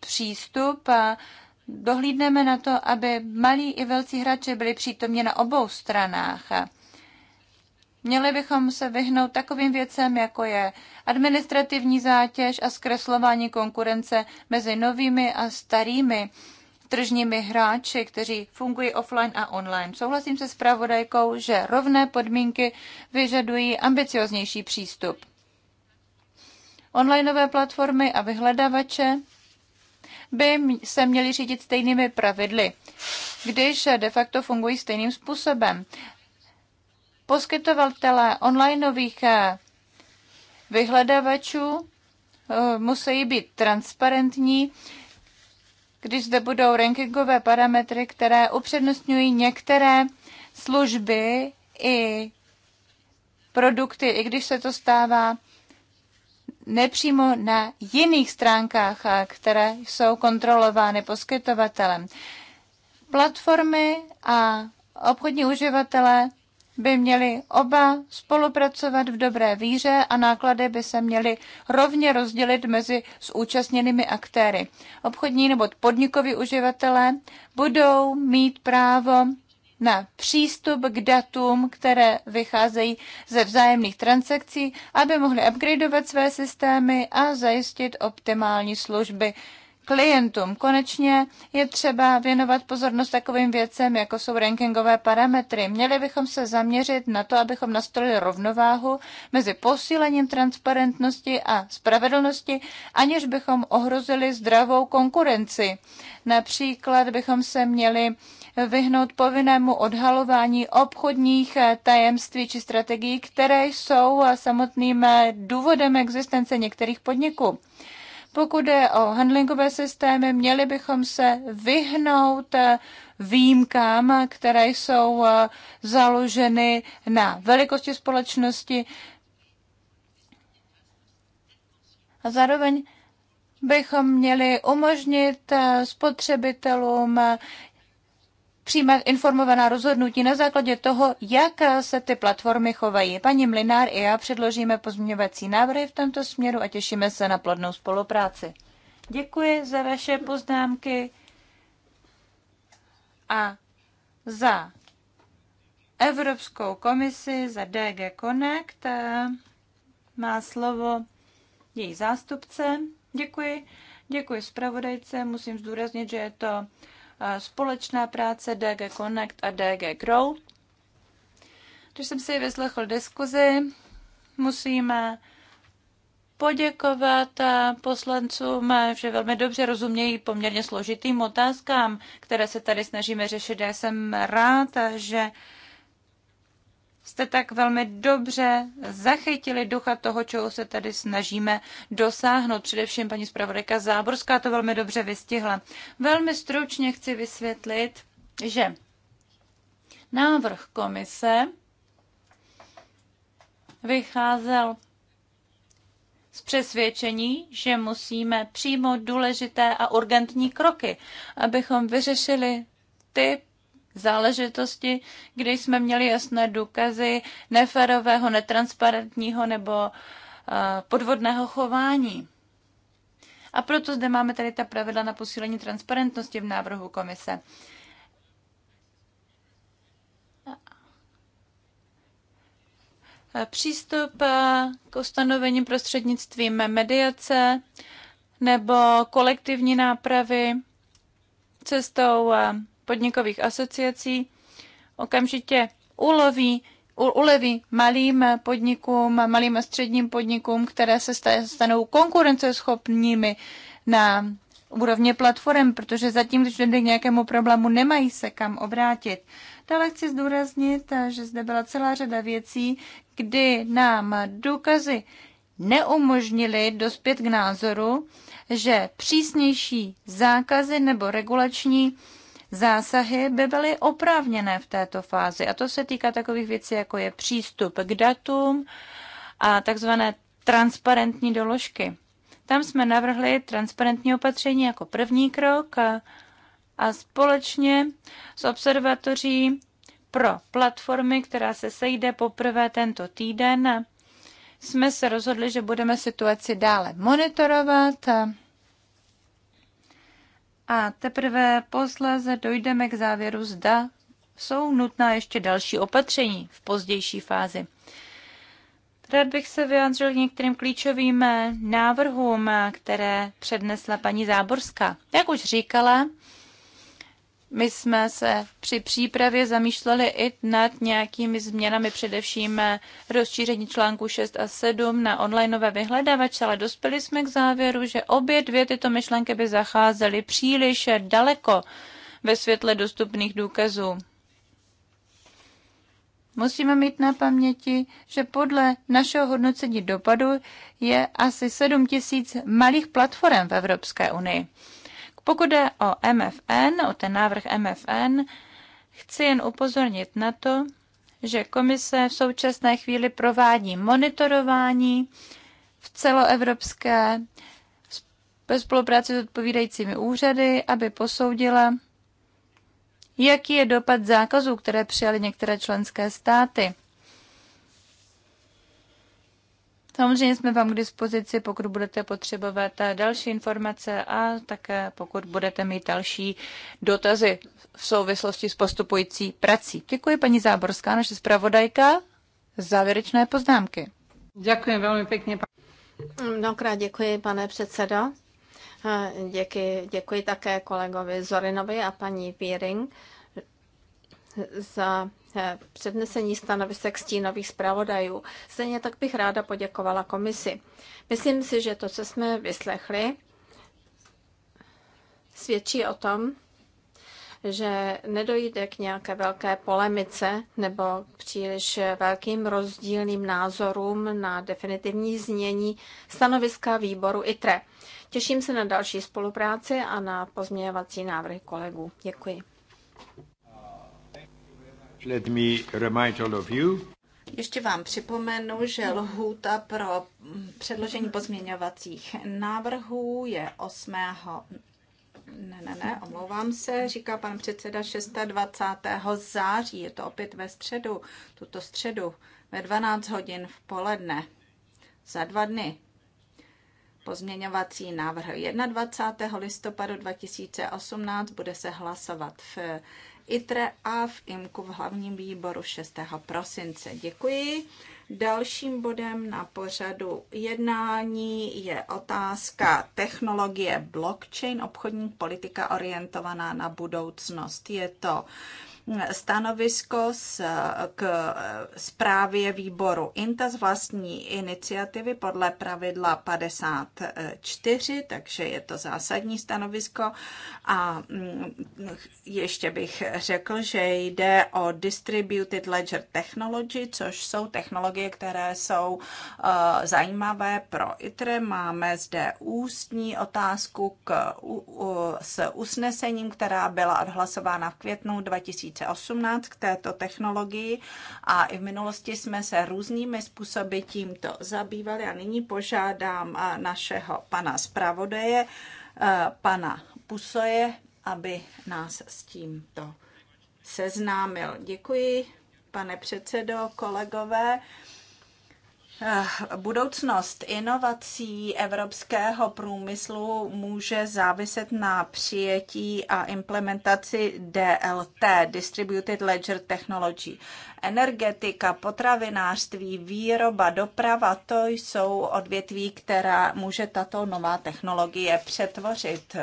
přístup, dohlídneme na to, aby malí i velcí hráči byli přítomně na obou stranách. Měli bychom se vyhnout takovým věcem, jako je administrativní zátěž a zkreslování konkurence mezi novými a starými tržními hráči, kteří fungují offline a online. Souhlasím se s pravodajkou, že rovné podmínky vyžadují ambicioznější přístup onlineové platformy a vyhledávače by se měly řídit stejnými pravidly, když de facto fungují stejným způsobem. Poskytovatelé onlineových eh, vyhledávačů eh, musí být transparentní, když zde budou rankingové parametry, které upřednostňují některé služby i produkty, i když se to stává nepřímo na jiných stránkách, které jsou kontrolovány poskytovatelem. Platformy a obchodní uživatelé by měli oba spolupracovat v dobré víře a náklady by se měly rovně rozdělit mezi zúčastněnými aktéry. Obchodní nebo podnikoví uživatelé budou mít právo na přístup k datům, které vycházejí ze vzájemných transakcí, aby mohli upgradeovat své systémy a zajistit optimální služby klientům. Konečně je třeba věnovat pozornost takovým věcem, jako jsou rankingové parametry. Měli bychom se zaměřit na to, abychom nastolili rovnováhu mezi posílením transparentnosti a spravedlnosti, aniž bychom ohrozili zdravou konkurenci. Například bychom se měli vyhnout povinnému odhalování obchodních eh, tajemství či strategií, které jsou eh, samotným eh, důvodem existence některých podniků. Pokud je o handlingové systémy, měli bychom se vyhnout výjimkám, které jsou založeny na velikosti společnosti. A zároveň bychom měli umožnit spotřebitelům přijímat informovaná rozhodnutí na základě toho, jak se ty platformy chovají. Paní Mlinár i já předložíme pozměňovací návrhy v tomto směru a těšíme se na plodnou spolupráci. Děkuji za vaše poznámky a za Evropskou komisi, za DG Connect. Má slovo její zástupce. Děkuji. Děkuji zpravodajce. Musím zdůraznit, že je to společná práce DG Connect a DG Grow. Když jsem si vyslechl diskuzi, musíme poděkovat eh, poslancům, eh, že velmi dobře rozumějí poměrně složitým otázkám, které se tady snažíme řešit. Já jsem rád, eh, že jste tak velmi dobře zachytili ducha toho, čeho se tady snažíme dosáhnout. Především paní zpravodajka Záborská to velmi dobře vystihla. Velmi stručně chci vysvětlit, že návrh komise vycházel z přesvědčení, že musíme přijmout důležité a urgentní kroky, abychom vyřešili ty záležitosti, kdy jsme měli jasné důkazy neférového, netransparentního nebo eh, podvodného chování. A proto zde máme tady ta pravidla na posílení transparentnosti v návrhu komise. Eh, přístup eh, k ustanovení prostřednictvím mediace nebo kolektivní nápravy cestou podnikových asociací okamžitě uloví, uleví malým podnikům, malým a středním podnikům, které se stanou konkurenceschopnými na úrovně platform, protože zatím, když jde k nějakému problému, nemají se kam obrátit. Dále chci zdůraznit, že zde byla celá řada věcí, kdy nám důkazy neumožnili dospět k názoru, že přísnější zákazy nebo regulační zásahy by byly oprávněné v této fázi. A to se týká takových věcí, jako je přístup k datům a takzvané transparentní doložky. Tam jsme navrhli transparentní opatření jako první krok a, a společně s observatoří pro platformy, která se sejde poprvé tento týden, jsme se rozhodli, že budeme situaci dále monitorovat. A a teprve posléze dojdeme k závěru, zda jsou nutná ještě další opatření v pozdější fázi. Rád bych se vyjádřil k některým klíčovým návrhům, které přednesla paní Záborská. Jak už říkala, my jsme se při přípravě zamýšleli i nad nějakými změnami, především eh, rozšíření článku 6 a 7 na onlineové vyhledávače, ale dospěli jsme k závěru, že obě dvě tyto myšlenky by zacházely příliš daleko ve světle dostupných důkazů. Musíme mít na paměti, že podle našeho hodnocení dopadu je asi 7 tisíc malých platform v Evropské unii. Pokud jde o MFN, o ten návrh MFN, chci jen upozornit na to, že komise v současné chvíli provádí monitorování v celoevropské ve spolupráci s odpovídajícími úřady, aby posoudila, jaký je dopad zákazů, které přijaly některé členské státy. Samozřejmě jsme vám k dispozici, pokud budete potřebovat další informace a také pokud budete mít další dotazy v souvislosti s postupující prací. Děkuji paní Záborská, naše zpravodajka. Závěrečné poznámky. Děkuji velmi pěkně. Mnohokrát děkuji, pane předsedo. Děkuji, děkuji také kolegovi Zorinovi a paní Píring za Eh, přednesení stanovisek stínových zpravodajů. Stejně tak bych ráda poděkovala komisi. Myslím si, že to, co jsme vyslechli, svědčí o tom, že nedojde k nějaké velké polemice nebo k příliš velkým rozdílným názorům na definitivní znění stanoviska výboru ITRE. Těším se na další spolupráci a na pozměňovací návrhy kolegů. Děkuji. Let me remind all of you. Ještě vám připomenu, že lhůta pro předložení pozměňovacích návrhů je 8. Ne, ne, ne, omlouvám se, říká pan předseda 26. září, je to opět ve středu, tuto středu, ve 12 hodin v poledne, za dva dny. Pozměňovací návrh 21. listopadu 2018 bude se hlasovat v ITRE a v IMKU v hlavním výboru 6. prosince. Děkuji. Dalším bodem na pořadu jednání je otázka technologie blockchain, obchodní politika orientovaná na budoucnost. Je to stanovisko k eh, zprávě výboru INTA z vlastní iniciativy podle pravidla 54, takže je to zásadní stanovisko. A mm, ještě bych řekl, že jde o Distributed Ledger Technology, což jsou technologie, které jsou eh, zajímavé pro ITR. Máme zde ústní otázku k, s usnesením, která byla odhlasována v květnu 2000 2018 k této technologii a i v minulosti jsme se různými způsoby tímto zabývali a nyní požádám našeho pana zpravodaje, pana Pusoje, aby nás s tímto seznámil. Děkuji, pane předsedo, kolegové. Eh, budoucnost inovací evropského průmyslu může záviset na přijetí a implementaci DLT, Distributed Ledger Technology. Energetika, potravinářství, výroba, doprava, to jsou odvětví, která může tato nová technologie přetvořit.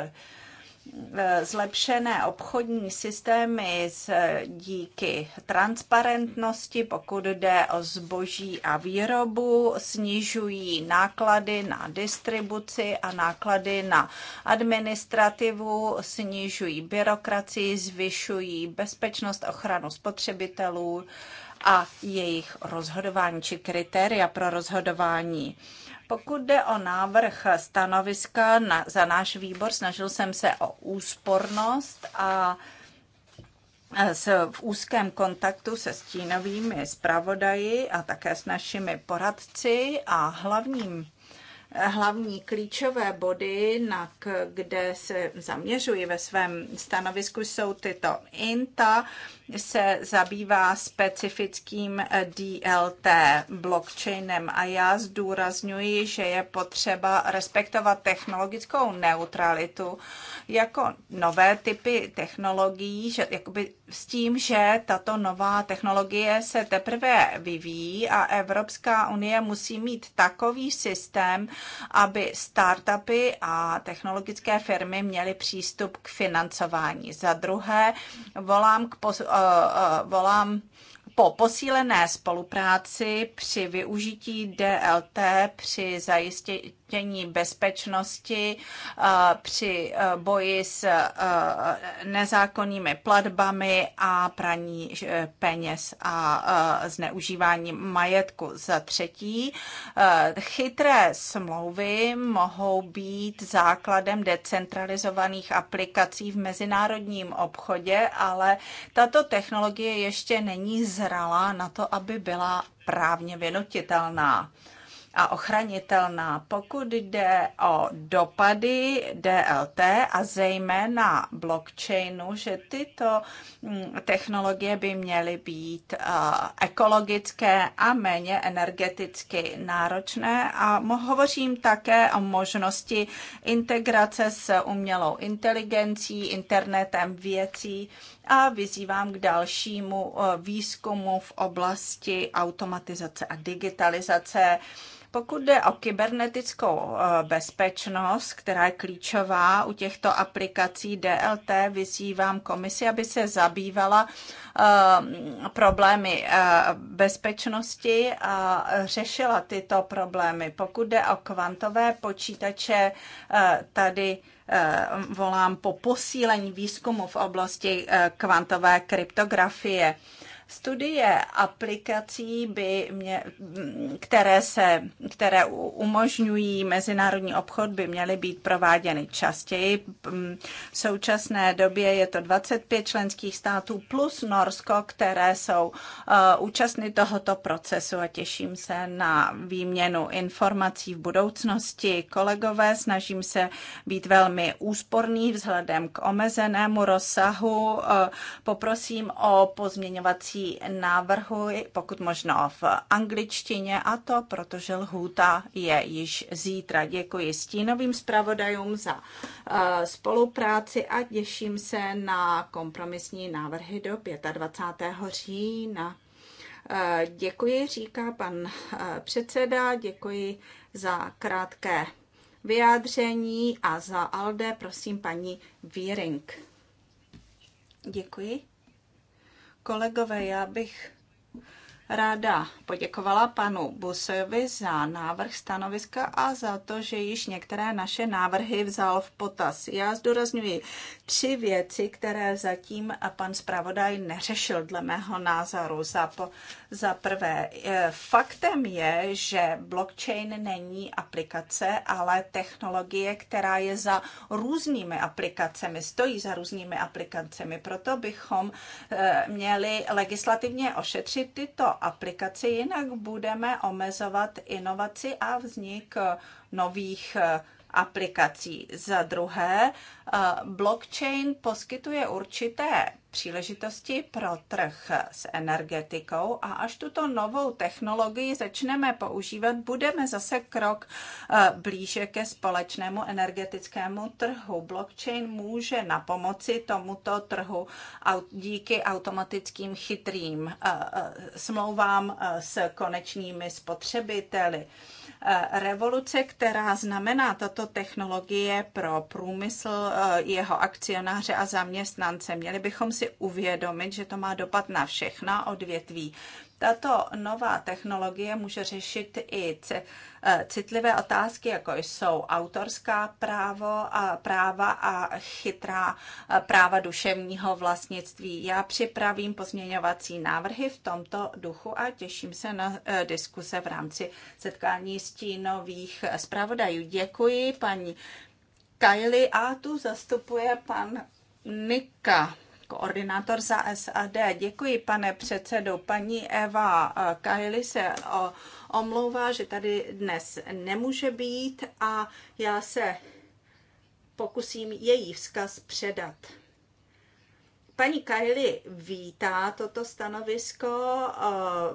E, zlepšené obchodní systémy e, díky transparentnosti, pokud jde o zboží a výrobu, snižují náklady na distribuci a náklady na administrativu, snižují byrokracii, zvyšují bezpečnost, ochranu spotřebitelů a jejich rozhodování či kritéria pro rozhodování. Pokud jde o návrh stanoviska na, za náš výbor, snažil jsem se o úspornost a s, v úzkém kontaktu se stínovými zpravodaji a také s našimi poradci a hlavním hlavní klíčové body, na kde se zaměřuji ve svém stanovisku, jsou tyto. INTA se zabývá specifickým DLT blockchainem a já zdůrazňuji, že je potřeba respektovat technologickou neutralitu jako nové typy technologií, že jakoby s tím, že tato nová technologie se teprve vyvíjí a Evropská unie musí mít takový systém, aby startupy a technologické firmy měly přístup k financování. Za druhé, volám, k pos- uh, uh, volám po posílené spolupráci při využití DLT při zajistě, zajištění bezpečnosti eh, při eh, boji s eh, nezákonnými platbami a praní peněz a zneužívání majetku. Za třetí, chytré smlouvy mohou být základem decentralizovaných aplikací v mezinárodním obchodě, ale tato technologie ještě není zralá na to, aby byla právně vynutitelná a ochranitelná. Pokud jde o dopady DLT a zejména blockchainu, že tyto mm, technologie by měly být eh, ekologické a méně energeticky náročné. A hovořím také o možnosti integrace s umělou inteligencí, internetem věcí a vyzývám k dalšímu eh, výzkumu v oblasti automatizace a digitalizace. Pokud jde o kybernetickou eh, bezpečnost, která je klíčová u těchto aplikací DLT, vyzývám komisi, aby se zabývala eh, problémy bezpečnosti a řešila tyto problémy. Pokud jde o kvantové počítače, tady volám po posílení výzkumu v oblasti eh, kvantové kryptografie. Studie aplikací, by mě, které, se, které umožňují mezinárodní obchod, by měly být prováděny častěji. Mm, v současné době je to 25 členských států plus Norsko, které jsou eh, účastny tohoto procesu a těším se na výměnu informací v budoucnosti. Kolegové, snažím se být velmi úsporný vzhledem k omezenému rozsahu. Eh, poprosím o pozměňovací pozměňovací návrhy, pokud možno v angličtině, a to protože lhůta je již zítra. Děkuji stínovým zpravodajům za eh, spolupráci a těším se na kompromisní návrhy do 25. října. Eh, děkuji, říká pan eh, předseda, děkuji za krátké vyjádření a za Alde, prosím paní Víring. Děkuji. Kolegové, já bych ráda poděkovala panu Busovi za návrh stanoviska a za to, že již některé naše návrhy vzal v potaz. Já zdůraznuju tři věci, které zatím pan zpravodaj neřešil dle mého názoru. Za, po, za prvé, e, faktem je, že blockchain není aplikace, ale technologie, která je za různými aplikacemi, stojí za různými aplikacemi. Proto bychom e, měli legislativně ošetřit tyto aplikaci, jinak budeme omezovat inovaci a vznik nových eh, aplikací. Za druhé, eh, blockchain poskytuje určité příležitosti pro trh s energetikou a až tuto novou technologii začneme používat, budeme zase krok eh, blíže ke společnému energetickému trhu. Blockchain může na pomoci tomuto trhu díky automatickým chytrým eh, eh, smlouvám s konečnými spotřebiteli. Revoluce, která znamená tato technologie pro průmysl, jeho akcionáře a zaměstnance. Měli bychom si uvědomit, že to má dopad na všechna odvětví. Tato nová technologie může řešit i e, citlivé otázky, jako jsou autorská právo a práva a chytrá e, práva duševního vlastnictví. Já připravím pozměňovací návrhy v tomto duchu a těším se na e, diskuse v rámci setkání stínových zpravodajů. Děkuji paní Kylie a tu zastupuje pan Nika koordinátor za SAD. Děkuji, pane předsedo. Paní Eva eh, Kajli se eh, omlouvá, že tady dnes nemůže být a já se pokusím její vzkaz předat. Paní Kajli vítá toto stanovisko eh,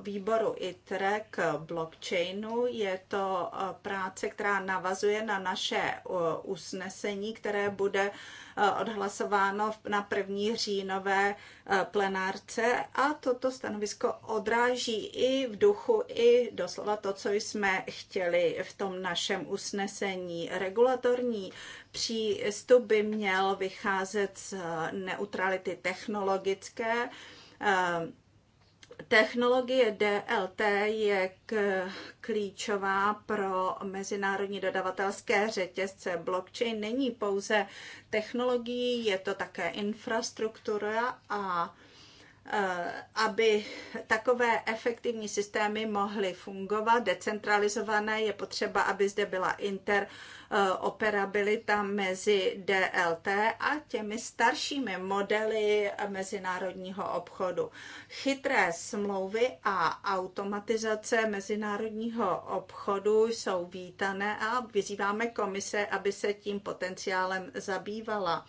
výboru ITRE k blockchainu. Je to práce, která navazuje na naše usnesení, které bude Eh, odhlasováno na první říjnové eh, plenárce a toto stanovisko odráží i v duchu, i doslova to, co jsme chtěli v tom našem usnesení. Regulatorní přístup by měl vycházet z eh, neutrality technologické, Technologie DLT je k, klíčová pro mezinárodní dodavatelské řetězce. Blockchain není pouze technologií, je to také infrastruktura a Eh, aby takové efektivní systémy mohly fungovat, decentralizované, je potřeba, aby zde byla interoperabilita mezi DLT a těmi staršími modely mezinárodního obchodu. Chytré smlouvy a automatizace mezinárodního obchodu jsou vítané a vyzýváme komise, aby se tím potenciálem zabývala.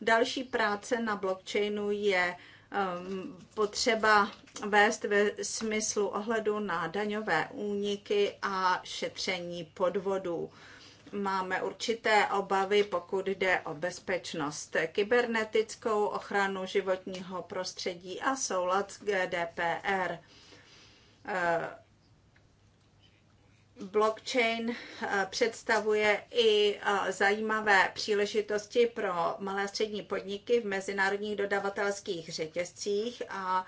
Další práce na blockchainu je Ehm, potřeba vést ve smyslu ohledu na daňové úniky a šetření podvodů máme určité obavy, pokud jde o bezpečnost, kybernetickou ochranu životního prostředí a soulad s GDPR. Ehm, blockchain eh, představuje i eh, zajímavé příležitosti pro malé a střední podniky v mezinárodních dodavatelských řetězcích a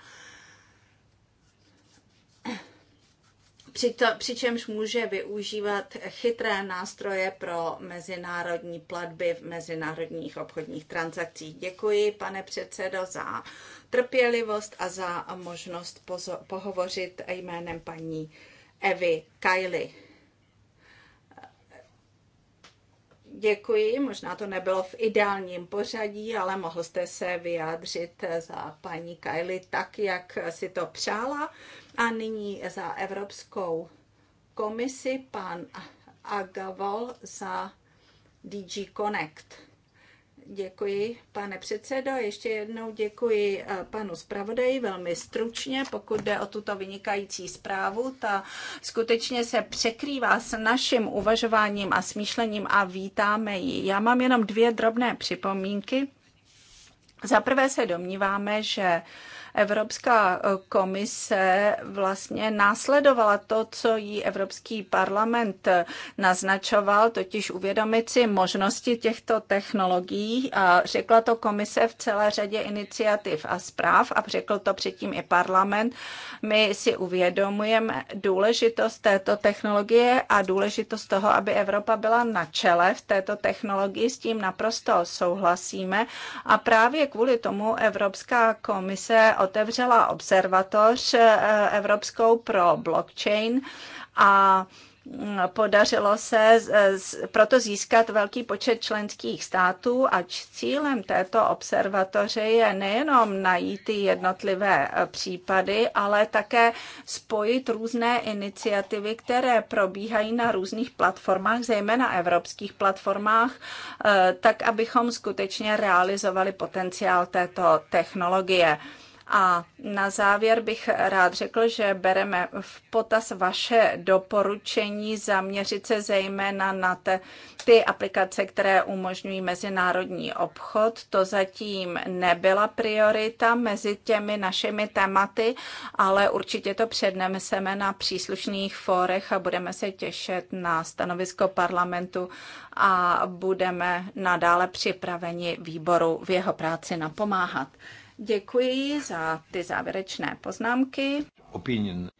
Přito, přičemž může využívat chytré nástroje pro mezinárodní platby v mezinárodních obchodních transakcích. Děkuji, pane předsedo, za trpělivost a za možnost pohovořit jménem paní Evy Kajly. Děkuji, možná to nebylo v ideálním pořadí, ale mohl jste se vyjádřit za paní Kylie tak, jak si to přála. A nyní za Evropskou komisi pan Agavol za DG Connect. Děkuji, pane předsedo. Ještě jednou děkuji eh, panu zpravodaji velmi stručně, pokud jde o tuto vynikající zprávu. Ta skutečně se překrývá s naším uvažováním a smýšlením a vítáme ji. Já mám jenom dvě drobné připomínky. Za prvé se domníváme, že Evropská eh, komise vlastně následovala to, co jí Evropský parlament eh, naznačoval, totiž uvědomit si možnosti těchto technologií a řekla to komise v celé řadě iniciativ a zpráv a řekl to předtím i parlament. My si uvědomujeme důležitost této technologie a důležitost toho, aby Evropa byla na čele v této technologii, s tím naprosto souhlasíme a právě kvůli tomu Evropská komise otevřela observatoř eh, evropskou pro blockchain a mm, podařilo se proto získat velký počet členských států, ač cílem této observatoře je nejenom najít ty jednotlivé eh, případy, ale také spojit různé iniciativy, které probíhají na různých platformách, zejména evropských platformách, eh, tak abychom skutečně realizovali potenciál této technologie. A na závěr bych rád řekl, že bereme v potaz vaše doporučení zaměřit se zejména na te, ty aplikace, které umožňují mezinárodní obchod. To zatím nebyla priorita mezi těmi našimi tématy, ale určitě to předneseme na příslušných fórech a budeme se těšit na stanovisko parlamentu a budeme nadále připraveni výboru v jeho práci napomáhat. Děkuji za ty závěrečné poznámky. Opinion.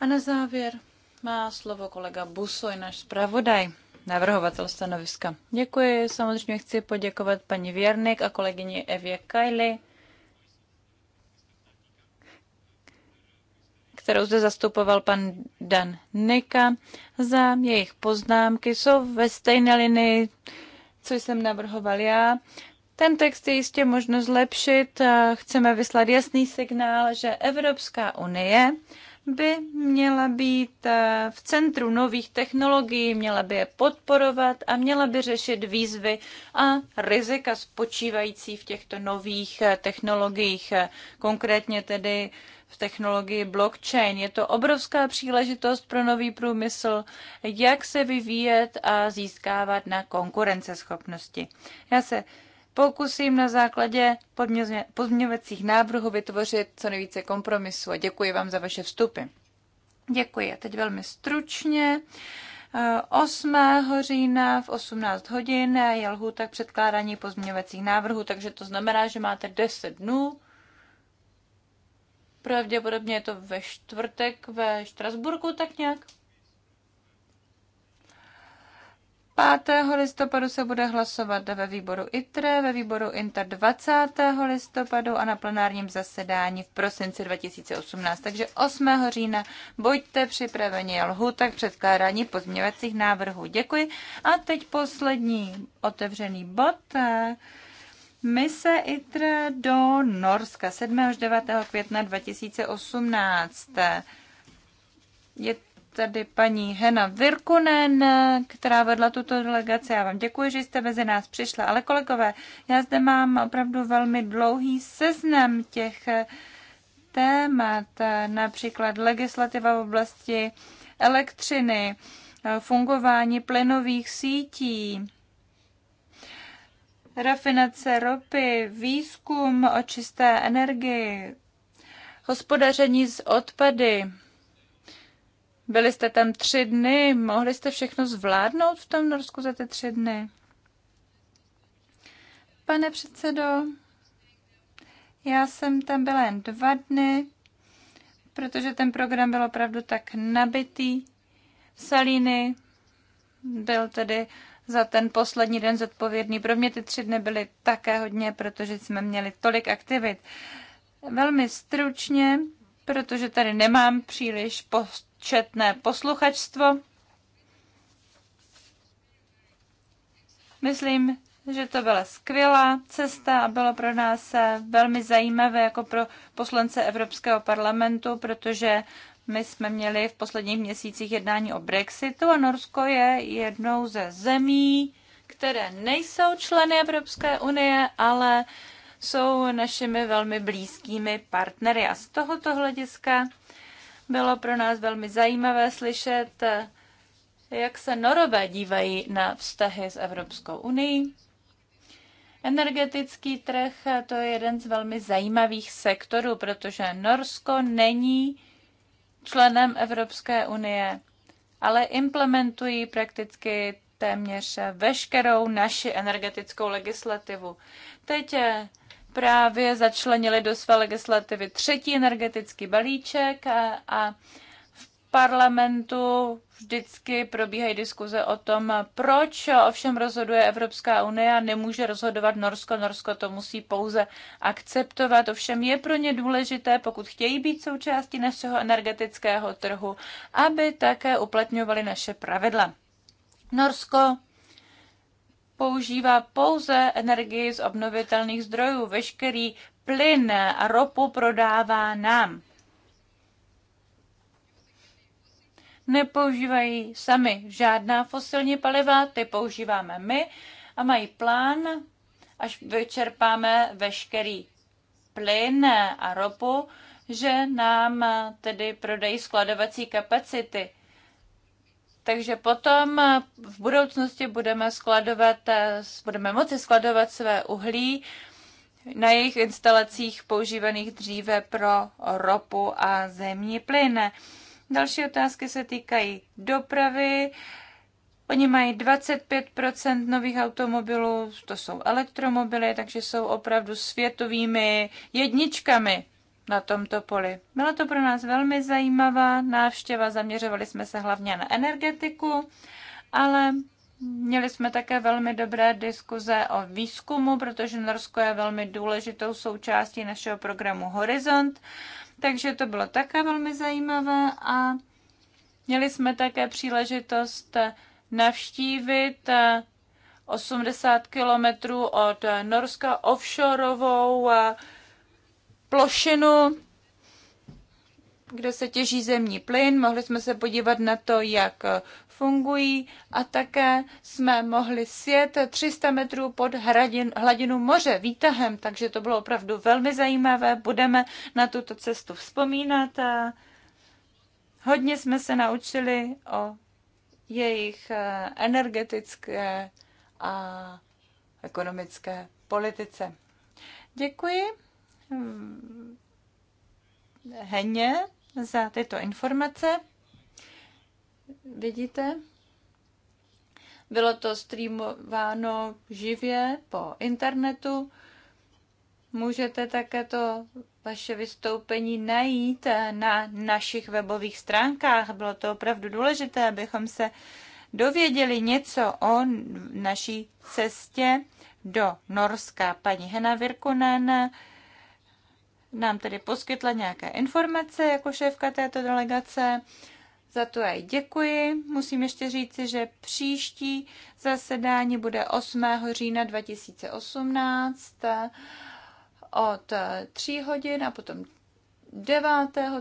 A na závěr má slovo kolega Busoj, náš zpravodaj, navrhovatel stanoviska. Děkuji, samozřejmě chci poděkovat paní Věrnik a kolegyni Evě Kajli, kterou zde zastupoval pan Dan Nika, za jejich poznámky. Jsou ve stejné linii, co jsem navrhoval já. Ten text je jistě možno zlepšit. Eh, chceme vyslat jasný signál, že Evropská unie by měla být eh, v centru nových technologií, měla by je podporovat a měla by řešit výzvy a rizika spočívající v těchto nových eh, technologiích, konkrétně tedy v technologii blockchain. Je to obrovská příležitost pro nový průmysl, jak se vyvíjet a získávat na konkurenceschopnosti. Já se pokusím na základě pozměňovacích návrhů vytvořit co nejvíce kompromisu a děkuji vám za vaše vstupy. Děkuji. A teď velmi stručně. 8. Eh, října v 18 hodin je lhůta k předkládání pozměňovacích návrhů, takže to znamená, že máte 10 dnů. Pravděpodobně je to ve čtvrtek ve Štrasburku, tak nějak. 5. listopadu se bude hlasovat ve výboru ITRE, ve výboru INTA 20. listopadu a na plenárním zasedání v prosinci 2018. Takže 8. října buďte připraveni lhůta k předkládání pozměňovacích návrhů. Děkuji. A teď poslední otevřený bod. Mise ITRE do Norska 7. až 9. května 2018. Je tady paní Hena Virkunen, která vedla tuto delegaci. Já vám děkuji, že jste mezi nás přišla. Ale kolegové, já zde mám opravdu velmi dlouhý seznam těch témat, například legislativa v oblasti elektřiny, fungování plynových sítí, rafinace ropy, výzkum o čisté energii, hospodaření s odpady, byli jste tam tři dny, mohli jste všechno zvládnout v tom Norsku za ty tři dny? Pane předsedo, já jsem tam byla jen dva dny, protože ten program byl opravdu tak nabitý. Salíny byl tedy za ten poslední den zodpovědný. Pro mě ty tři dny byly také hodně, protože jsme měli tolik aktivit. Velmi stručně, protože tady nemám příliš post četné posluchačstvo. Myslím, že to byla skvělá cesta a bylo pro nás velmi zajímavé jako pro poslance Evropského parlamentu, protože my jsme měli v posledních měsících jednání o Brexitu a Norsko je jednou ze zemí, které nejsou členy Evropské unie, ale jsou našimi velmi blízkými partnery. A z tohoto hlediska bylo pro nás velmi zajímavé slyšet, jak se norové dívají na vztahy s Evropskou unii. Energetický trh to je jeden z velmi zajímavých sektorů, protože Norsko není členem Evropské unie, ale implementují prakticky téměř veškerou naši energetickou legislativu. Teď eh, právě začlenili do své legislativy třetí energetický balíček a, a v parlamentu vždycky probíhají diskuze o tom, proč ovšem rozhoduje Evropská unie a nemůže rozhodovat Norsko. Norsko to musí pouze akceptovat. Ovšem je pro ně důležité, pokud chtějí být součástí našeho energetického trhu, aby také uplatňovali naše pravidla. Norsko používá pouze energii z obnovitelných zdrojů. Veškerý plyn a ropu prodává nám. Nepoužívají sami žádná fosilní paliva, ty používáme my a mají plán, až vyčerpáme veškerý plyn a ropu, že nám tedy prodají skladovací kapacity. Takže potom eh, v budoucnosti budeme skladovat, eh, budeme moci skladovat své uhlí na jejich instalacích používaných dříve pro ropu a zemní plyn. Další otázky se týkají dopravy. Oni mají 25 nových automobilů, to jsou elektromobily, takže jsou opravdu světovými jedničkami na tomto poli. Byla to pro nás velmi zajímavá návštěva, zaměřovali jsme se hlavně na energetiku, ale Měli jsme také velmi dobré diskuze o výzkumu, protože Norsko je velmi důležitou součástí našeho programu Horizont, takže to bylo také velmi zajímavé a měli jsme také příležitost navštívit 80 kilometrů od Norska offshoreovou plošinu, kde se těží zemní plyn. Mohli jsme se podívat na to, jak fungují a také jsme mohli sjet 300 metrů pod hradin, hladinu moře výtahem, takže to bylo opravdu velmi zajímavé. Budeme na tuto cestu vzpomínat. Hodně jsme se naučili o jejich eh, energetické a ekonomické politice. Děkuji. Heně za tyto informace. Vidíte, bylo to streamováno živě po internetu. Můžete také to vaše vystoupení najít na našich webových stránkách. Bylo to opravdu důležité, abychom se dověděli něco o naší cestě do Norska. Paní Hena Virkunen nám tedy poskytla nějaké informace jako šéfka této delegace. Za to jej děkuji. Musím ještě říci, že příští zasedání bude 8. října 2018 od 3 hodin a potom 9.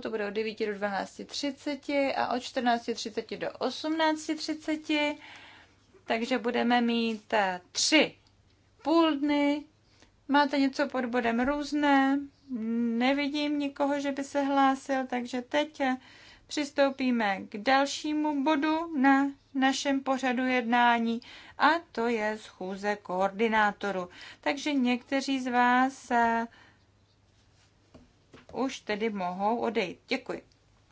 to bude od 9 do 12.30 a od 14.30 do 18.30. Takže budeme mít eh, tři půl dny. Máte něco pod bodem různé? Nevidím nikoho, že by se hlásil, takže teď přistoupíme k dalšímu bodu na našem pořadu jednání a to je schůze koordinátoru. Takže někteří z vás eh, už tedy mohou odejít. Děkuji.